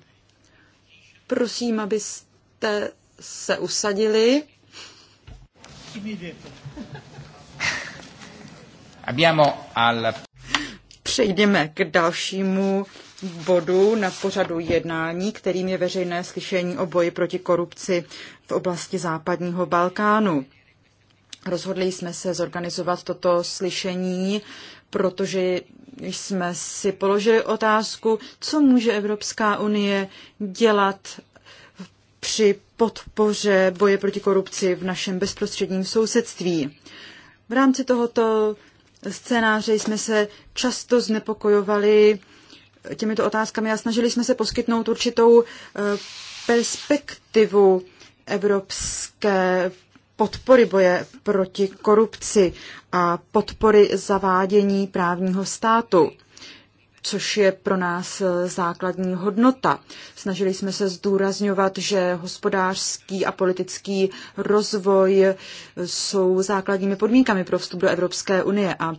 Speaker 2: Prosím, abyste se usadili. Přejdeme k dalšímu bodu na pořadu jednání, kterým je veřejné slyšení o boji proti korupci v oblasti západního Balkánu. Rozhodli jsme se zorganizovat toto slyšení, protože jsme si položili otázku, co může Evropská unie dělat při podpoře boje proti korupci v našem bezprostředním sousedství. V rámci tohoto scénáře jsme se často znepokojovali těmito otázkami a snažili jsme se poskytnout určitou eh, perspektivu Evropské podpory boje proti korupci a podpory zavádění právního státu což je pro nás eh, základní hodnota. Snažili jsme se zdůrazňovat, že hospodářský a politický rozvoj eh, jsou základními podmínkami pro vstup do Evropské unie a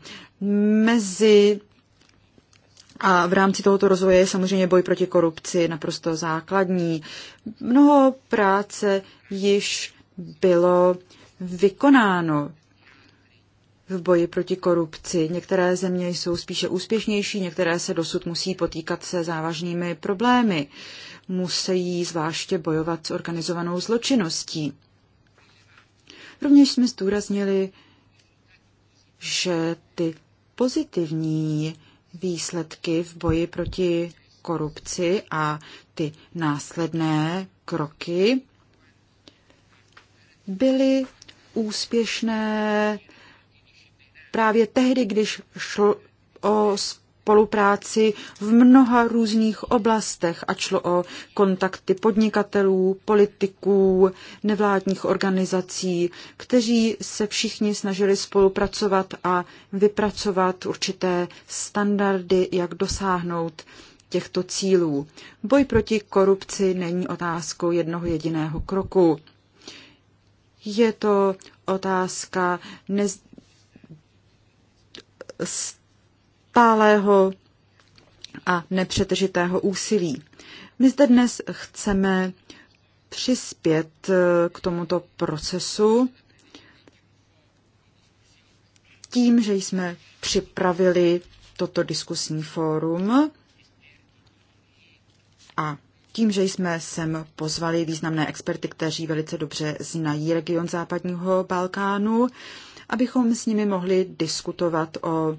Speaker 2: mezi a v rámci tohoto rozvoje je samozřejmě boj proti korupci naprosto základní. Mnoho práce již bylo vykonáno v boji proti korupci. Některé země jsou spíše úspěšnější, některé se dosud musí potýkat se závažnými problémy. Musí zvláště bojovat s organizovanou zločinností. Rovněž jsme zdůraznili, že ty pozitivní výsledky v boji proti korupci a ty následné kroky byly úspěšné právě tehdy, když šlo o spolupráci v mnoha různých oblastech a šlo o kontakty podnikatelů, politiků, nevládních organizací, kteří se všichni snažili spolupracovat a vypracovat určité standardy, jak dosáhnout těchto cílů. Boj proti korupci není otázkou jednoho jediného kroku. Je to otázka nez... stálého a nepřetržitého úsilí. My zde dnes chceme přispět eh, k tomuto procesu tím, že jsme připravili toto diskusní fórum a tím, že jsme sem pozvali významné experty, kteří velice dobře znají region západního Balkánu, abychom s nimi mohli diskutovat o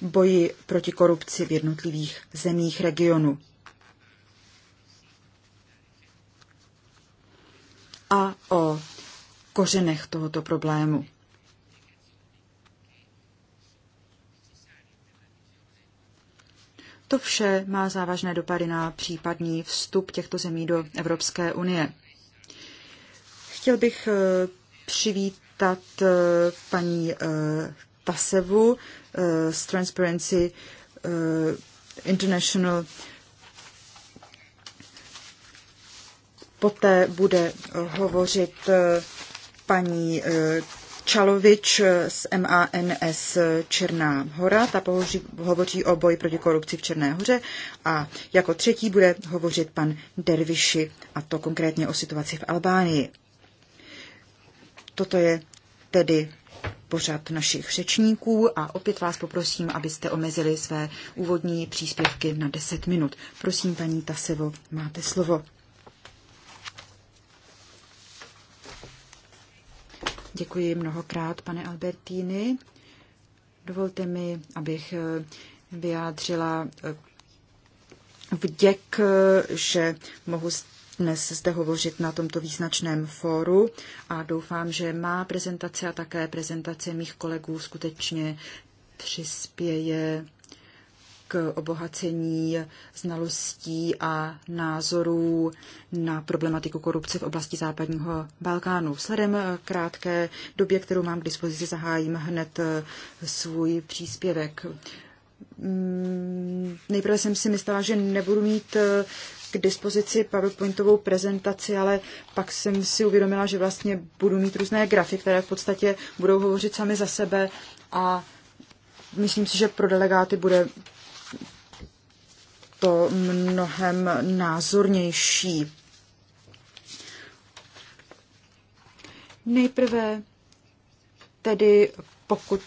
Speaker 2: boji proti korupci v jednotlivých zemích regionu. A o kořenech tohoto problému. To vše má závažné dopady na případný vstup těchto zemí do Evropské unie. Chtěl bych eh, přivítat eh, paní eh, Tasevu z Transparency International. Poté bude hovořit paní Čalovič z MANS Černá hora, ta pohoří, hovoří o boji proti korupci v Černé hoře a jako třetí bude hovořit pan Derviši a to konkrétně o situaci v Albánii. Toto je tedy pořad našich řečníků a opět vás poprosím, abyste omezili své úvodní příspěvky na 10 minut. Prosím, paní Tasevo, máte slovo. Děkuji mnohokrát, pane Albertini. Dovolte mi, abych eh, vyjádřila eh, vděk, eh, že mohu dnes zde hovořit na tomto význačném fóru a doufám, že má prezentace a také prezentace mých kolegů skutečně přispěje k obohacení znalostí a názorů na problematiku korupce v oblasti západního Balkánu. Vzhledem krátké době, kterou mám k dispozici, zahájím hned svůj příspěvek. Mm, nejprve jsem si myslela, že nebudu mít eh, k dispozici PowerPointovou prezentaci, ale pak jsem si uvědomila, že vlastně budu mít různé grafy, které v podstatě budou hovořit sami za sebe a myslím si, že pro delegáty bude to mnohem názornější. Nejprve tedy, pokud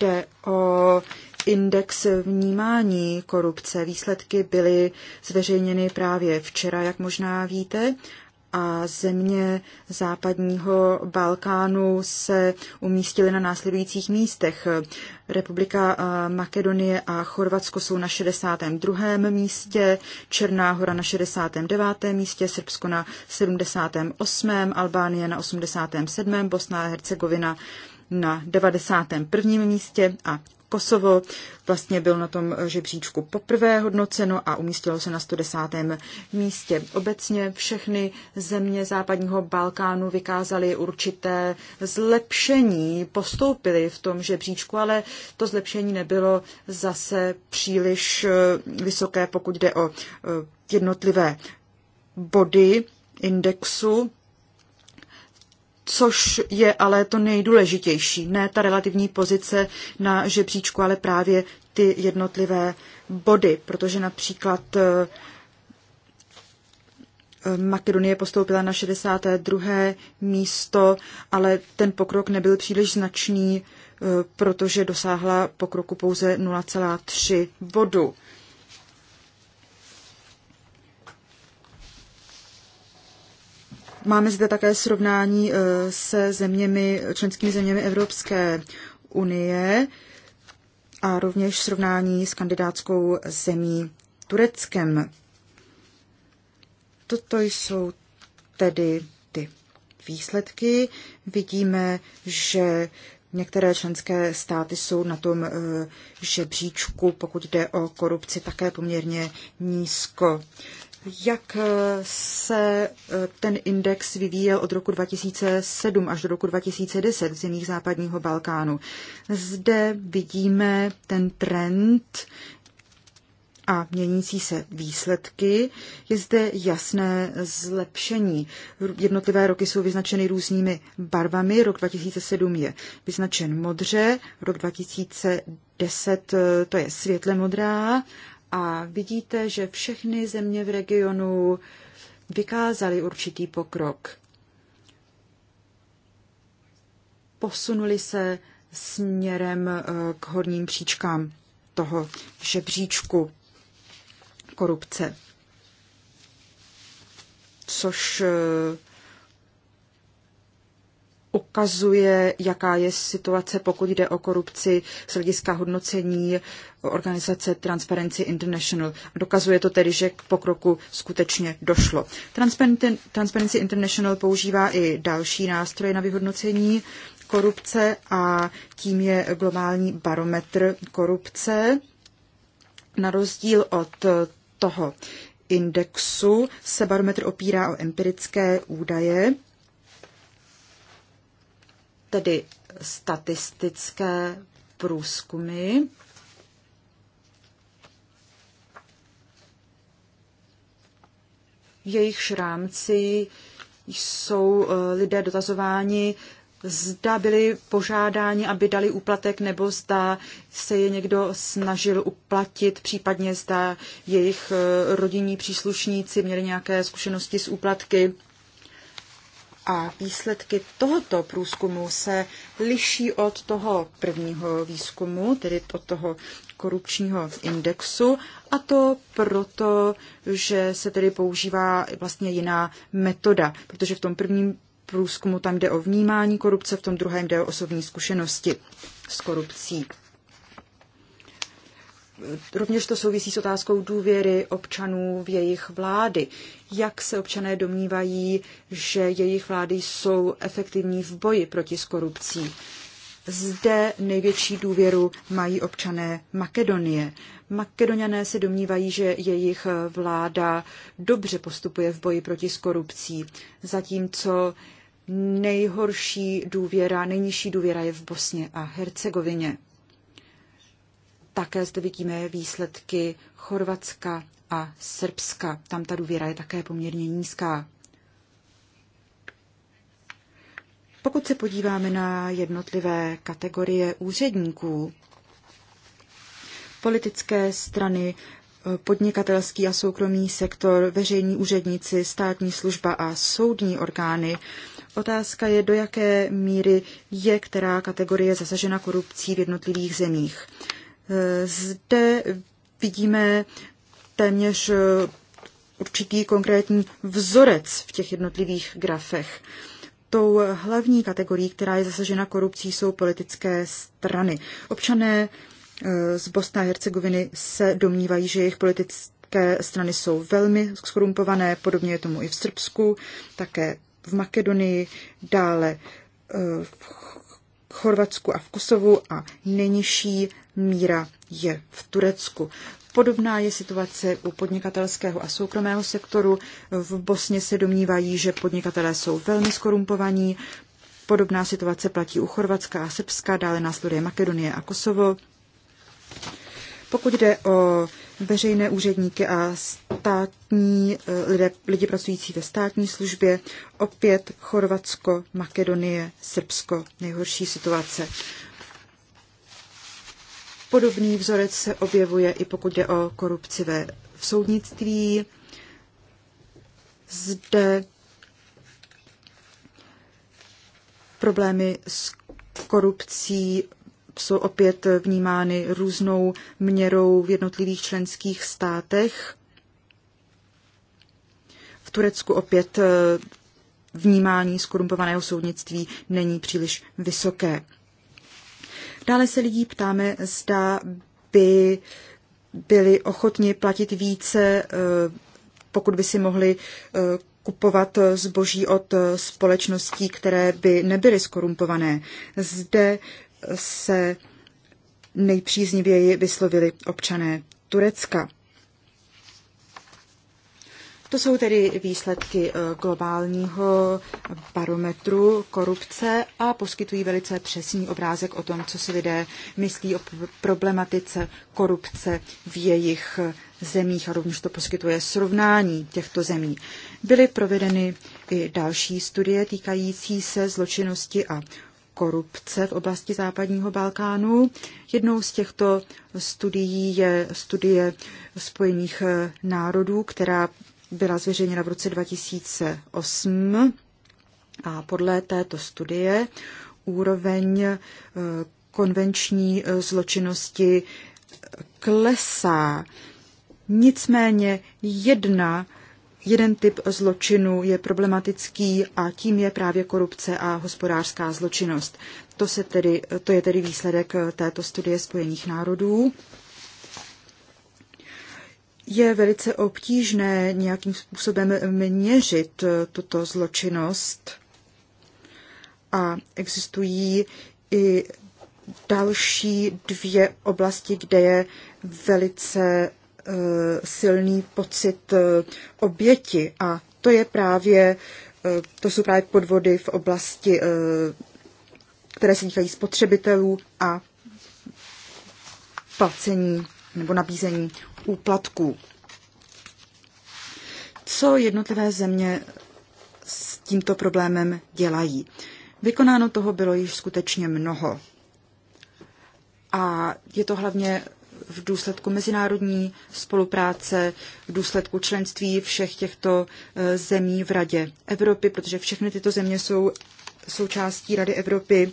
Speaker 2: jde o index vnímání korupce. Výsledky byly zveřejněny právě včera, jak možná víte, a země západního Balkánu se umístily na následujících místech. Republika eh, Makedonie a Chorvatsko jsou na 62. místě, Černá hora na 69. místě, Srbsko na 78., Albánie na 87., Bosna a Hercegovina na 91. místě a Kosovo vlastně byl na tom eh, žebříčku poprvé hodnoceno a umístilo se na 110. místě. Obecně všechny země západního Balkánu vykázaly určité zlepšení, postoupily v tom žebříčku, ale to zlepšení nebylo zase příliš eh, vysoké, pokud jde o eh, jednotlivé body indexu což je ale to nejdůležitější. Ne ta relativní pozice na žebříčku, ale právě ty jednotlivé body, protože například eh, eh, Makedonie postoupila na 62. místo, ale ten pokrok nebyl příliš značný, eh, protože dosáhla pokroku pouze 0,3 bodu. Máme zde také srovnání eh, se zeměmi, členskými zeměmi Evropské unie a rovněž srovnání s kandidátskou zemí Tureckem. Toto jsou tedy ty výsledky. Vidíme, že Některé členské státy jsou na tom eh, žebříčku, pokud jde o korupci, také poměrně nízko jak eh, se eh, ten index vyvíjel od roku 2007 až do roku 2010 v zemích západního Balkánu. Zde vidíme ten trend a měnící se výsledky, je zde jasné zlepšení. Jednotlivé roky jsou vyznačeny různými barvami. Rok 2007 je vyznačen modře, rok 2010 eh, to je světle modrá a vidíte, že všechny země v regionu vykázaly určitý pokrok. Posunuli se směrem eh, k horním příčkám toho žebříčku korupce. Což eh, ukazuje, jaká je situace, pokud jde o korupci z hlediska hodnocení organizace Transparency International. Dokazuje to tedy, že k pokroku skutečně došlo. Transparency International používá i další nástroje na vyhodnocení korupce a tím je globální barometr korupce. Na rozdíl od toho indexu se barometr opírá o empirické údaje tedy statistické průzkumy. V jejich rámci jsou eh, lidé dotazováni, zda byli požádáni, aby dali úplatek, nebo zda se je někdo snažil uplatit, případně zda jejich eh, rodinní příslušníci měli nějaké zkušenosti s úplatky. A výsledky tohoto průzkumu se liší od toho prvního výzkumu, tedy od toho korupčního indexu, a to proto, že se tedy používá vlastně jiná metoda, protože v tom prvním průzkumu tam jde o vnímání korupce, v tom druhém jde o osobní zkušenosti s korupcí. Rovněž to souvisí s otázkou důvěry občanů v jejich vlády. Jak se občané domnívají, že jejich vlády jsou efektivní v boji proti korupcí? Zde největší důvěru mají občané Makedonie. Makedoniané se domnívají, že jejich vláda dobře postupuje v boji proti korupcí, zatímco nejhorší důvěra, nejnižší důvěra je v Bosně a Hercegovině. Také zde vidíme výsledky Chorvatska a Srbska. Tam ta důvěra je také poměrně nízká. Pokud se podíváme na jednotlivé kategorie úředníků, politické strany, podnikatelský a soukromý sektor, veřejní úředníci, státní služba a soudní orgány, otázka je, do jaké míry je která kategorie zasažena korupcí v jednotlivých zemích. Zde vidíme téměř eh, určitý konkrétní vzorec v těch jednotlivých grafech. Tou hlavní kategorií, která je zasažena korupcí, jsou politické strany. Občané eh, z Bosna a Hercegoviny se domnívají, že jejich politické strany jsou velmi skorumpované, podobně je tomu i v Srbsku, také v Makedonii, dále eh, v v Chorvatsku a v Kosovu a nejnižší míra je v Turecku. Podobná je situace u podnikatelského a soukromého sektoru. V Bosně se domnívají, že podnikatelé jsou velmi skorumpovaní. Podobná situace platí u Chorvatska a Srbska, dále následuje Makedonie a Kosovo. Pokud jde o veřejné úředníky a státní eh, lidé, lidi pracující ve státní službě, opět Chorvatsko, Makedonie, Srbsko, nejhorší situace. Podobný vzorec se objevuje i pokud jde o korupci ve v soudnictví. Zde problémy s korupcí jsou opět vnímány různou měrou v jednotlivých členských státech. V Turecku opět eh, vnímání skorumpovaného soudnictví není příliš vysoké. Dále se lidí ptáme, zda by byli ochotni platit více, eh, pokud by si mohli eh, kupovat zboží od společností, které by nebyly skorumpované. Zde se nejpříznivěji vyslovili občané Turecka. To jsou tedy výsledky eh, globálního barometru korupce a poskytují velice přesný obrázek o tom, co si lidé myslí o problematice korupce v jejich eh, zemích a rovněž to poskytuje srovnání těchto zemí. Byly provedeny i další studie týkající se zločinnosti a korupce v oblasti západního Balkánu. Jednou z těchto studií je studie Spojených národů, která byla zveřejněna v roce 2008. A podle této studie úroveň eh, konvenční eh, zločinnosti klesá. Nicméně jedna jeden typ zločinu je problematický a tím je právě korupce a hospodářská zločinnost. To, se tedy, to je tedy výsledek eh, této studie Spojených národů. Je velice obtížné nějakým způsobem měřit eh, tuto zločinnost a existují i další dvě oblasti, kde je velice Eh, silný pocit eh, oběti a to je právě, eh, to jsou právě podvody v oblasti, které se týkají spotřebitelů a placení nebo nabízení úplatků. Co jednotlivé země s tímto problémem dělají? Vykonáno toho bylo již skutečně mnoho. A je to hlavně v důsledku mezinárodní spolupráce, v důsledku členství všech těchto eh, zemí v Radě Evropy, protože všechny tyto země jsou součástí Rady Evropy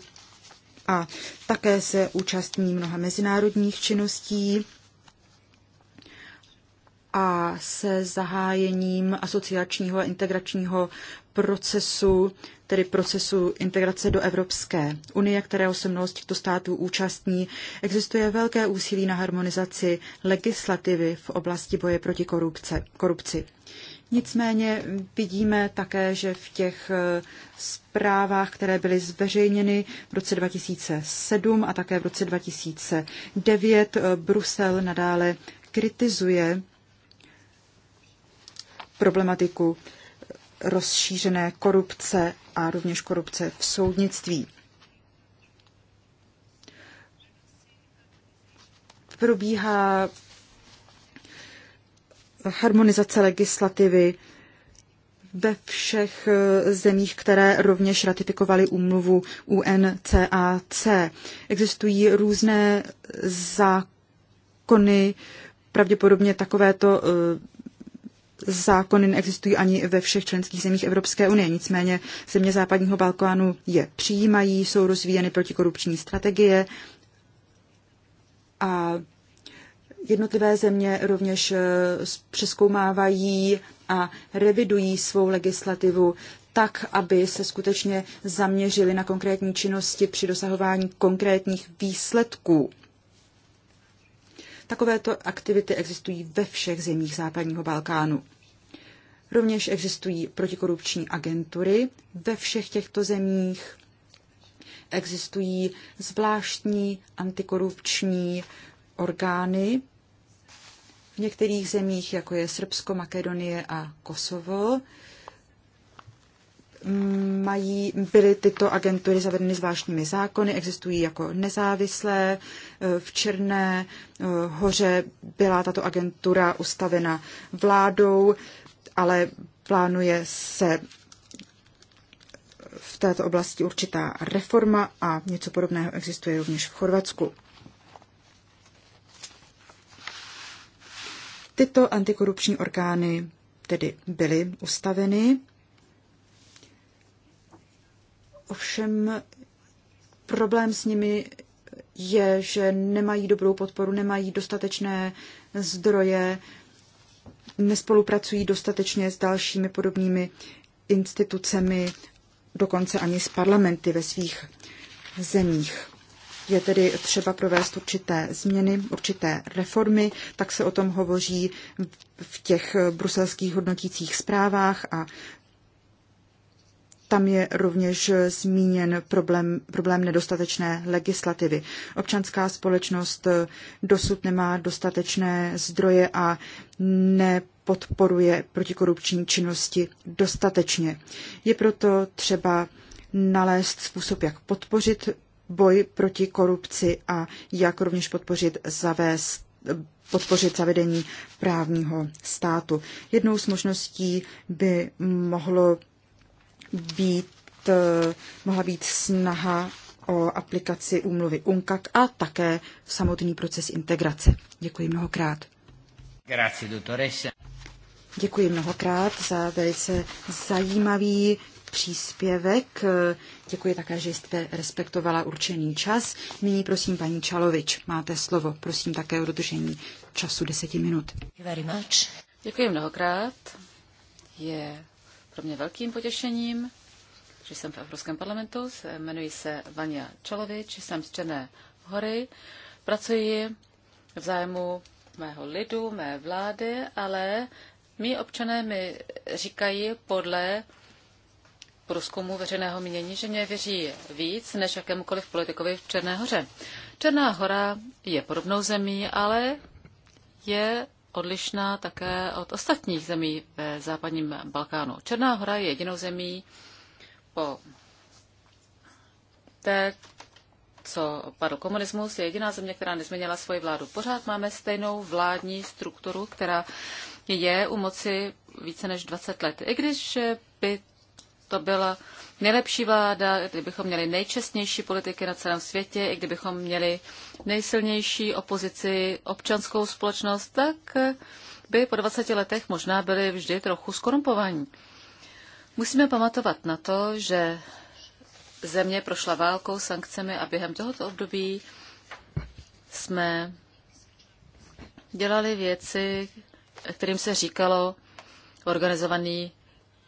Speaker 2: a také se účastní mnoha mezinárodních činností a se zahájením asociačního a integračního procesu tedy procesu integrace do Evropské unie, kterého se mnoho z těchto států účastní, existuje velké úsilí na harmonizaci legislativy v oblasti boje proti korupce, korupci. Nicméně vidíme také, že v těch eh, zprávách, které byly zveřejněny v roce 2007 a také v roce 2009, eh, Brusel nadále kritizuje problematiku rozšířené korupce a rovněž korupce v soudnictví. Probíhá harmonizace legislativy ve všech eh, zemích, které rovněž ratifikovaly úmluvu UNCAC. Existují různé zákony, pravděpodobně takovéto eh, zákony neexistují ani ve všech členských zemích Evropské unie. Nicméně země západního Balkánu je přijímají, jsou rozvíjeny protikorupční strategie a jednotlivé země rovněž eh, přeskoumávají a revidují svou legislativu tak, aby se skutečně zaměřili na konkrétní činnosti při dosahování konkrétních výsledků. Takovéto aktivity existují ve všech zemích západního Balkánu. Rovněž existují protikorupční agentury ve všech těchto zemích. Existují zvláštní antikorupční orgány v některých zemích, jako je Srbsko, Makedonie a Kosovo. Mají, byly tyto agentury zavedeny zvláštními zákony, existují jako nezávislé, v Černé eh, hoře byla tato agentura ustavena vládou, ale plánuje se v této oblasti určitá reforma a něco podobného existuje rovněž v Chorvatsku. Tyto antikorupční orgány tedy byly ustaveny. Ovšem problém s nimi je, že nemají dobrou podporu, nemají dostatečné zdroje, nespolupracují dostatečně s dalšími podobnými institucemi, dokonce ani s parlamenty ve svých zemích. Je tedy třeba provést určité změny, určité reformy, tak se o tom hovoří v těch bruselských hodnotících zprávách a tam je rovněž zmíněn problém, problém nedostatečné legislativy. Občanská společnost eh, dosud nemá dostatečné zdroje a nepodporuje protikorupční činnosti dostatečně. Je proto třeba nalézt způsob, jak podpořit boj proti korupci a jak rovněž podpořit zavést podpořit zavedení právního státu. Jednou z možností by mohlo být, eh, mohla být snaha o aplikaci úmluvy UNCAC a také samotný proces integrace. Děkuji mnohokrát.
Speaker 3: Grazie, doktoresa.
Speaker 2: Děkuji mnohokrát za velice zajímavý příspěvek. Děkuji také, že jste respektovala určený čas. Nyní prosím paní Čalovič, máte slovo. Prosím také o dodržení času deseti minut. Very much.
Speaker 1: Děkuji mnohokrát. Je pro mě velkým potěšením, že jsem v Evropském parlamentu. Jmenuji se Vania Čalovič, jsem z Černé hory. Pracuji v zájmu mého lidu, mé vlády, ale mý občané mi říkají podle průzkumu veřejného mínění, že mě věří víc než jakémukoliv politikovi v Černé hoře. Černá hora je podobnou zemí, ale je odlišná také od ostatních zemí ve západním Balkánu. Černá hora je jedinou zemí po té, co padl komunismus, je jediná země, která nezměnila svoji vládu. Pořád máme stejnou vládní strukturu, která je u moci více než 20 let. I když by to byla nejlepší vláda, kdybychom měli nejčestnější politiky na celém světě, i kdybychom měli nejsilnější opozici, občanskou společnost, tak by po 20 letech možná byli vždy trochu skorumpovaní. Musíme pamatovat na to, že země prošla válkou, sankcemi a během tohoto období jsme dělali věci, kterým se říkalo organizovaný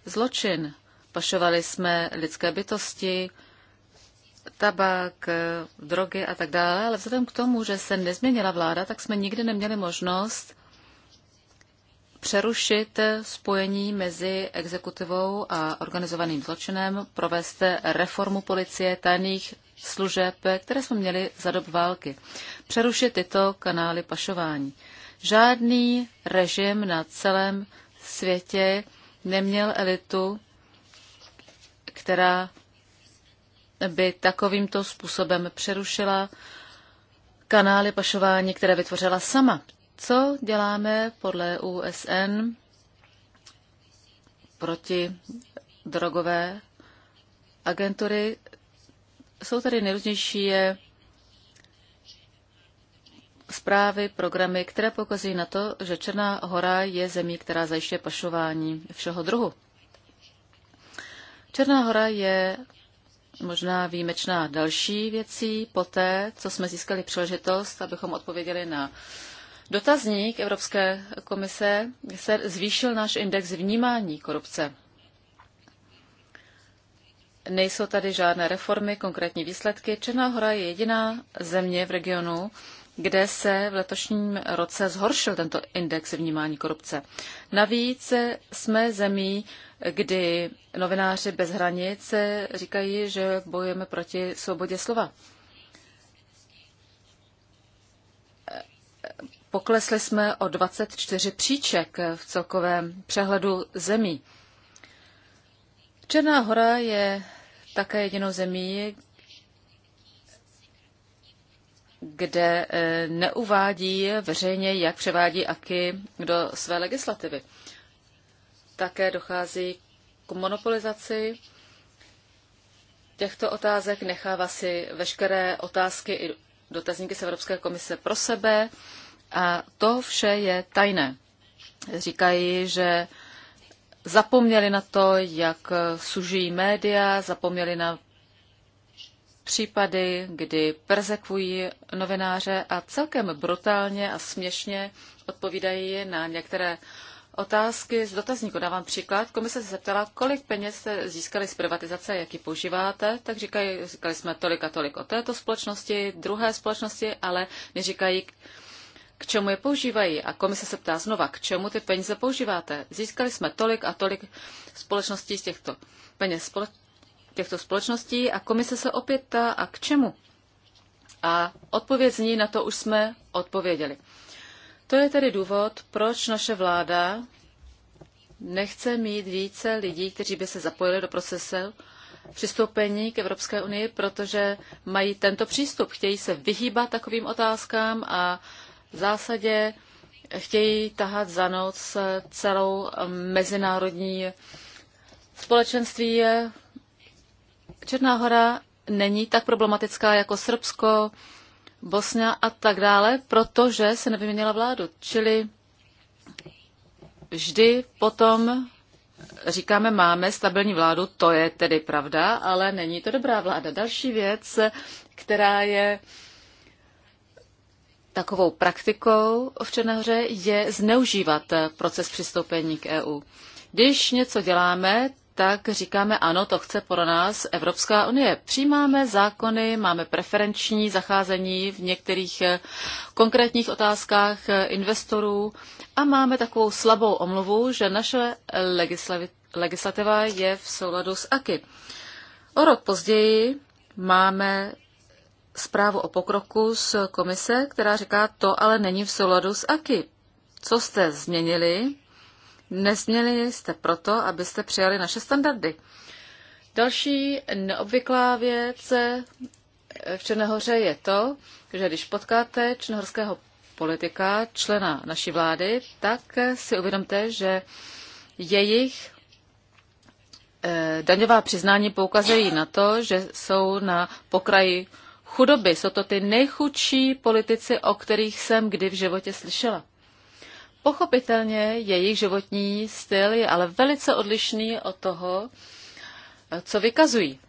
Speaker 1: zločin. Pašovali jsme lidské bytosti, tabák, drogy a tak dále, ale vzhledem k tomu, že se nezměnila vláda, tak jsme nikdy neměli možnost přerušit spojení mezi exekutivou a organizovaným zločinem, provést reformu policie, tajných služeb, které jsme měli za dob války, přerušit tyto kanály pašování. Žádný režim na celém světě neměl elitu, která by takovýmto způsobem přerušila kanály pašování, které vytvořila sama. Co děláme podle USN proti drogové agentury? Jsou tady nejrůznější zprávy, programy, které pokazují na to, že Černá hora je zemí, která zajišťuje pašování všeho druhu. Černá hora je možná výjimečná další věcí po té, co jsme získali příležitost, abychom odpověděli na dotazník Evropské komise, se zvýšil náš index vnímání korupce. Nejsou tady žádné reformy, konkrétní výsledky. Černá hora je jediná země v regionu, kde se v letošním roce zhoršil tento index vnímání korupce. Navíc jsme zemí, kdy novináři bez hranic říkají, že bojujeme proti svobodě slova. Poklesli jsme o 24 příček v celkovém přehledu zemí. Černá hora je také jedinou zemí, kde eh, neuvádí veřejně, jak převádí AKY do své legislativy. Také dochází k monopolizaci těchto otázek, nechává si veškeré otázky i dotazníky z Evropské komise pro sebe a to vše je tajné. Říkají, že zapomněli na to, jak sužují média, zapomněli na případy, kdy persekují novináře a celkem brutálně a směšně odpovídají na některé otázky z dotazníku. Dávám příklad. Komise se zeptala, kolik peněz jste získali z privatizace, ji používáte. Tak říkají, říkali jsme tolik a tolik o této společnosti, druhé společnosti, ale neříkají, k čemu je používají. A komise se ptá znova, k čemu ty peníze používáte. Získali jsme tolik a tolik společností z těchto peněz těchto společností a komise se opět ptá, a k čemu? A odpověď zní, na to už jsme odpověděli. To je tedy důvod, proč naše vláda nechce mít více lidí, kteří by se zapojili do procesu přistoupení k Evropské unii, protože mají tento přístup. Chtějí se vyhýbat takovým otázkám a v zásadě chtějí tahat za noc celou mezinárodní společenství Černá hora není tak problematická jako Srbsko, Bosna a tak dále, protože se nevyměnila vládu. Čili vždy potom říkáme, máme stabilní vládu, to je tedy pravda, ale není to dobrá vláda. Další věc, která je takovou praktikou v Černéhoře, je zneužívat proces přistoupení k EU. Když něco děláme, tak říkáme ano, to chce pro nás Evropská unie. Přijímáme zákony, máme preferenční zacházení v některých eh, konkrétních otázkách eh, investorů a máme takovou slabou omluvu, že naše legislativa je v souladu s AKY. O rok později máme zprávu o pokroku z komise, která říká, to ale není v souladu s AKY. Co jste změnili? Nesměli jste proto, abyste přijali naše standardy. Další neobvyklá věc v Černohoře je to, že když potkáte černohorského politika, člena naší vlády, tak si uvědomte, že jejich eh, daňová přiznání poukazují na to, že jsou na pokraji chudoby. Jsou to ty nejchudší politici, o kterých jsem kdy v životě slyšela. Pochopitelně jejich životní styl je ale velice odlišný od toho, co vykazují.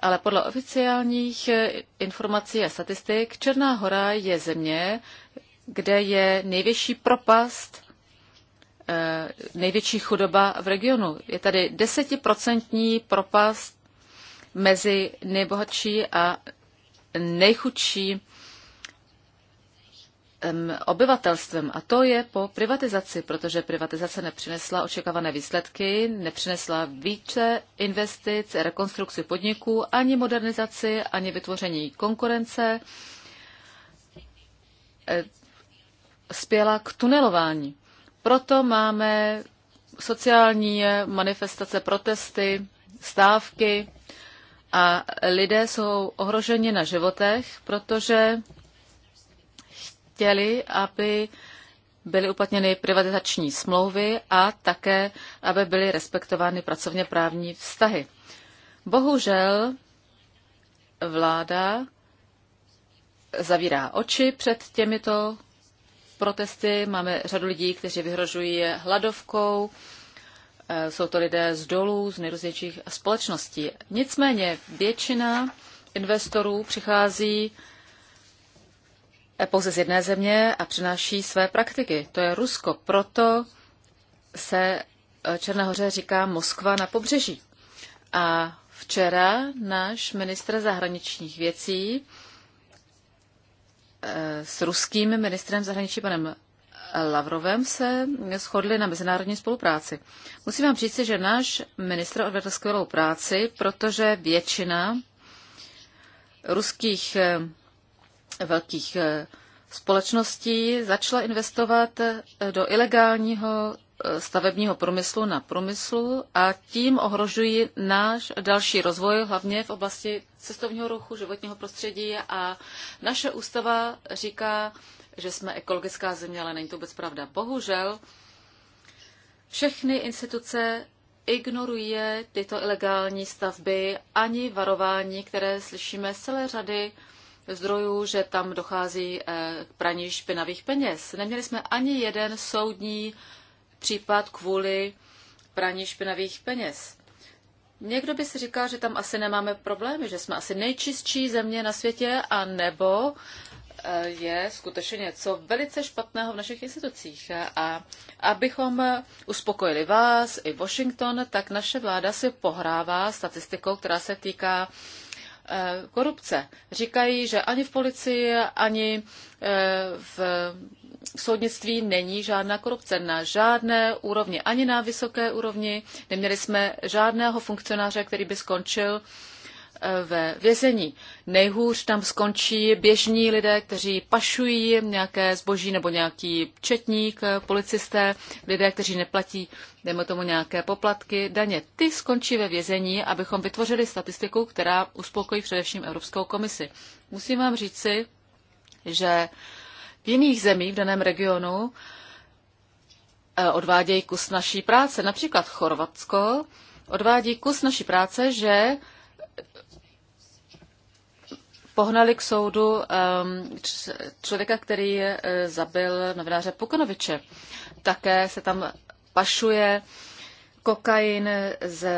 Speaker 1: Ale podle oficiálních eh, informací a statistik Černá hora je země, kde je největší propast, eh, největší chudoba v regionu. Je tady desetiprocentní propast mezi nejbohatší a nejchudší obyvatelstvem. A to je po privatizaci, protože privatizace nepřinesla očekávané výsledky, nepřinesla více investic, rekonstrukci podniků, ani modernizaci, ani vytvoření konkurence. E, spěla k tunelování. Proto máme sociální manifestace, protesty, stávky a lidé jsou ohroženi na životech, protože chtěli, aby byly uplatněny privatizační smlouvy a také, aby byly respektovány pracovně právní vztahy. Bohužel vláda zavírá oči před těmito protesty. Máme řadu lidí, kteří vyhrožují hladovkou. Eh, jsou to lidé z dolů, z nejrůznějších společností. Nicméně většina investorů přichází Eh, pouze z jedné země a přináší své praktiky. To je Rusko. Proto se eh, Černohoře říká Moskva na pobřeží. A včera náš ministr zahraničních věcí eh, s ruským ministrem zahraničí panem Lavrovem se shodli na mezinárodní spolupráci. Musím vám říct, že náš ministr odvedl skvělou práci, protože většina ruských velkých eh, společností začala investovat eh, do ilegálního eh, stavebního průmyslu na průmyslu a tím ohrožují náš další rozvoj, hlavně v oblasti cestovního ruchu, životního prostředí a naše ústava říká, že jsme ekologická země, ale není to vůbec pravda. Bohužel všechny instituce ignorují tyto ilegální stavby ani varování, které slyšíme z celé řady zdrojů, že tam dochází eh, k praní špinavých peněz. Neměli jsme ani jeden soudní případ kvůli praní špinavých peněz. Někdo by si říkal, že tam asi nemáme problémy, že jsme asi nejčistší země na světě, a nebo eh, je skutečně něco velice špatného v našich institucích. A abychom uspokojili vás i Washington, tak naše vláda si pohrává statistikou, která se týká Eh, korupce. Říkají, že ani v policii, ani eh, v soudnictví není žádná korupce na žádné úrovni, ani na vysoké úrovni. Neměli jsme žádného funkcionáře, který by skončil ve vězení. Nejhůř tam skončí běžní lidé, kteří pašují nějaké zboží nebo nějaký četník, policisté, lidé, kteří neplatí, dejme tomu nějaké poplatky, daně. Ty skončí ve vězení, abychom vytvořili statistiku, která uspokojí především Evropskou komisi. Musím vám říci, že v jiných zemích v daném regionu eh, odvádějí kus naší práce. Například Chorvatsko odvádí kus naší práce, že pohnali k soudu ehm, člověka, který eh, zabil novináře Pukonoviče. Také se tam pašuje kokain z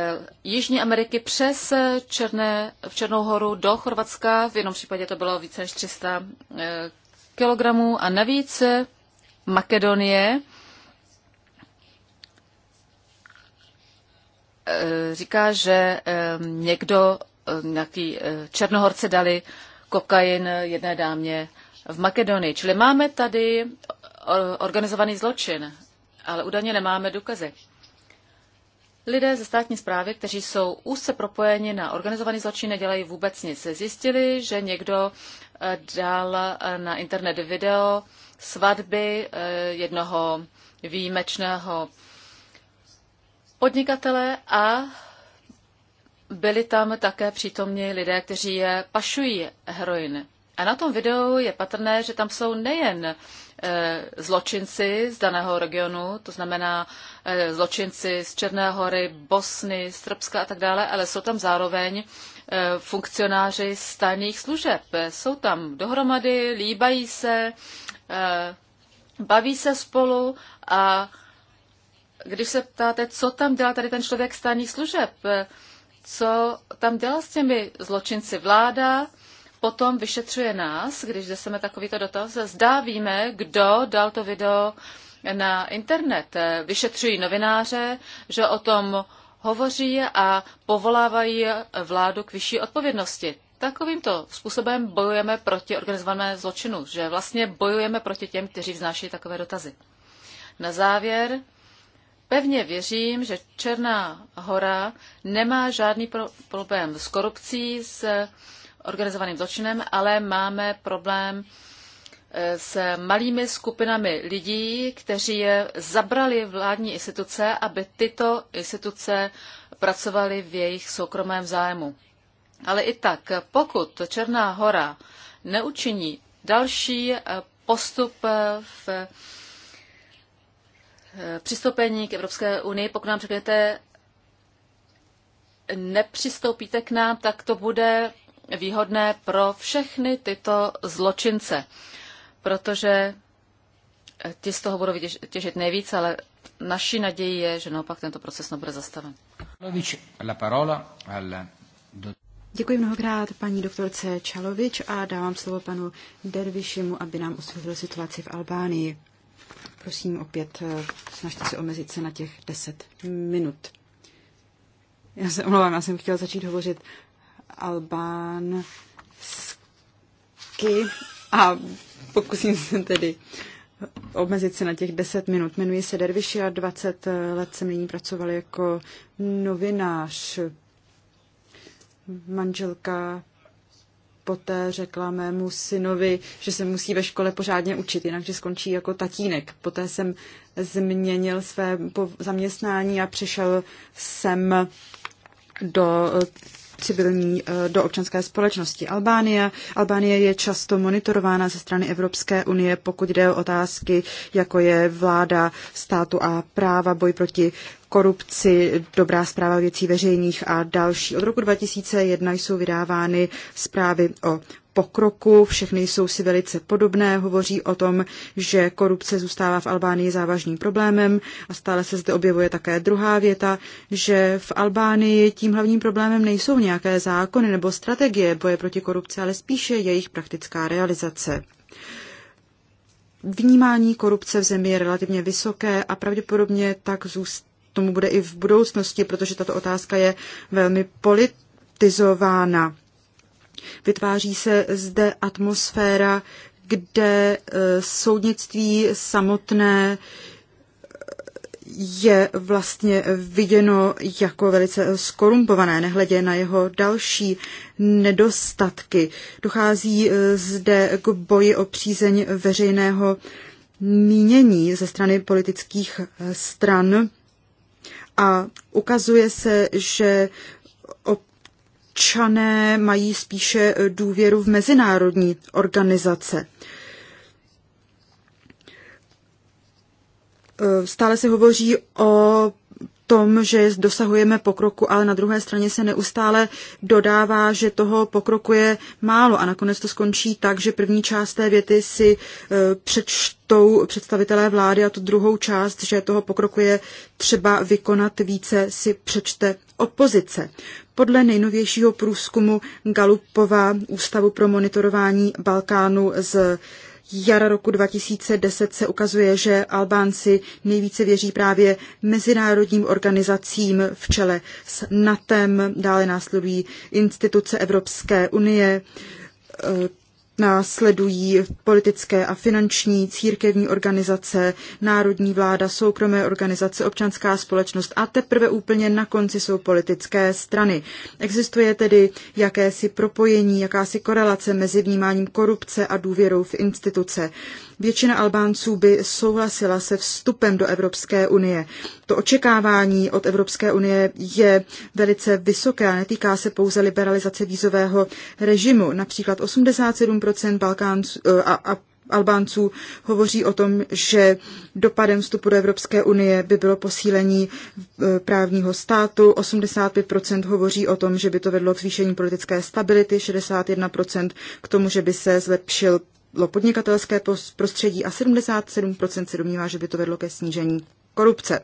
Speaker 1: Jižní Ameriky přes Černé, v Černou horu do Chorvatska. V jednom případě to bylo více než 300 eh, kilogramů a navíc eh, Makedonie říká, že ehm, někdo Eh, nějaký eh, černohorce dali kokain jedné dámě v Makedonii. Čili máme tady eh, organizovaný zločin, ale údajně nemáme důkazy. Lidé ze státní zprávy, kteří jsou úzce propojeni na organizovaný zločin, nedělají vůbec nic. Zjistili, že někdo dal na internet video svatby jednoho výjimečného podnikatele a byli tam také přítomní lidé, kteří je pašují heroin. A na tom videu je patrné, že tam jsou nejen e, zločinci z daného regionu, to znamená e, zločinci z Černé hory, Bosny, Srbska a tak dále, ale jsou tam zároveň e, funkcionáři stajných služeb. Jsou tam dohromady, líbají se, baví se spolu a když se ptáte, co tam dělá tady ten člověk stajných služeb, co tam dělá s těmi zločinci vláda, potom vyšetřuje nás, když zeseme takovýto dotaz, zdá víme, kdo dal to video na internet. Vyšetřují novináře, že o tom hovoří a povolávají vládu k vyšší odpovědnosti. Takovýmto způsobem bojujeme proti organizované zločinu, že vlastně bojujeme proti těm, kteří vznáší takové dotazy. Na závěr Pevně věřím, že Černá hora nemá žádný problém s korupcí, s organizovaným zločinem, ale máme problém eh, s malými skupinami lidí, kteří je zabrali vládní instituce, aby tyto instituce pracovaly v jejich soukromém zájmu. Ale i tak, pokud Černá hora neučiní další eh, postup eh, v přistoupení k Evropské unii, pokud nám řeknete, nepřistoupíte k nám, tak to bude výhodné pro všechny tyto zločince, protože ti z toho budou těžit nejvíc, ale naší naději je, že naopak tento proces nebude zastaven.
Speaker 2: Děkuji mnohokrát paní doktorce Čalovič a dávám slovo panu Dervišimu, aby nám osvětlil situaci v Albánii. Prosím opět, eh, snažte se omezit se na těch 10 minut. Já se omlouvám, já jsem chtěla začít hovořit albánsky a pokusím se tedy omezit se na těch 10 minut. Jmenuji se Derviši a 20 eh, let jsem nyní pracovala jako novinář. Manželka poté řekla mému synovi, že se musí ve škole pořádně učit, jinak že skončí jako tatínek. Poté jsem změnil své zaměstnání a přišel jsem do eh, civilní, eh, do občanské společnosti. Albánie. Albánie je často monitorována ze strany Evropské unie, pokud jde o otázky, jako je vláda státu a práva, boj proti korupci, dobrá zpráva věcí veřejných a další. Od roku 2001 jsou vydávány zprávy o pokroku, všechny jsou si velice podobné, hovoří o tom, že korupce zůstává v Albánii závažným problémem a stále se zde objevuje také druhá věta, že v Albánii tím hlavním problémem nejsou nějaké zákony nebo strategie boje proti korupci, ale spíše jejich praktická realizace. Vnímání korupce v zemi je relativně vysoké a pravděpodobně tak zůstává tomu bude i v budoucnosti, protože tato otázka je velmi politizována. Vytváří se zde atmosféra, kde e, soudnictví samotné e, je vlastně viděno jako velice skorumpované, nehledě na jeho další nedostatky. Dochází e, zde k boji o přízeň veřejného mínění ze strany politických stran a ukazuje se, že občané mají spíše důvěru v mezinárodní organizace. Stále se hovoří o tom, že dosahujeme pokroku, ale na druhé straně se neustále dodává, že toho pokroku je málo a nakonec to skončí tak, že první část té věty si e, přečtou představitelé vlády a tu druhou část, že toho pokroku je třeba vykonat více, si přečte opozice. Podle nejnovějšího průzkumu Galupova Ústavu pro monitorování Balkánu z jara roku 2010 se ukazuje, že Albánci nejvíce věří právě mezinárodním organizacím v čele s NATEM, dále následují instituce Evropské unie, Následují politické a finanční, církevní organizace, národní vláda, soukromé organizace, občanská společnost a teprve úplně na konci jsou politické strany. Existuje tedy jakési propojení, jakási korelace mezi vnímáním korupce a důvěrou v instituce. Většina Albánců by souhlasila se vstupem do Evropské unie. To očekávání od Evropské unie je velice vysoké a netýká se pouze liberalizace vízového režimu. Například 87% Balkánců eh, a, a Albánců hovoří o tom, že dopadem vstupu do Evropské unie by bylo posílení eh, právního státu, 85% hovoří o tom, že by to vedlo k zvýšení politické stability, 61% k tomu, že by se zlepšil zlepšilo podnikatelské prostředí a 77% se domnívá, že by to vedlo ke snížení korupce.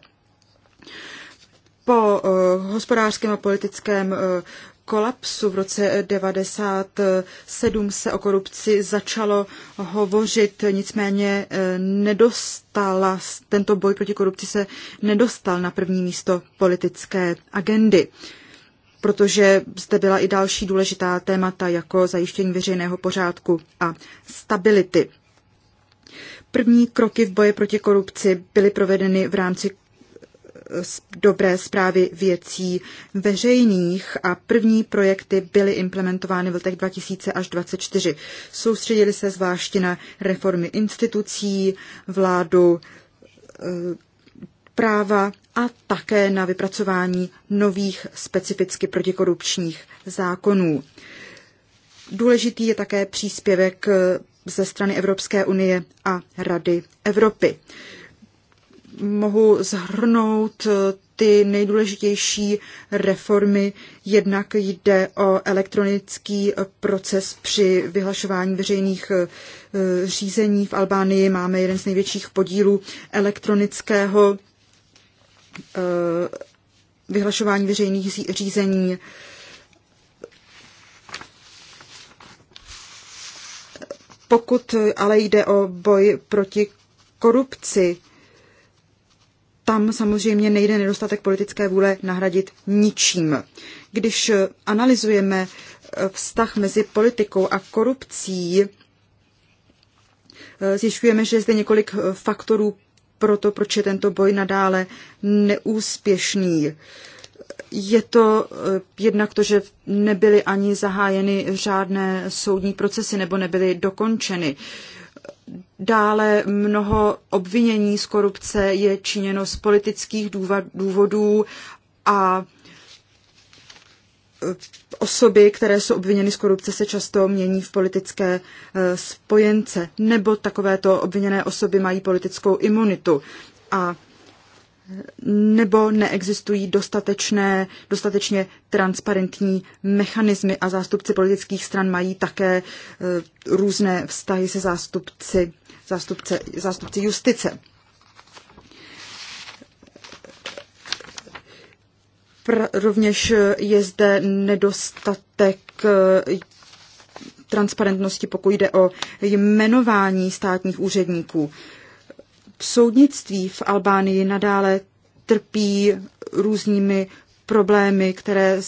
Speaker 2: Po eh, hospodářském a politickém eh, kolapsu v roce 97 se o korupci začalo hovořit, nicméně eh, nedostala, tento boj proti korupci se nedostal na první místo politické agendy protože zde byla i další důležitá témata jako zajištění veřejného pořádku a stability. První kroky v boji proti korupci byly provedeny v rámci eh, dobré zprávy věcí veřejných a první projekty byly implementovány v letech 2000 až 2024. Soustředili se zvláště na reformy institucí, vládu, eh, práva a také na vypracování nových specificky protikorupčních zákonů. Důležitý je také příspěvek ze strany Evropské unie a Rady Evropy. Mohu zhrnout ty nejdůležitější reformy. Jednak jde o elektronický proces při vyhlašování veřejných eh, řízení. V Albánii máme jeden z největších podílů elektronického Eh, vyhlašování veřejných řízení, Pokud ale jde o boj proti korupci, tam samozřejmě nejde nedostatek politické vůle nahradit ničím. Když analyzujeme eh, vztah mezi politikou a korupcí, eh, zjišťujeme, že je zde několik faktorů pro to, proč je tento boj nadále neúspěšný. Je to eh, jednak to, že nebyly ani zahájeny řádné soudní procesy nebo nebyly dokončeny. Dále mnoho obvinění z korupce je činěno z politických důvodů a osoby, které jsou obviněny z korupce, se často mění v politické eh, spojence, nebo takovéto obviněné osoby mají politickou imunitu. A eh, nebo neexistují dostatečné, dostatečně transparentní mechanismy a zástupci politických stran mají také eh, různé vztahy se zástupci, zástupce, zástupci justice. Pr- rovněž je zde nedostatek eh, transparentnosti, pokud jde o jmenování státních úředníků. Soudnictví v Albánii nadále trpí různými problémy, které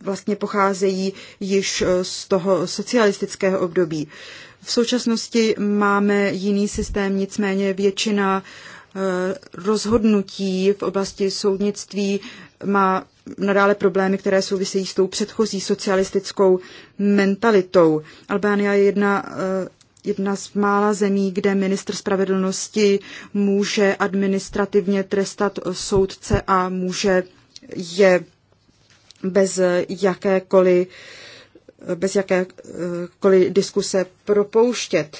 Speaker 2: vlastně pocházejí již eh, z toho socialistického období. V současnosti máme jiný systém, nicméně většina eh, rozhodnutí v oblasti soudnictví má nadále problémy, které souvisejí s tou předchozí socialistickou mentalitou. Albánia je jedna eh, jedna z mála zemí, kde ministr spravedlnosti může administrativně trestat soudce a může je bez jakékoliv, bez jakékoliv diskuse propouštět.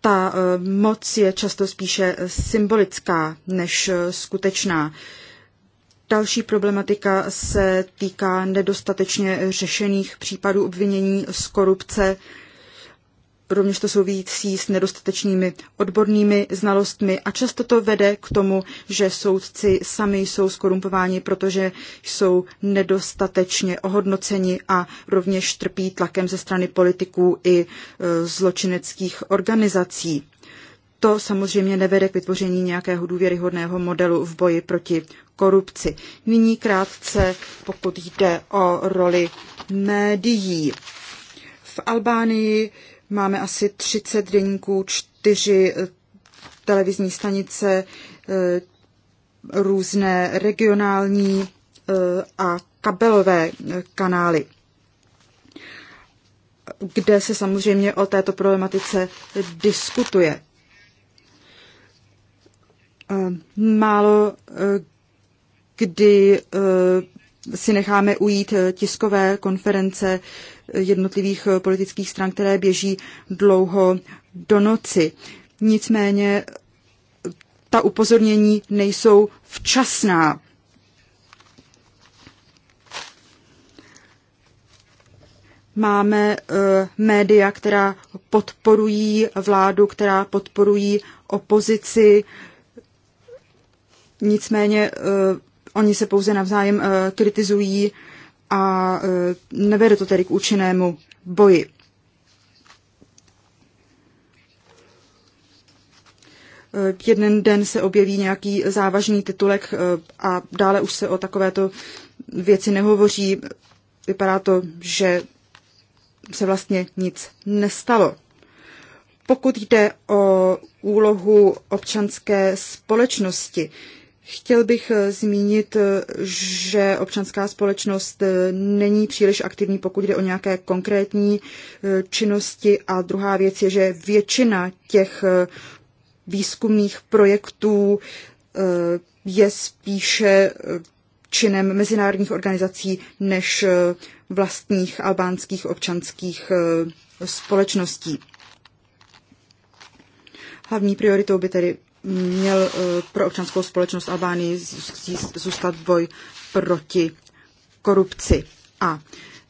Speaker 2: ta eh, moc je často spíše symbolická než eh, skutečná. Další problematika se týká nedostatečně řešených případů obvinění z korupce Rovněž to souvisí s nedostatečnými odbornými znalostmi a často to vede k tomu, že soudci sami jsou skorumpováni, protože jsou nedostatečně ohodnoceni a rovněž trpí tlakem ze strany politiků i e, zločineckých organizací. To samozřejmě nevede k vytvoření nějakého důvěryhodného modelu v boji proti korupci. Nyní krátce, pokud jde o roli médií. V Albánii Máme asi 30 denníků, 4 televizní stanice, eh, různé regionální eh, a kabelové eh, kanály, kde se samozřejmě o této problematice diskutuje. Málo kdy si necháme ujít tiskové konference jednotlivých eh, politických stran, které běží dlouho do noci. Nicméně eh, ta upozornění nejsou včasná. Máme eh, média, která podporují vládu, která podporují opozici. Nicméně oni se pouze navzájem kritizují a e, nevede to tedy k účinnému boji. E, jeden den se objeví nějaký závažný titulek e, a dále už se o takovéto věci nehovoří. Vypadá to, že se vlastně nic nestalo. Pokud jde o úlohu občanské společnosti, Chtěl bych eh, zmínit, eh, že občanská společnost eh, není příliš aktivní, pokud jde o nějaké konkrétní činnosti. A druhá věc je, že většina těch výzkumných projektů je spíše činem mezinárodních organizací než vlastních albánských občanských společností. Hlavní prioritou by tedy měl eh, pro občanskou společnost Albánii zůstat boj proti korupci. A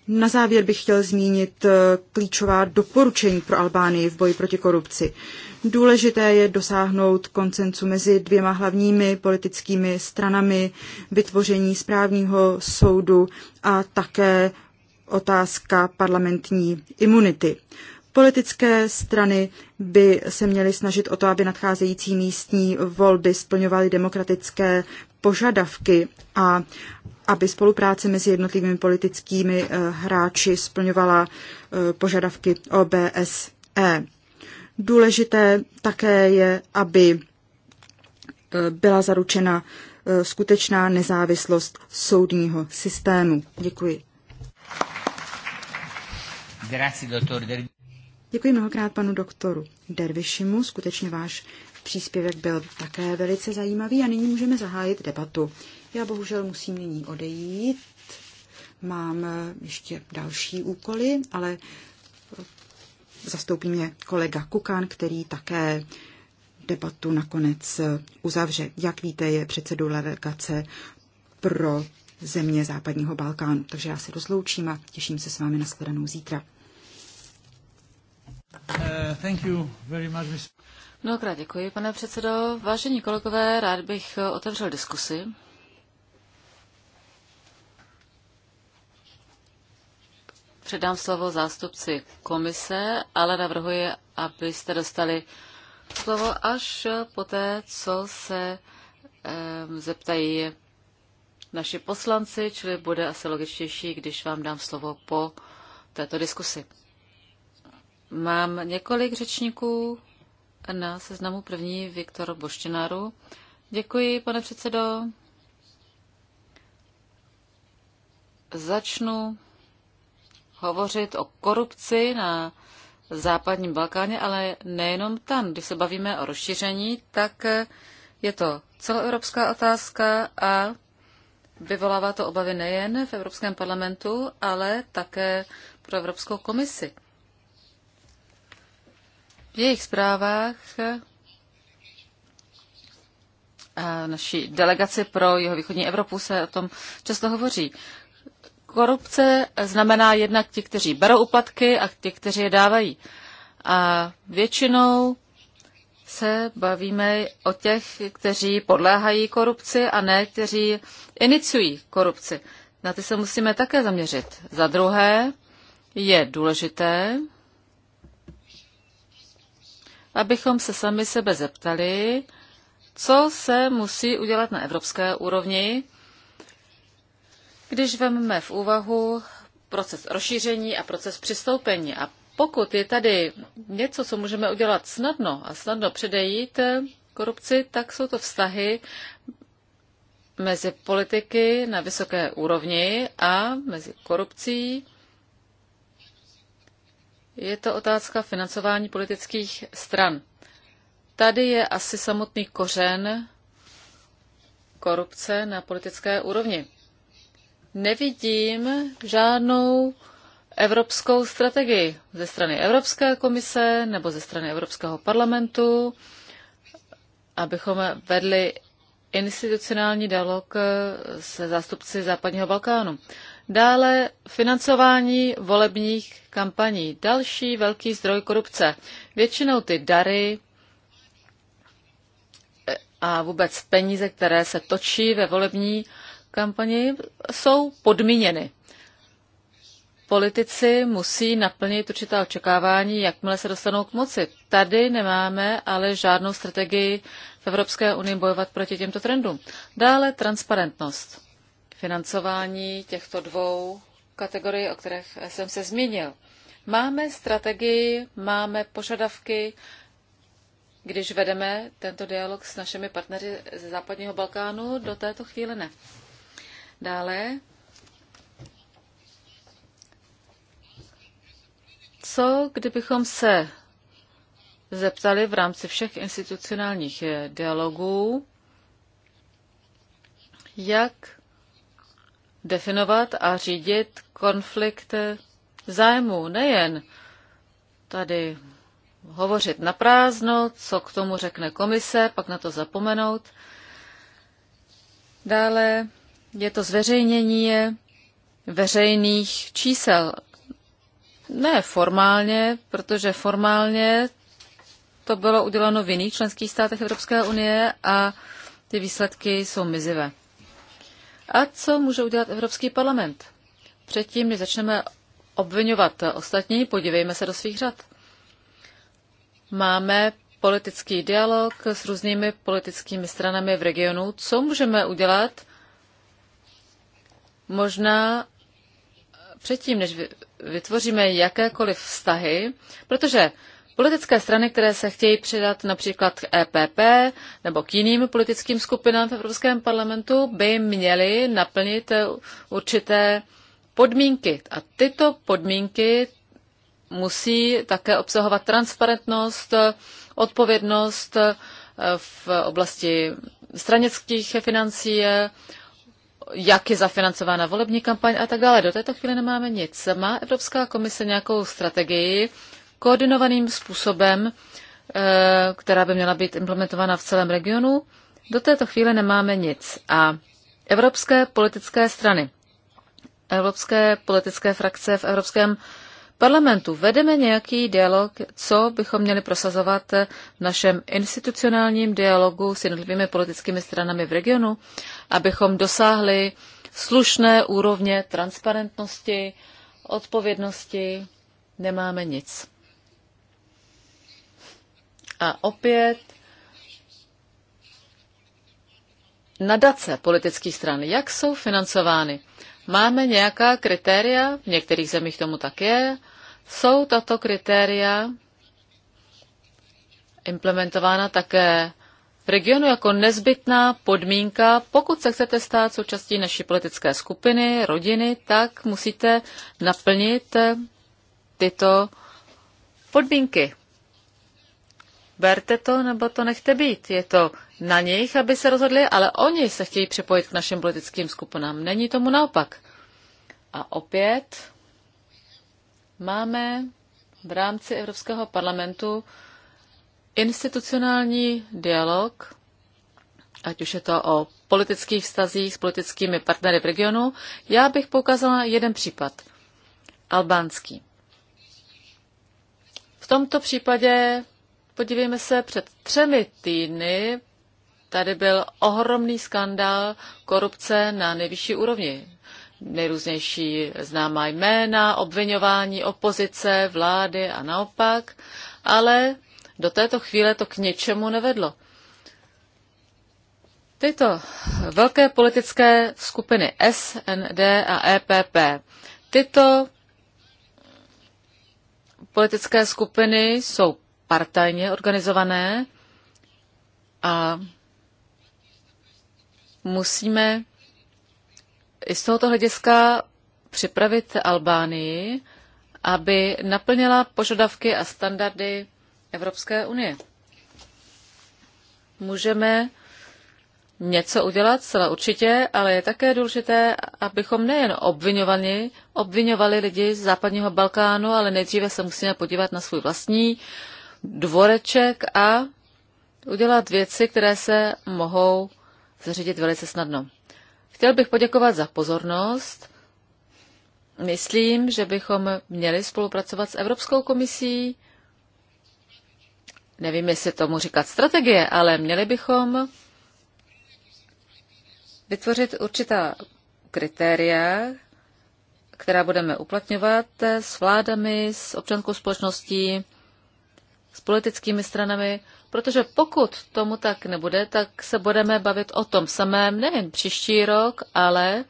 Speaker 2: na závěr bych chtěl zmínit eh, klíčová doporučení pro Albánii v boji proti korupci. Důležité je dosáhnout koncensu mezi dvěma hlavními politickými stranami, vytvoření správního soudu a také otázka parlamentní imunity. Politické strany by se měly snažit o to, aby nadcházející místní volby splňovaly demokratické požadavky a aby spolupráce mezi jednotlivými politickými eh, hráči splňovala eh, požadavky OBSE. Důležité také je, aby eh, byla zaručena skutečná nezávislost soudního systému. Děkuji. Děkuji mnohokrát panu doktoru Dervišimu, skutečně váš příspěvek byl také velice zajímavý a nyní můžeme zahájit debatu. Já bohužel musím nyní odejít, mám eh, ještě další úkoly, ale eh, zastoupí mě kolega Kukan, který také debatu nakonec eh, uzavře. Jak víte, je předsedou delegace pro země západního Balkánu. Takže já se rozloučím a těším se s vámi na shledanou zítra.
Speaker 3: Eh,
Speaker 1: Mnohokrát děkuji, pane předsedo. Vážení kolegové, rád bych otevřel diskusi. Předám slovo zástupci komise, ale navrhuji, abyste dostali slovo až poté, co se um, zeptají naši poslanci, čili bude asi logičtější, když vám dám slovo po této diskusi. Mám několik řečníků na seznamu první Viktor Boštinaru. Děkuji, pane předsedo. Začnu hovořit o korupci na západním Balkáně, ale nejenom tam. Když se bavíme o rozšíření, tak je to celoevropská otázka a vyvolává to obavy nejen v Evropském parlamentu, ale také pro Evropskou komisi jejich zprávách a naší delegaci pro jeho východní Evropu se o tom často hovoří. Korupce znamená jednak ti, kteří berou uplatky a ti, kteří je dávají. A většinou se bavíme o těch, kteří podléhají korupci a ne, kteří iniciují korupci. Na ty se musíme také zaměřit. Za druhé je důležité, abychom se sami sebe zeptali, co se musí udělat na evropské úrovni, když vezmeme v úvahu proces rozšíření a proces přistoupení. A pokud je tady něco, co můžeme udělat snadno a snadno předejít korupci, tak jsou to vztahy mezi politiky na vysoké úrovni a mezi korupcí je to otázka financování politických stran. Tady je asi samotný kořen korupce na politické úrovni. Nevidím žádnou evropskou strategii ze strany Evropské komise nebo ze strany Evropského parlamentu, abychom vedli institucionální dialog se zástupci západního Balkánu. Dále financování volebních kampaní. Další velký zdroj korupce. Většinou ty dary eh, a vůbec peníze, které se točí ve volební kampani, jsou podmíněny. Politici musí naplnit určitá očekávání, jakmile se dostanou k moci. Tady nemáme ale žádnou strategii v Evropské unii bojovat proti těmto trendům. Dále transparentnost financování těchto dvou kategorií, o kterých jsem se zmínil. Máme strategii, máme požadavky, když vedeme tento dialog s našimi partnery ze západního Balkánu, do této chvíle ne. Dále, co kdybychom se zeptali v rámci všech institucionálních dialogů, jak definovat a řídit konflikt zájmů, nejen tady hovořit na prázdno, co k tomu řekne komise, pak na to zapomenout. Dále je to zveřejnění veřejných čísel. Ne formálně, protože formálně to bylo uděláno v jiných členských státech Evropské unie a ty výsledky jsou mizivé. A co může udělat Evropský parlament? Předtím, než začneme obvinovat ostatní, podívejme se do svých řad. Máme politický dialog s různými politickými stranami v regionu. Co můžeme udělat? Možná předtím, než vytvoříme jakékoliv vztahy, protože Politické strany, které se chtějí přidat například k EPP nebo k jiným politickým skupinám v Evropském parlamentu, by měly naplnit eh, určité podmínky. A tyto podmínky musí také obsahovat transparentnost, odpovědnost eh, v oblasti stranických financí, eh, jak je zafinancována volební kampaň a tak dále. Do této chvíli nemáme nic. Má Evropská komise nějakou strategii, koordinovaným způsobem, eh, která by měla být implementována v celém regionu. Do této chvíle nemáme nic. A evropské politické strany, evropské politické frakce v Evropském parlamentu, vedeme nějaký dialog, co bychom měli prosazovat v našem institucionálním dialogu s jednotlivými politickými stranami v regionu, abychom dosáhli slušné úrovně transparentnosti, odpovědnosti. Nemáme nic. A opět nadace politických stran. Jak jsou financovány? Máme nějaká kritéria, v některých zemích tomu tak je. Jsou tato kritéria implementována také v regionu jako nezbytná podmínka. Pokud se chcete stát součástí naší politické skupiny, rodiny, tak musíte naplnit tyto podmínky berte to nebo to nechte být. Je to na nich, aby se rozhodli, ale oni se chtějí připojit k našim politickým skupinám. Není tomu naopak. A opět máme v rámci Evropského parlamentu institucionální dialog, ať už je to o politických vztazích s politickými partnery v regionu. Já bych poukázala jeden případ. Albánský. V tomto případě Podívejme se, před třemi týdny tady byl ohromný skandál korupce na nejvyšší úrovni. Nejrůznější známá jména, obvinování opozice, vlády a naopak, ale do této chvíle to k něčemu nevedlo. Tyto velké politické skupiny SND a EPP, tyto politické skupiny jsou partajně organizované a musíme i z tohoto hlediska připravit Albánii, aby naplnila požadavky a standardy Evropské unie. Můžeme něco udělat, celá určitě, ale je také důležité, abychom nejen obvinovali, obvinovali lidi z západního Balkánu, ale nejdříve se musíme podívat na svůj vlastní dvoreček a udělat věci, které se mohou zařídit velice snadno. Chtěl bych poděkovat za pozornost. Myslím, že bychom měli spolupracovat s Evropskou komisí. Nevím, jestli tomu říkat strategie, ale měli bychom vytvořit určitá kritéria, která budeme uplatňovat s vládami, s občanskou společností, s politickými stranami, protože pokud tomu tak nebude, tak se budeme bavit o tom samém, nejen příští rok, ale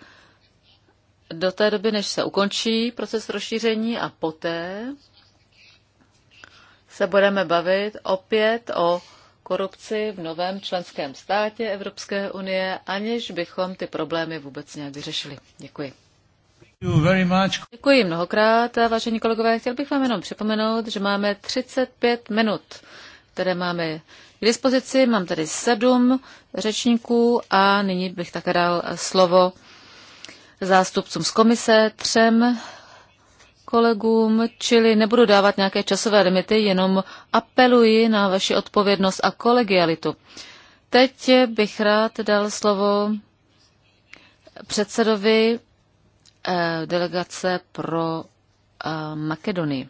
Speaker 1: do té doby, než se ukončí proces rozšíření a poté se budeme bavit opět o korupci v novém členském státě Evropské unie, aniž bychom ty problémy vůbec nějak vyřešili. Děkuji. Děkuji mnohokrát, vážení kolegové. Chtěl bych vám jenom připomenout, že máme 35 minut, které máme k dispozici. Mám tady sedm řečníků a nyní bych také dal slovo zástupcům z komise, třem kolegům, čili nebudu dávat nějaké časové limity, jenom apeluji na vaši odpovědnost a kolegialitu. Teď bych rád dal slovo předsedovi Eh, delegace pro eh, Makedonii.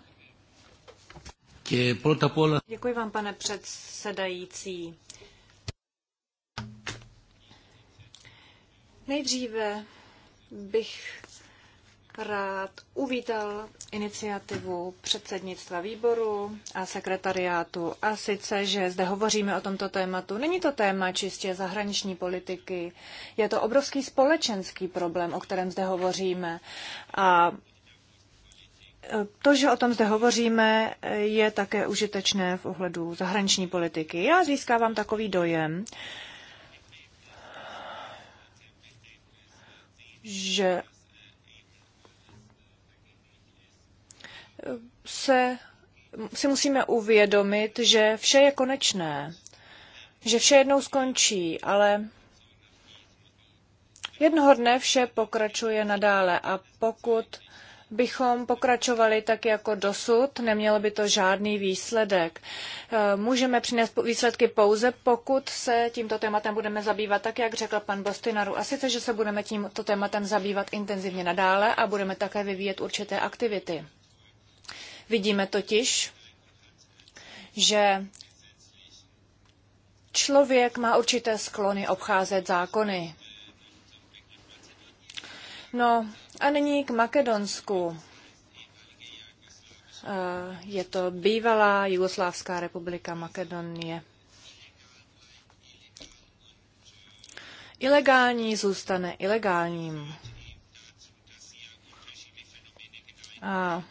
Speaker 3: Děkuji vám, pane předsedající. Nejdříve bych rád uvítal iniciativu předsednictva výboru a sekretariátu. A sice, že zde hovoříme o tomto tématu. Není to téma čistě zahraniční politiky. Je to obrovský společenský problém, o kterém zde hovoříme. A to, že o tom zde hovoříme, je také užitečné v ohledu zahraniční politiky. Já získávám takový dojem, že se, si musíme uvědomit, že vše je konečné, že vše jednou skončí, ale jednoho dne vše pokračuje nadále a pokud bychom pokračovali tak jako dosud, nemělo by to žádný výsledek. Eh, můžeme přinést výsledky pouze, pokud se tímto tématem budeme zabývat, tak jak řekl pan Bostinaru. A sice, že se budeme tímto tématem zabývat intenzivně nadále a budeme také vyvíjet určité aktivity. Vidíme totiž, že člověk má určité sklony obcházet zákony. No a nyní k Makedonsku. Eh, je to bývalá Jugoslávská republika Makedonie. Ilegální zůstane ilegálním. A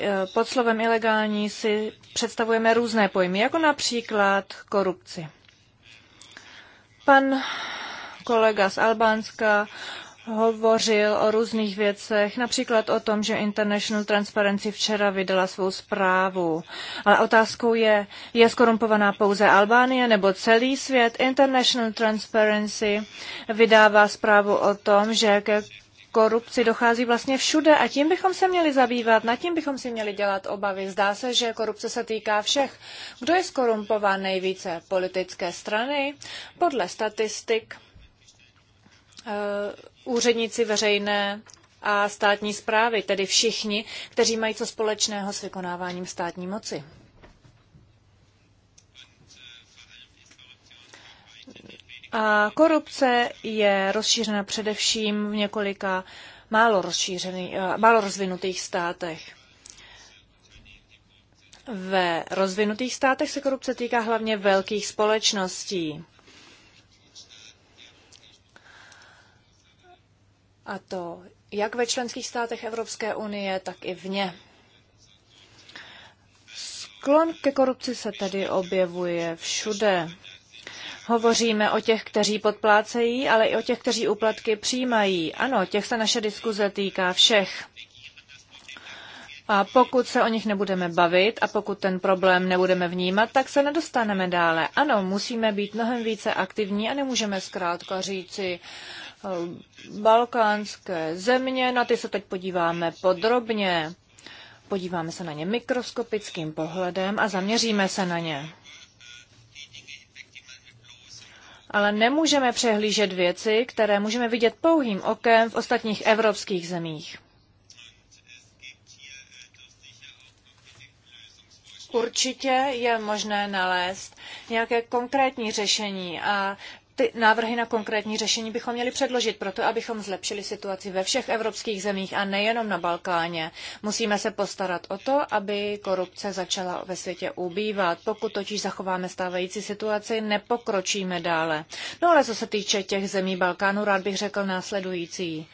Speaker 3: E, pod slovem ilegální si představujeme různé pojmy, jako například korupci. Pan kolega z Albánska hovořil o různých věcech, například o tom, že International Transparency včera vydala svou zprávu. Ale otázkou je, je skorumpovaná pouze Albánie nebo celý svět? International Transparency vydává zprávu o tom, že ke korupci dochází vlastně všude a tím bychom se měli zabývat, nad tím bychom si měli dělat obavy. Zdá se, že korupce se týká všech. Kdo je skorumpován nejvíce? Politické strany? Podle statistik eh, úředníci veřejné a státní zprávy, tedy všichni, kteří mají co společného s vykonáváním státní moci. A korupce je rozšířena především v několika málo, rozšířený, eh, málo rozvinutých státech. Ve rozvinutých státech se korupce týká hlavně velkých společností. A to jak ve členských státech Evropské unie, tak i vně. Sklon ke korupci se tedy objevuje všude. Hovoříme o těch, kteří podplácejí, ale i o těch, kteří úplatky přijímají. Ano, těch se naše diskuze týká všech. A pokud se o nich nebudeme bavit a pokud ten problém nebudeme vnímat, tak se nedostaneme dále. Ano, musíme být mnohem více aktivní a nemůžeme zkrátka říci, eh, balkánské země, na ty se teď podíváme podrobně. Podíváme se na ně mikroskopickým pohledem a zaměříme se na ně. ale nemůžeme přehlížet věci, které můžeme vidět pouhým okem v ostatních evropských zemích. Určitě je možné nalézt nějaké konkrétní řešení a ty návrhy na konkrétní řešení bychom měli předložit proto, abychom zlepšili situaci ve všech evropských zemích a nejenom na Balkáně. Musíme se postarat o to, aby korupce začala ve světě ubývat. Pokud totiž zachováme stávající situaci, nepokročíme dále. No ale co se týče těch zemí Balkánu, rád bych řekl následující.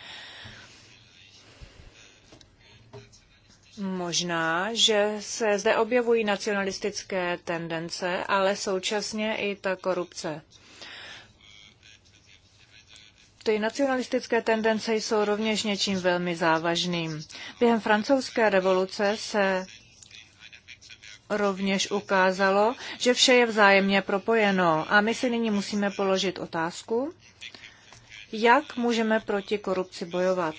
Speaker 3: Možná, že se zde objevují nacionalistické tendence, ale současně i ta korupce ty nacionalistické tendence jsou rovněž něčím velmi závažným. Během francouzské revoluce se rovněž ukázalo, že vše je vzájemně propojeno. A my si nyní musíme položit otázku, jak můžeme proti korupci bojovat.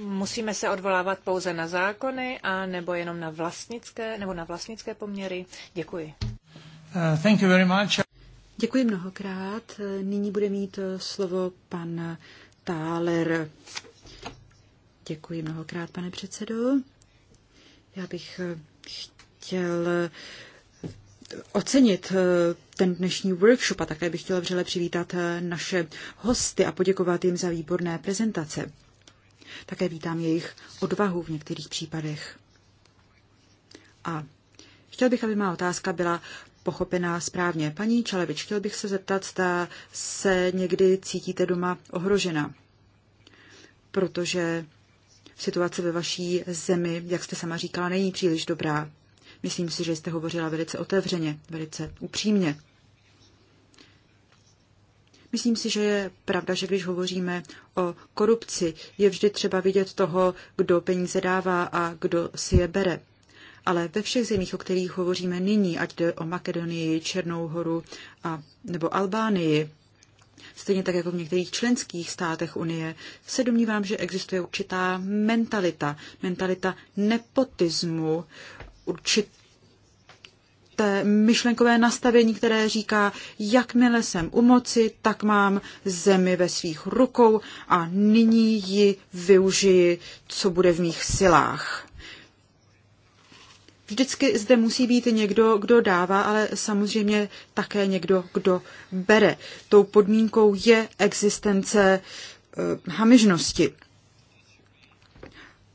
Speaker 3: Musíme se odvolávat pouze na zákony a nebo jenom na vlastnické, nebo na vlastnické poměry. Děkuji.
Speaker 2: Uh, thank you very much. Děkuji mnohokrát. Nyní bude mít slovo pan Táler. Děkuji mnohokrát, pane předsedo. Já bych chtěl ocenit ten dnešní workshop a také bych chtěla vřele přivítat naše hosty a poděkovat jim za výborné prezentace. Také vítám jejich odvahu v některých případech. A chtěl bych, aby má otázka byla pochopená správně. Paní Čalevič, chtěl bych se zeptat, zda se někdy cítíte doma ohrožena, protože situace ve vaší zemi, jak jste sama říkala, není příliš dobrá. Myslím si, že jste hovořila velice otevřeně, velice upřímně. Myslím si, že je pravda, že když hovoříme o korupci, je vždy třeba vidět toho, kdo peníze dává a kdo si je bere ale ve všech zemích, o kterých hovoříme nyní, ať jde o Makedonii, Černou horu a, nebo Albánii, stejně tak jako v některých členských státech Unie, se domnívám, že existuje určitá mentalita, mentalita nepotismu, určité myšlenkové nastavení, které říká, jakmile jsem u moci, tak mám zemi ve svých rukou a nyní ji využiji, co bude v mých silách vždycky zde musí být někdo, kdo dává, ale samozřejmě také někdo, kdo bere. Tou podmínkou je existence eh, hamižnosti.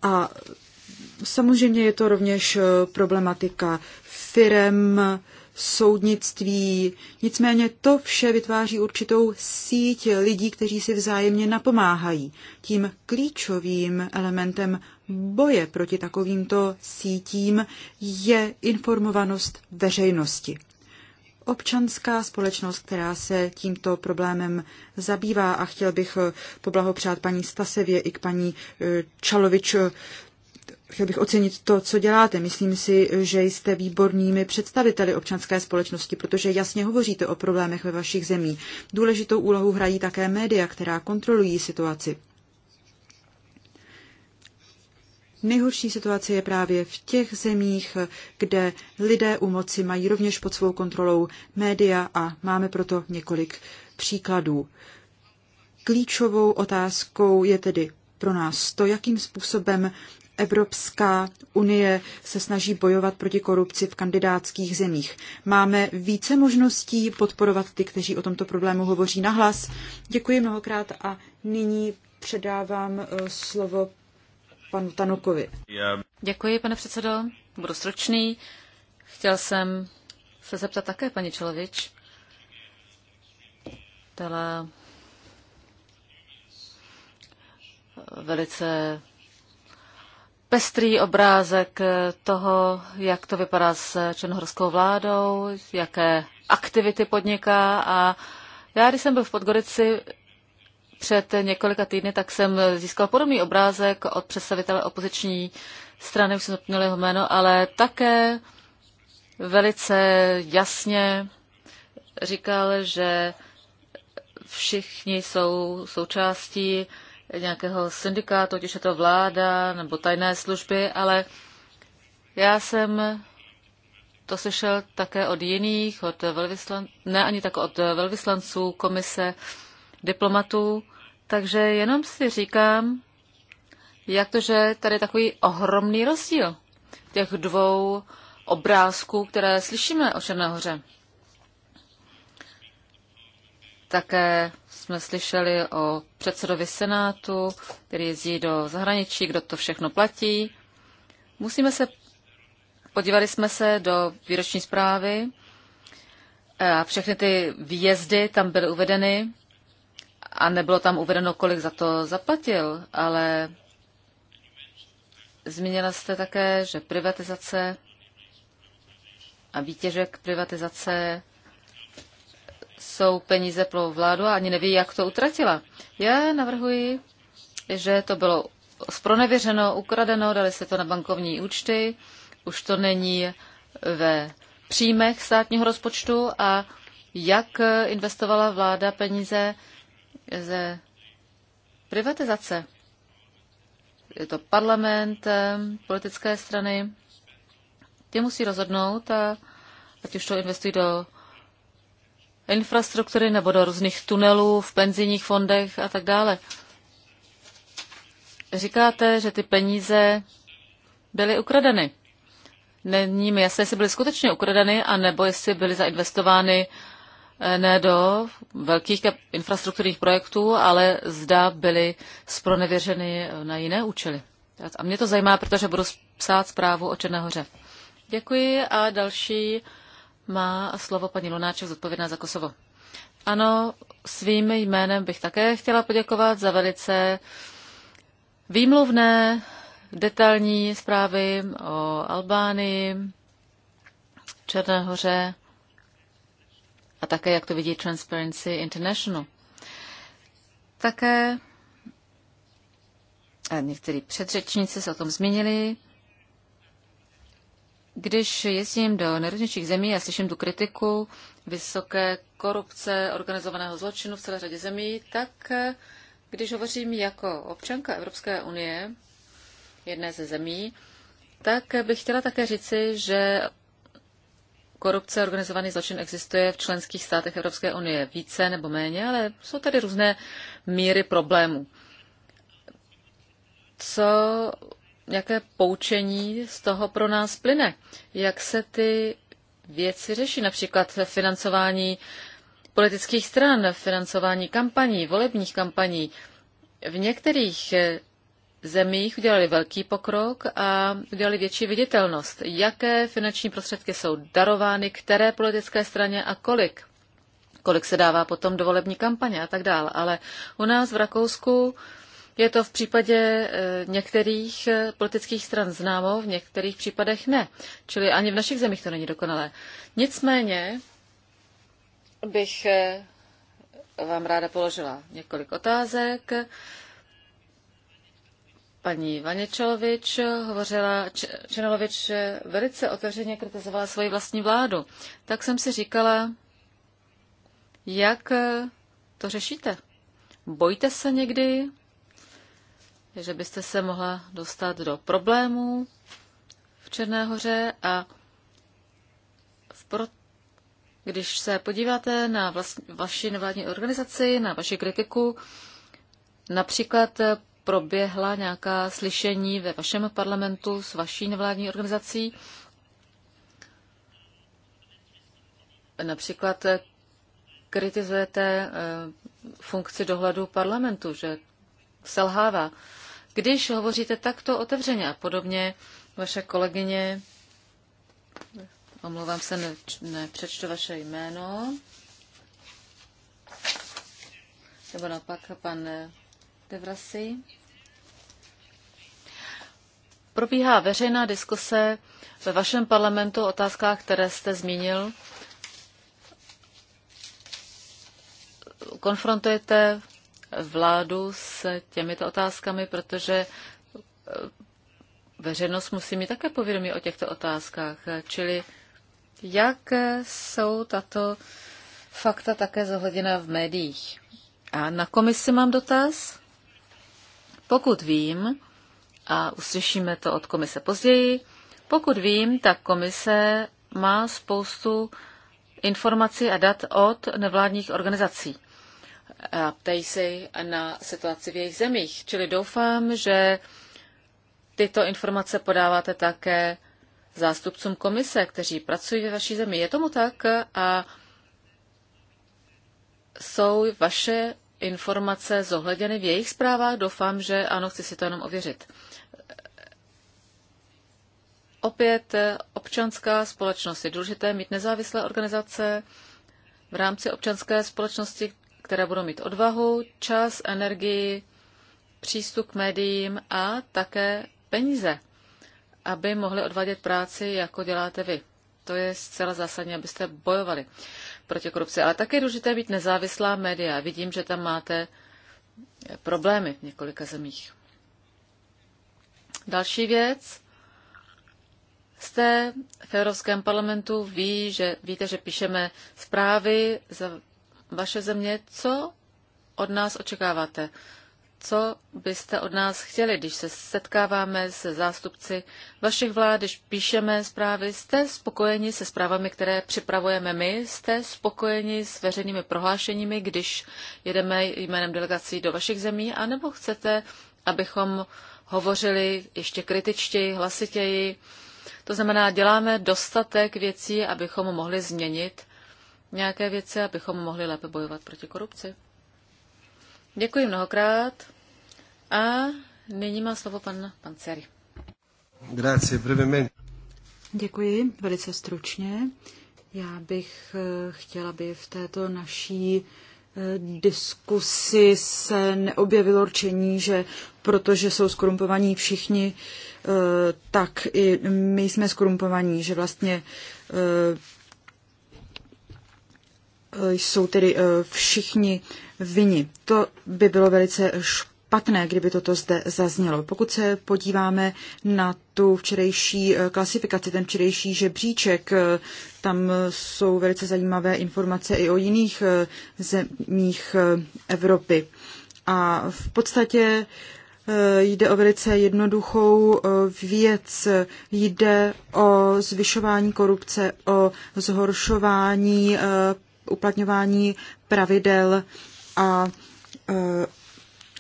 Speaker 2: A samozřejmě je to rovněž eh, problematika firem, soudnictví. Nicméně to vše vytváří určitou síť lidí, kteří si vzájemně napomáhají. Tím klíčovým elementem boje proti takovýmto sítím je informovanost veřejnosti. Občanská společnost, která se tímto problémem zabývá a chtěl bych poblahopřát paní Stasevě i k paní eh, Čalovič chtěl bych ocenit to, co děláte. Myslím si, že jste výbornými představiteli občanské společnosti, protože jasně hovoříte o problémech ve vašich zemí. Důležitou úlohu hrají také média, která kontrolují situaci. Nejhorší situace je právě v těch zemích, kde lidé u moci mají rovněž pod svou kontrolou média a máme proto několik příkladů. Klíčovou otázkou je tedy pro nás to, jakým způsobem Evropská unie se snaží bojovat proti korupci v kandidátských zemích. Máme více možností podporovat ty, kteří o tomto problému hovoří nahlas. Děkuji mnohokrát a nyní předávám eh, slovo panu Tanokovi.
Speaker 1: Děkuji, pane předsedo. Budu stručný. Chtěl jsem se zeptat také, paní Čelovič. Tela velice pestrý obrázek toho, jak to vypadá s černohorskou vládou, jaké aktivity podniká a já, když jsem byl v Podgorici před několika týdny, tak jsem získal podobný obrázek od představitele opoziční strany, už jsem zapomněl jeho jméno, ale také velice jasně říkal, že všichni jsou součástí nějakého syndikátu, ať už je to vláda nebo tajné služby, ale já jsem to slyšel také od jiných, od velvyslan, ne ani tak od velvyslanců, komise, diplomatů, takže jenom si říkám, jak to, že tady je takový ohromný rozdíl těch dvou obrázků, které slyšíme o Černé hoře. Také jsme slyšeli o předsedovi Senátu, který jezdí do zahraničí, kdo to všechno platí. Musíme se, podívali jsme se do výroční zprávy eh, a všechny ty výjezdy tam byly uvedeny a nebylo tam uvedeno, kolik za to zaplatil, ale zmínila jste také, že privatizace a výtěžek privatizace jsou peníze pro vládu a ani neví, jak to utratila. Já navrhuji, že to bylo spronevěřeno, ukradeno, dali se to na bankovní účty, už to není ve příjmech státního rozpočtu a jak investovala vláda peníze ze privatizace. Je to parlament, eh, politické strany, ty musí rozhodnout, eh, ať už to investují do infrastruktury nebo do různých tunelů v penzijních fondech a tak dále. Říkáte, že ty peníze byly ukradeny. Není mi jasné, jestli byly skutečně ukradeny, anebo jestli byly zainvestovány eh, ne do velkých infrastrukturních projektů, ale zda byly spronevěřeny eh, na jiné účely. A mě to zajímá, protože budu psát zprávu o Černéhoře. Děkuji a další má slovo paní Lunáček, zodpovědná za Kosovo. Ano, svým jménem bych také chtěla poděkovat za velice výmluvné, detailní zprávy o Albánii, Černé hoře a také, jak to vidí Transparency International.
Speaker 2: Také
Speaker 1: a někteří předřečníci se o tom zmínili, když jezdím do nejrůznějších zemí a slyším tu kritiku vysoké korupce, organizovaného zločinu v celé řadě zemí, tak eh, když hovořím jako občanka Evropské unie, jedné ze zemí, tak bych chtěla také říci, že korupce organizovaný zločin existuje v členských státech Evropské unie více nebo méně, ale jsou tady různé míry problémů. Co jaké poučení z toho pro nás plyne. Jak se ty věci řeší, například financování politických stran, financování kampaní, volebních kampaní. V některých zemích udělali velký pokrok a udělali větší viditelnost. Jaké finanční prostředky jsou darovány, které politické straně a kolik? Kolik se dává potom do volební kampaně a tak dále. Ale u nás v Rakousku je to v případě eh, některých eh, politických stran známo, v některých případech ne. Čili ani v našich zemích to není dokonalé. Nicméně bych eh, vám ráda položila několik otázek. Paní Vaněčelovič hovořila, Čenelovič velice otevřeně kritizovala svoji vlastní vládu. Tak jsem si říkala, jak to řešíte? Bojíte se někdy že byste se mohla dostat do problémů v Černé hoře a v pro... když se podíváte na vlast... vaši nevládní organizaci, na vaši kritiku, například proběhla nějaká slyšení ve vašem parlamentu s vaší nevládní organizací, například kritizujete eh, funkci dohledu parlamentu, že selhává. Když hovoříte takto otevřeně a podobně, vaše kolegyně, omlouvám se, ne, nepřečtu vaše jméno, nebo naopak pan Devrasi, probíhá veřejná diskuse ve vašem parlamentu o otázkách, které jste zmínil. Konfrontujete vládu s těmito otázkami, protože eh, veřejnost musí mít také povědomí o těchto otázkách. Čili jak jsou tato fakta také zohleděna v médiích? A na komisi mám dotaz. Pokud vím, a uslyšíme to od komise později, pokud vím, tak komise má spoustu informací a dat od nevládních organizací a ptají se na situaci v jejich zemích. Čili doufám, že tyto informace podáváte také zástupcům komise, kteří pracují ve vaší zemi. Je tomu tak a jsou vaše informace zohleděny v jejich zprávách? Doufám, že ano, chci si to jenom ověřit. Opět občanská společnost. Je důležité mít nezávislé organizace v rámci občanské společnosti, které budou mít odvahu, čas, energii, přístup k médiím a také peníze, aby mohli odvádět práci, jako děláte vy. To je zcela zásadní, abyste bojovali proti korupci. Ale také je důležité být nezávislá média. Vidím, že tam máte problémy v několika zemích. Další věc. Jste v Evropském parlamentu, ví, že, víte, že píšeme zprávy, za, vaše země, co od nás očekáváte? Co byste od nás chtěli, když se setkáváme se zástupci vašich vlád, když píšeme zprávy? Jste spokojeni se zprávami, které připravujeme my? Jste spokojeni s veřejnými prohlášeními, když jedeme jménem delegací do vašich zemí? A nebo chcete, abychom hovořili ještě kritičtěji, hlasitěji? To znamená, děláme dostatek věcí, abychom mohli změnit nějaké věci, abychom mohli lépe bojovat proti korupci. Děkuji mnohokrát a nyní má slovo pan Panceri.
Speaker 2: Grazie, brevemente. Děkuji, velice stručně. Já bych eh, chtěla, aby v této naší eh, diskusi se neobjevilo určení, že protože jsou skorumpovaní všichni, eh, tak i my jsme skorumpovaní, že vlastně E, jsou tedy e, všichni vini. To by bylo velice špatné, kdyby toto zde zaznělo. Pokud se podíváme na tu včerejší e, klasifikaci, ten včerejší žebříček, tam jsou velice zajímavé informace i o jiných zemích Evropy. A v podstatě jde o velice jednoduchou věc. Jde o zvyšování korupce, o zhoršování uplatňování pravidel a e,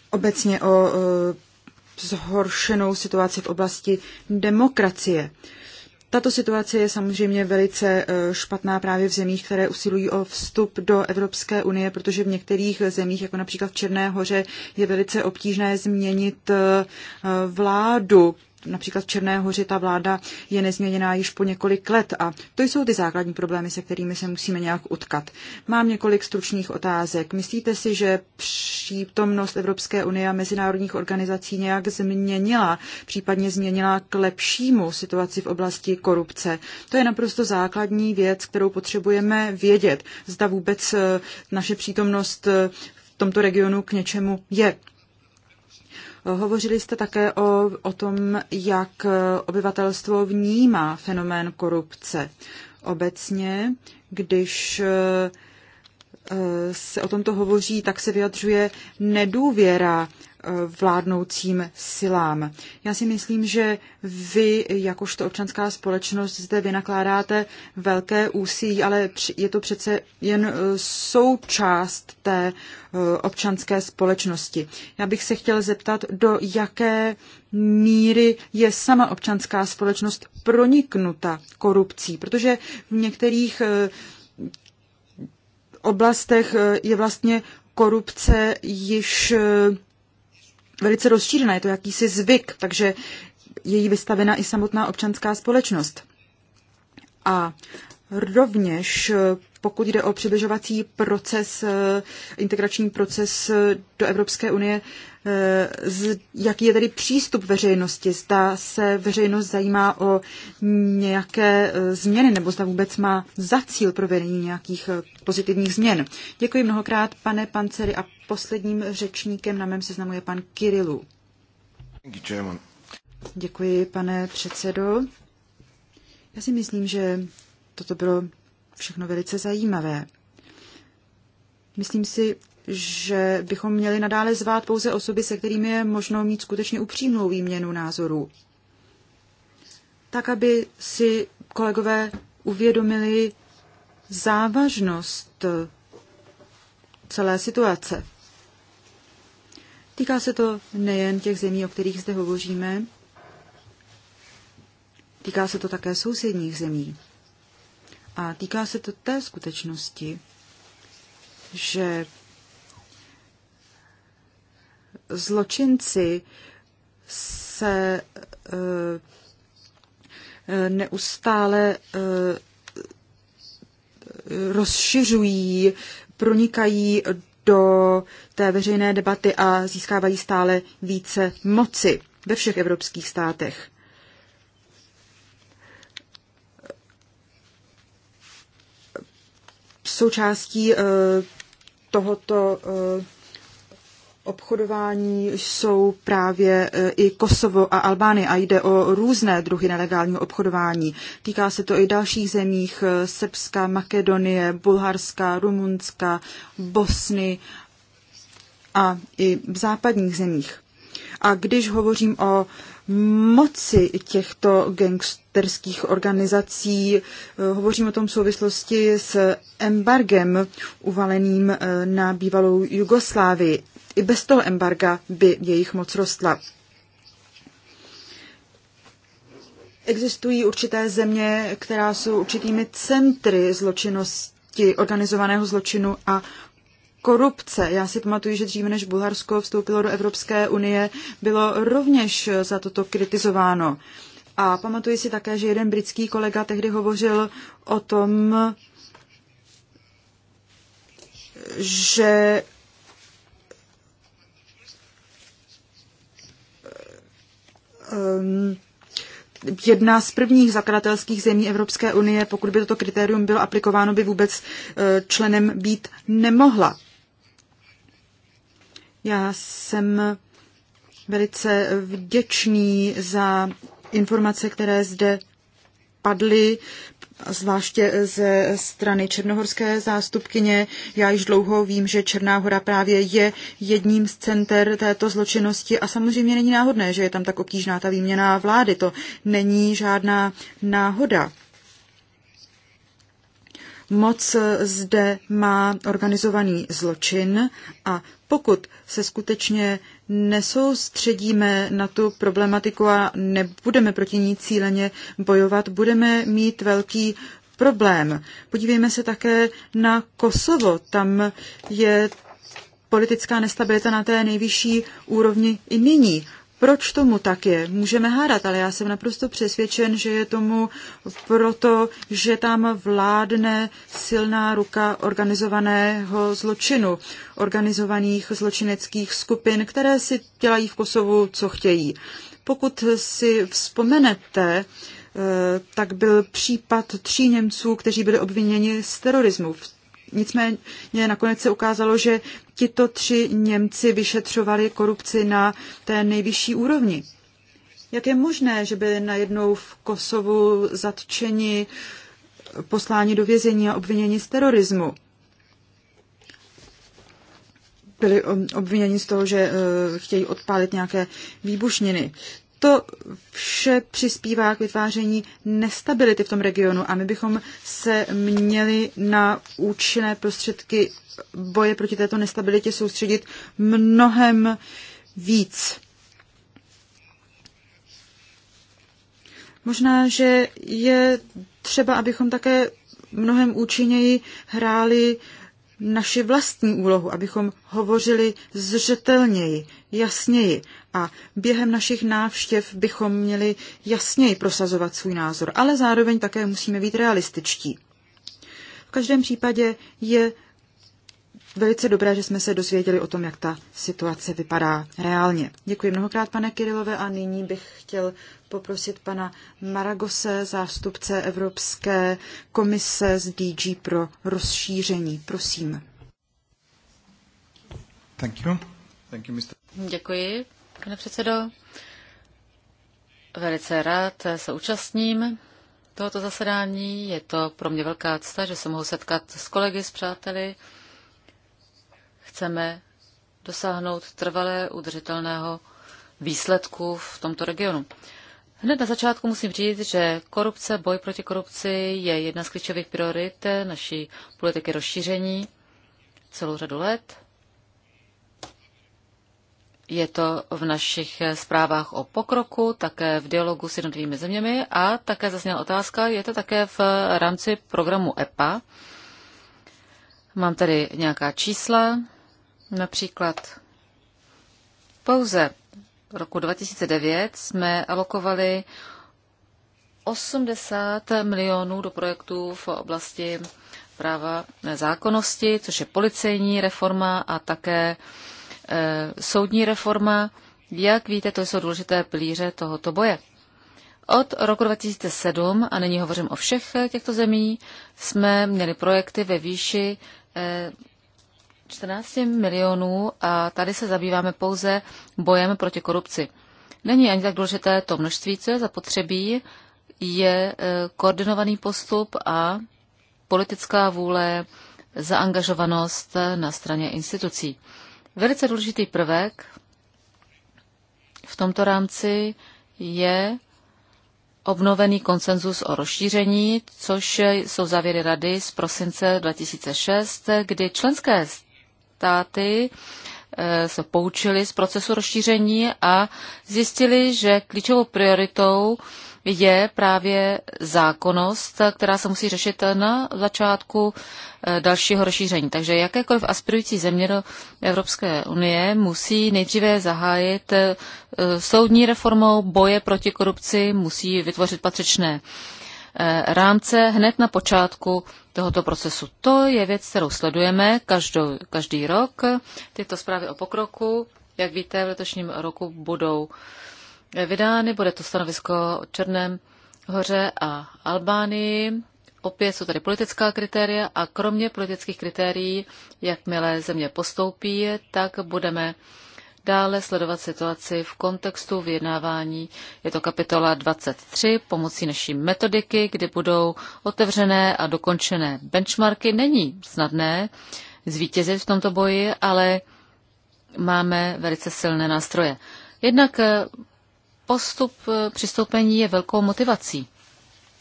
Speaker 2: obecně o e, zhoršenou situaci v oblasti demokracie. Tato situace je samozřejmě velice e, špatná právě v zemích, které usilují o vstup do Evropské unie, protože v některých zemích, jako například v Černé hoře, je velice obtížné změnit vládu například v Černé hoře ta vláda je nezměněná již po několik let a to jsou ty základní problémy, se kterými se musíme nějak utkat. Mám několik stručných otázek. Myslíte si, že přítomnost Evropské unie a mezinárodních organizací nějak změnila, případně změnila k lepšímu situaci v oblasti korupce? To je naprosto základní věc, kterou potřebujeme vědět. Zda vůbec eh, naše přítomnost eh, v tomto regionu k něčemu je. Hovořili jste také o, o tom, jak obyvatelstvo vnímá fenomén korupce. Obecně, když eh, se o tomto hovoří, tak se vyjadřuje nedůvěra vládnoucím silám. Já si myslím, že vy, jakožto občanská společnost, zde vynakládáte velké úsilí, ale je to přece jen e, součást té e, občanské společnosti. Já bych se chtěl zeptat, do jaké míry je sama občanská společnost proniknuta korupcí, protože v některých e, oblastech je vlastně korupce již velice rozšířena, je to jakýsi zvyk, takže je jí vystavena i samotná občanská společnost. A rovněž pokud jde o přibližovací proces, eh, integrační proces eh, do Evropské unie, eh, jaký je tedy přístup veřejnosti? Zda se veřejnost zajímá o nějaké změny, nebo zda vůbec má za cíl provedení nějakých pozitivních změn. Děkuji mnohokrát, pane Pancery, a posledním řečníkem na mém seznamu je pan Kirilu. Děkuji, pane předsedo. Já si myslím, že toto bylo všechno velice zajímavé. Myslím si, že bychom měli nadále zvát pouze osoby, se kterými je možno mít skutečně upřímnou výměnu názorů. Tak, aby si kolegové uvědomili závažnost celé situace. Týká se to nejen těch zemí, o kterých zde hovoříme, týká se to také sousedních zemí. A týká se to té skutečnosti, že zločinci se eh, eh, neustále eh, rozšiřují, pronikají do té veřejné debaty a získávají stále více moci ve všech evropských státech. Součástí eh, tohoto eh, obchodování jsou právě eh, i Kosovo a Albány a jde o různé druhy nelegálního obchodování. Týká se to i dalších zemích Srbska, Makedonie, Bulharska, Rumunska, Bosny a i v západních zemích. A když hovořím o moci těchto gangsterských organizací, eh, hovořím o tom v souvislosti s embargem uvaleným eh, na bývalou Jugoslávii. I bez toho embarga by jejich moc rostla. Existují určité země, která jsou určitými centry zločinnosti organizovaného zločinu a korupce. Já si pamatuju, že dříve než Bulharsko vstoupilo do Evropské unie, bylo rovněž eh, za toto kritizováno. A pamatuji si také, že jeden britský kolega tehdy hovořil o tom, že um, jedna z prvních zakladatelských zemí Evropské unie, pokud by toto kritérium bylo aplikováno, by vůbec eh, členem být nemohla. Já jsem velice vděčný za informace, které zde padly, zvláště ze strany černohorské zástupkyně. Já již dlouho vím, že Černá hora právě je jedním z center této zločinnosti a samozřejmě není náhodné, že je tam tak obtížná ta výměna vlády. To není žádná náhoda. Moc zde má organizovaný zločin a pokud se skutečně nesoustředíme na tu problematiku a nebudeme proti ní cíleně bojovat, budeme mít velký problém. Podívejme se také na Kosovo. Tam je politická nestabilita na té nejvyšší úrovni i nyní. Proč tomu tak je? Můžeme hádat, ale já jsem naprosto přesvědčen, že je tomu proto, že tam vládne silná ruka organizovaného zločinu, organizovaných zločineckých skupin, které si dělají v Kosovu, co chtějí. Pokud si vzpomenete, eh, tak byl případ tří Němců, kteří byli obviněni z terorismu. V Nicméně nakonec se ukázalo, že tito tři Němci vyšetřovali korupci na té nejvyšší úrovni. Jak je možné, že by najednou v Kosovu zatčeni, posláni do vězení a obviněni z terorismu? Byli um, obviněni z toho, že uh, chtějí odpálit nějaké výbušniny to vše přispívá k vytváření nestability v tom regionu a my bychom se měli na účinné prostředky boje proti této nestabilitě soustředit mnohem víc. Možná, že je třeba, abychom také mnohem účinněji hráli naši vlastní úlohu, abychom hovořili zřetelněji, jasněji a během našich návštěv bychom měli jasněji prosazovat svůj názor, ale zároveň také musíme být realističtí. V každém případě je velice dobré, že jsme se dozvěděli o tom, jak ta situace vypadá reálně. Děkuji mnohokrát, pane Kirilové, a nyní bych chtěl poprosit pana Maragose, zástupce Evropské komise z DG pro rozšíření. Prosím.
Speaker 3: Thank you. Thank you, Mr.
Speaker 1: Děkuji, pane předsedo. Velice rád se účastním tohoto zasedání. Je to pro mě velká cta, že se mohu setkat s kolegy, s přáteli, chceme dosáhnout trvalé udržitelného výsledku v tomto regionu. Hned na začátku musím říct, že korupce, boj proti korupci je jedna z klíčových priorit naší politiky rozšíření celou řadu let. Je to v našich zprávách o pokroku, také v dialogu s jednotlivými zeměmi a také zazněla otázka, je to také v rámci programu EPA. Mám tady nějaká čísla, Například pouze v roku 2009 jsme alokovali 80 milionů do projektů v oblasti práva zákonnosti, což je policejní reforma a také e, soudní reforma. Jak víte, to jsou důležité pilíře tohoto boje. Od roku 2007, a nyní hovořím o všech eh, těchto zemí, jsme měli projekty ve výši eh, 14 milionů a tady se zabýváme pouze bojem proti korupci. Není ani tak důležité to množství, co je zapotřebí, je e, koordinovaný postup a politická vůle, zaangažovanost na straně institucí. Velice důležitý prvek v tomto rámci je obnovený konsenzus o rozšíření, což jsou závěry rady z prosince 2006, kdy členské státy eh, se poučili z procesu rozšíření a zjistili, že klíčovou prioritou je právě zákonnost, která se musí řešit na začátku eh, dalšího rozšíření. Takže jakékoliv aspirující země do Evropské unie musí nejdříve zahájit eh, soudní reformou boje proti korupci, musí vytvořit patřičné rámce hned na počátku tohoto procesu. To je věc, kterou sledujeme každou, každý rok. Tyto zprávy o pokroku, jak víte, v letošním roku budou vydány. Bude to stanovisko o Černém hoře a Albánii. Opět jsou tady politická kritéria a kromě politických kritérií, jakmile země postoupí, tak budeme dále sledovat situaci v kontextu vyjednávání. Je to kapitola 23 pomocí naší metodiky, kdy budou otevřené a dokončené benchmarky. Není snadné zvítězit v tomto boji, ale máme velice silné nástroje. Jednak postup přistoupení je velkou motivací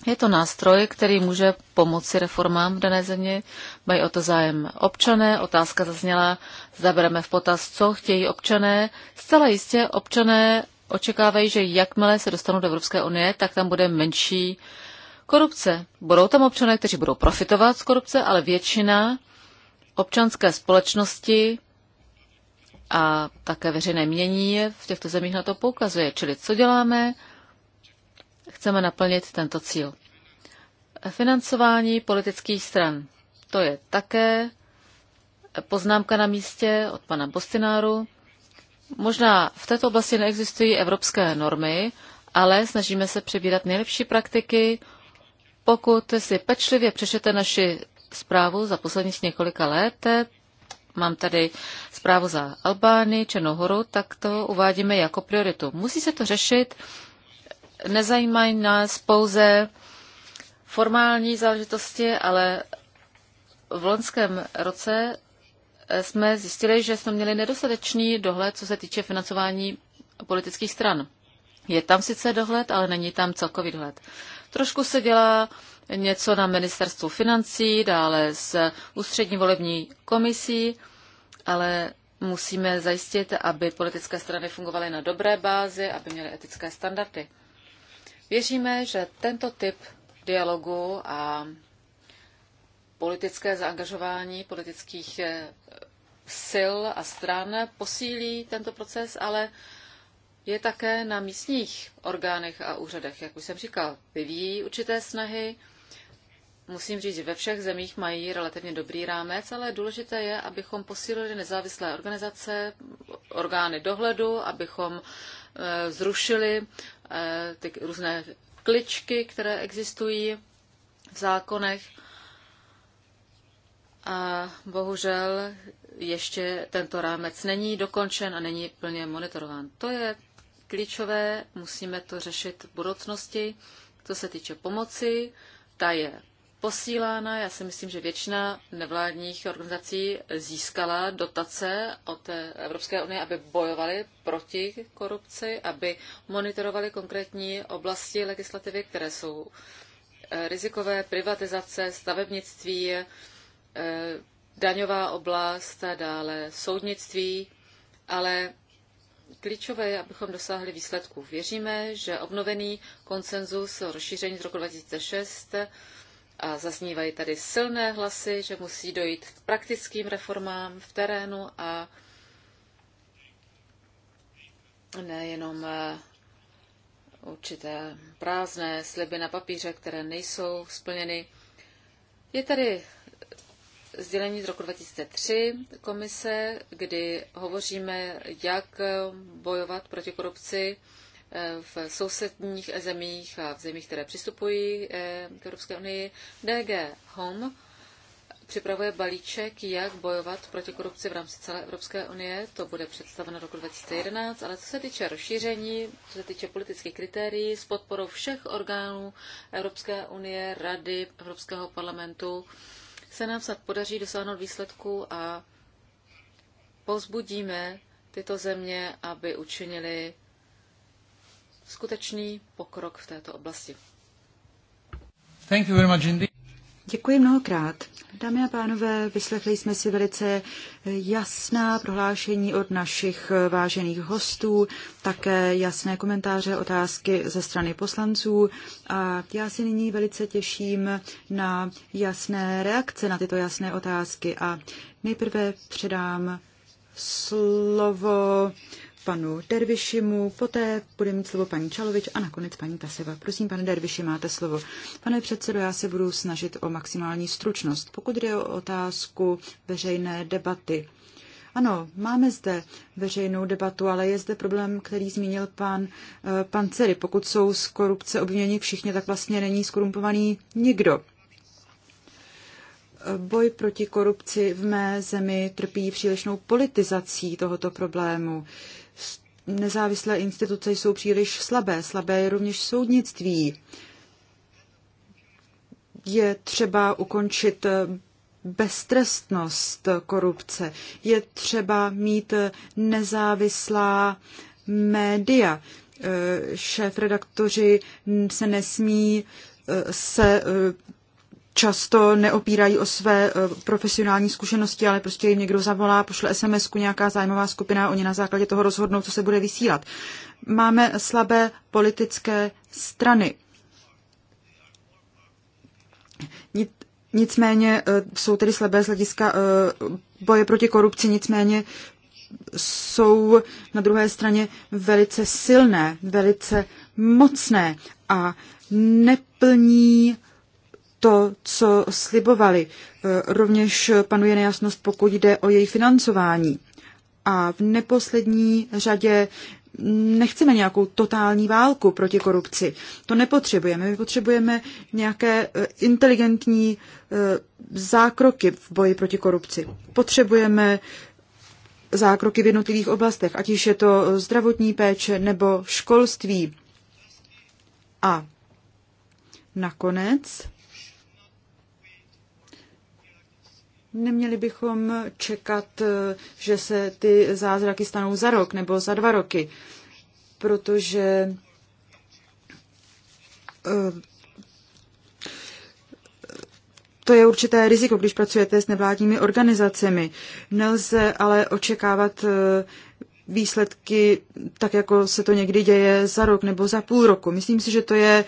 Speaker 1: je to nástroj, který může pomoci reformám v dané zemi. Mají o to zájem občané. Otázka zazněla, zabereme v potaz, co chtějí občané. Zcela jistě občané očekávají, že jakmile se dostanou do Evropské unie, tak tam bude menší korupce. Budou tam občané, kteří budou profitovat z korupce, ale většina občanské společnosti a také veřejné mění v těchto zemích na to poukazuje. Čili co děláme? chceme naplnit tento cíl. Financování politických stran. To je také poznámka na místě od pana Bostináru. Možná v této oblasti neexistují evropské normy, ale snažíme se přebírat nejlepší praktiky. Pokud si pečlivě přečete naši zprávu za posledních několika let, mám tady zprávu za Albány, Černou horu, tak to uvádíme jako prioritu. Musí se to řešit nezajímají nás pouze formální záležitosti, ale v loňském roce eh, jsme zjistili, že jsme měli nedostatečný dohled, co se týče financování politických stran. Je tam sice dohled, ale není tam celkový dohled. Trošku se dělá něco na ministerstvu financí, dále s ústřední volební komisí, ale musíme zajistit, aby politické strany fungovaly na dobré bázi, aby měly etické standardy. Věříme, že tento typ dialogu a politické zaangažování politických eh, sil a stran posílí tento proces, ale je také na místních orgánech a úřadech. Jak už jsem říkal, vyvíjí určité snahy. Musím říct, že ve všech zemích mají relativně dobrý rámec, ale důležité je, abychom posílili nezávislé organizace, orgány dohledu, abychom Eh, zrušili eh, ty různé kličky, které existují v zákonech. A bohužel ještě tento rámec není dokončen a není plně monitorován. To je klíčové, musíme to řešit v budoucnosti. Co se týče pomoci, ta je posílána. Já si myslím, že většina nevládních organizací získala dotace od eh, Evropské unie, aby bojovali proti korupci, aby monitorovali konkrétní oblasti legislativy, které jsou eh, rizikové, privatizace, stavebnictví, eh, daňová oblast a dále soudnictví, ale Klíčové je, abychom dosáhli výsledků. Věříme, že obnovený konsenzus o rozšíření z roku 2006 a zaznívají tady silné hlasy, že musí dojít k praktickým reformám v terénu a nejenom eh, určité prázdné sliby na papíře, které nejsou splněny. Je tady sdělení z roku 2003 komise, kdy hovoříme, jak bojovat proti korupci v sousedních zemích a v zemích, které přistupují eh, k Evropské unii. DG Home připravuje balíček, jak bojovat proti korupci v rámci celé Evropské unie. To bude představeno roku 2011, ale co se týče rozšíření, co se týče politických kritérií, s podporou všech orgánů Evropské unie, Rady, Evropského parlamentu, se nám snad podaří dosáhnout výsledku a pozbudíme tyto země, aby učinili skutečný pokrok v této oblasti.
Speaker 2: Thank you very much indeed. Děkuji mnohokrát. Dámy a pánové, vyslechli jsme si velice jasná prohlášení od našich vážených hostů, také jasné komentáře, otázky ze strany poslanců a já si nyní velice těším na jasné reakce na tyto jasné otázky a nejprve předám slovo panu Dervišimu, poté bude mít slovo paní Čalovič a nakonec paní Taseva. Prosím, pane Derviši, máte slovo. Pane předsedo, já se budu snažit o maximální stručnost. Pokud jde o otázku veřejné debaty, ano, máme zde veřejnou debatu, ale je zde problém, který zmínil pan eh, Cery, Pokud jsou z korupce obviněni všichni, tak vlastně není skorumpovaný nikdo. Boj proti korupci v mé zemi trpí přílišnou politizací tohoto problému nezávislé instituce jsou příliš slabé. Slabé je rovněž soudnictví. Je třeba ukončit beztrestnost korupce. Je třeba mít nezávislá média. Šéf redaktoři se nesmí se často neopírají o své eh, profesionální zkušenosti, ale prostě jim někdo zavolá, pošle sms nějaká zájmová skupina, oni na základě toho rozhodnou, co se bude vysílat. Máme slabé politické strany. Nicméně eh, jsou tedy slabé z hlediska eh, boje proti korupci, nicméně jsou na druhé straně velice silné, velice mocné a neplní to, co slibovali. E, rovněž panuje nejasnost, pokud jde o její financování. A v neposlední řadě nechceme nějakou totální válku proti korupci. To nepotřebujeme. My potřebujeme nějaké e, inteligentní e, zákroky v boji proti korupci. Potřebujeme zákroky v jednotlivých oblastech, ať již je to zdravotní péče nebo školství. A nakonec Neměli bychom čekat, eh, že se ty zázraky stanou za rok nebo za dva roky, protože eh, to je určité riziko, když pracujete s nevládními organizacemi. Nelze ale očekávat eh, výsledky tak, jako se to někdy děje za rok nebo za půl roku. Myslím si, že to je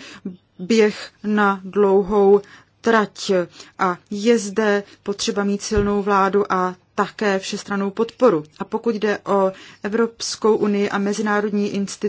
Speaker 2: běh na dlouhou trať a je zde potřeba mít silnou vládu a také všestranou podporu. A pokud jde o Evropskou unii a mezinárodní instituce,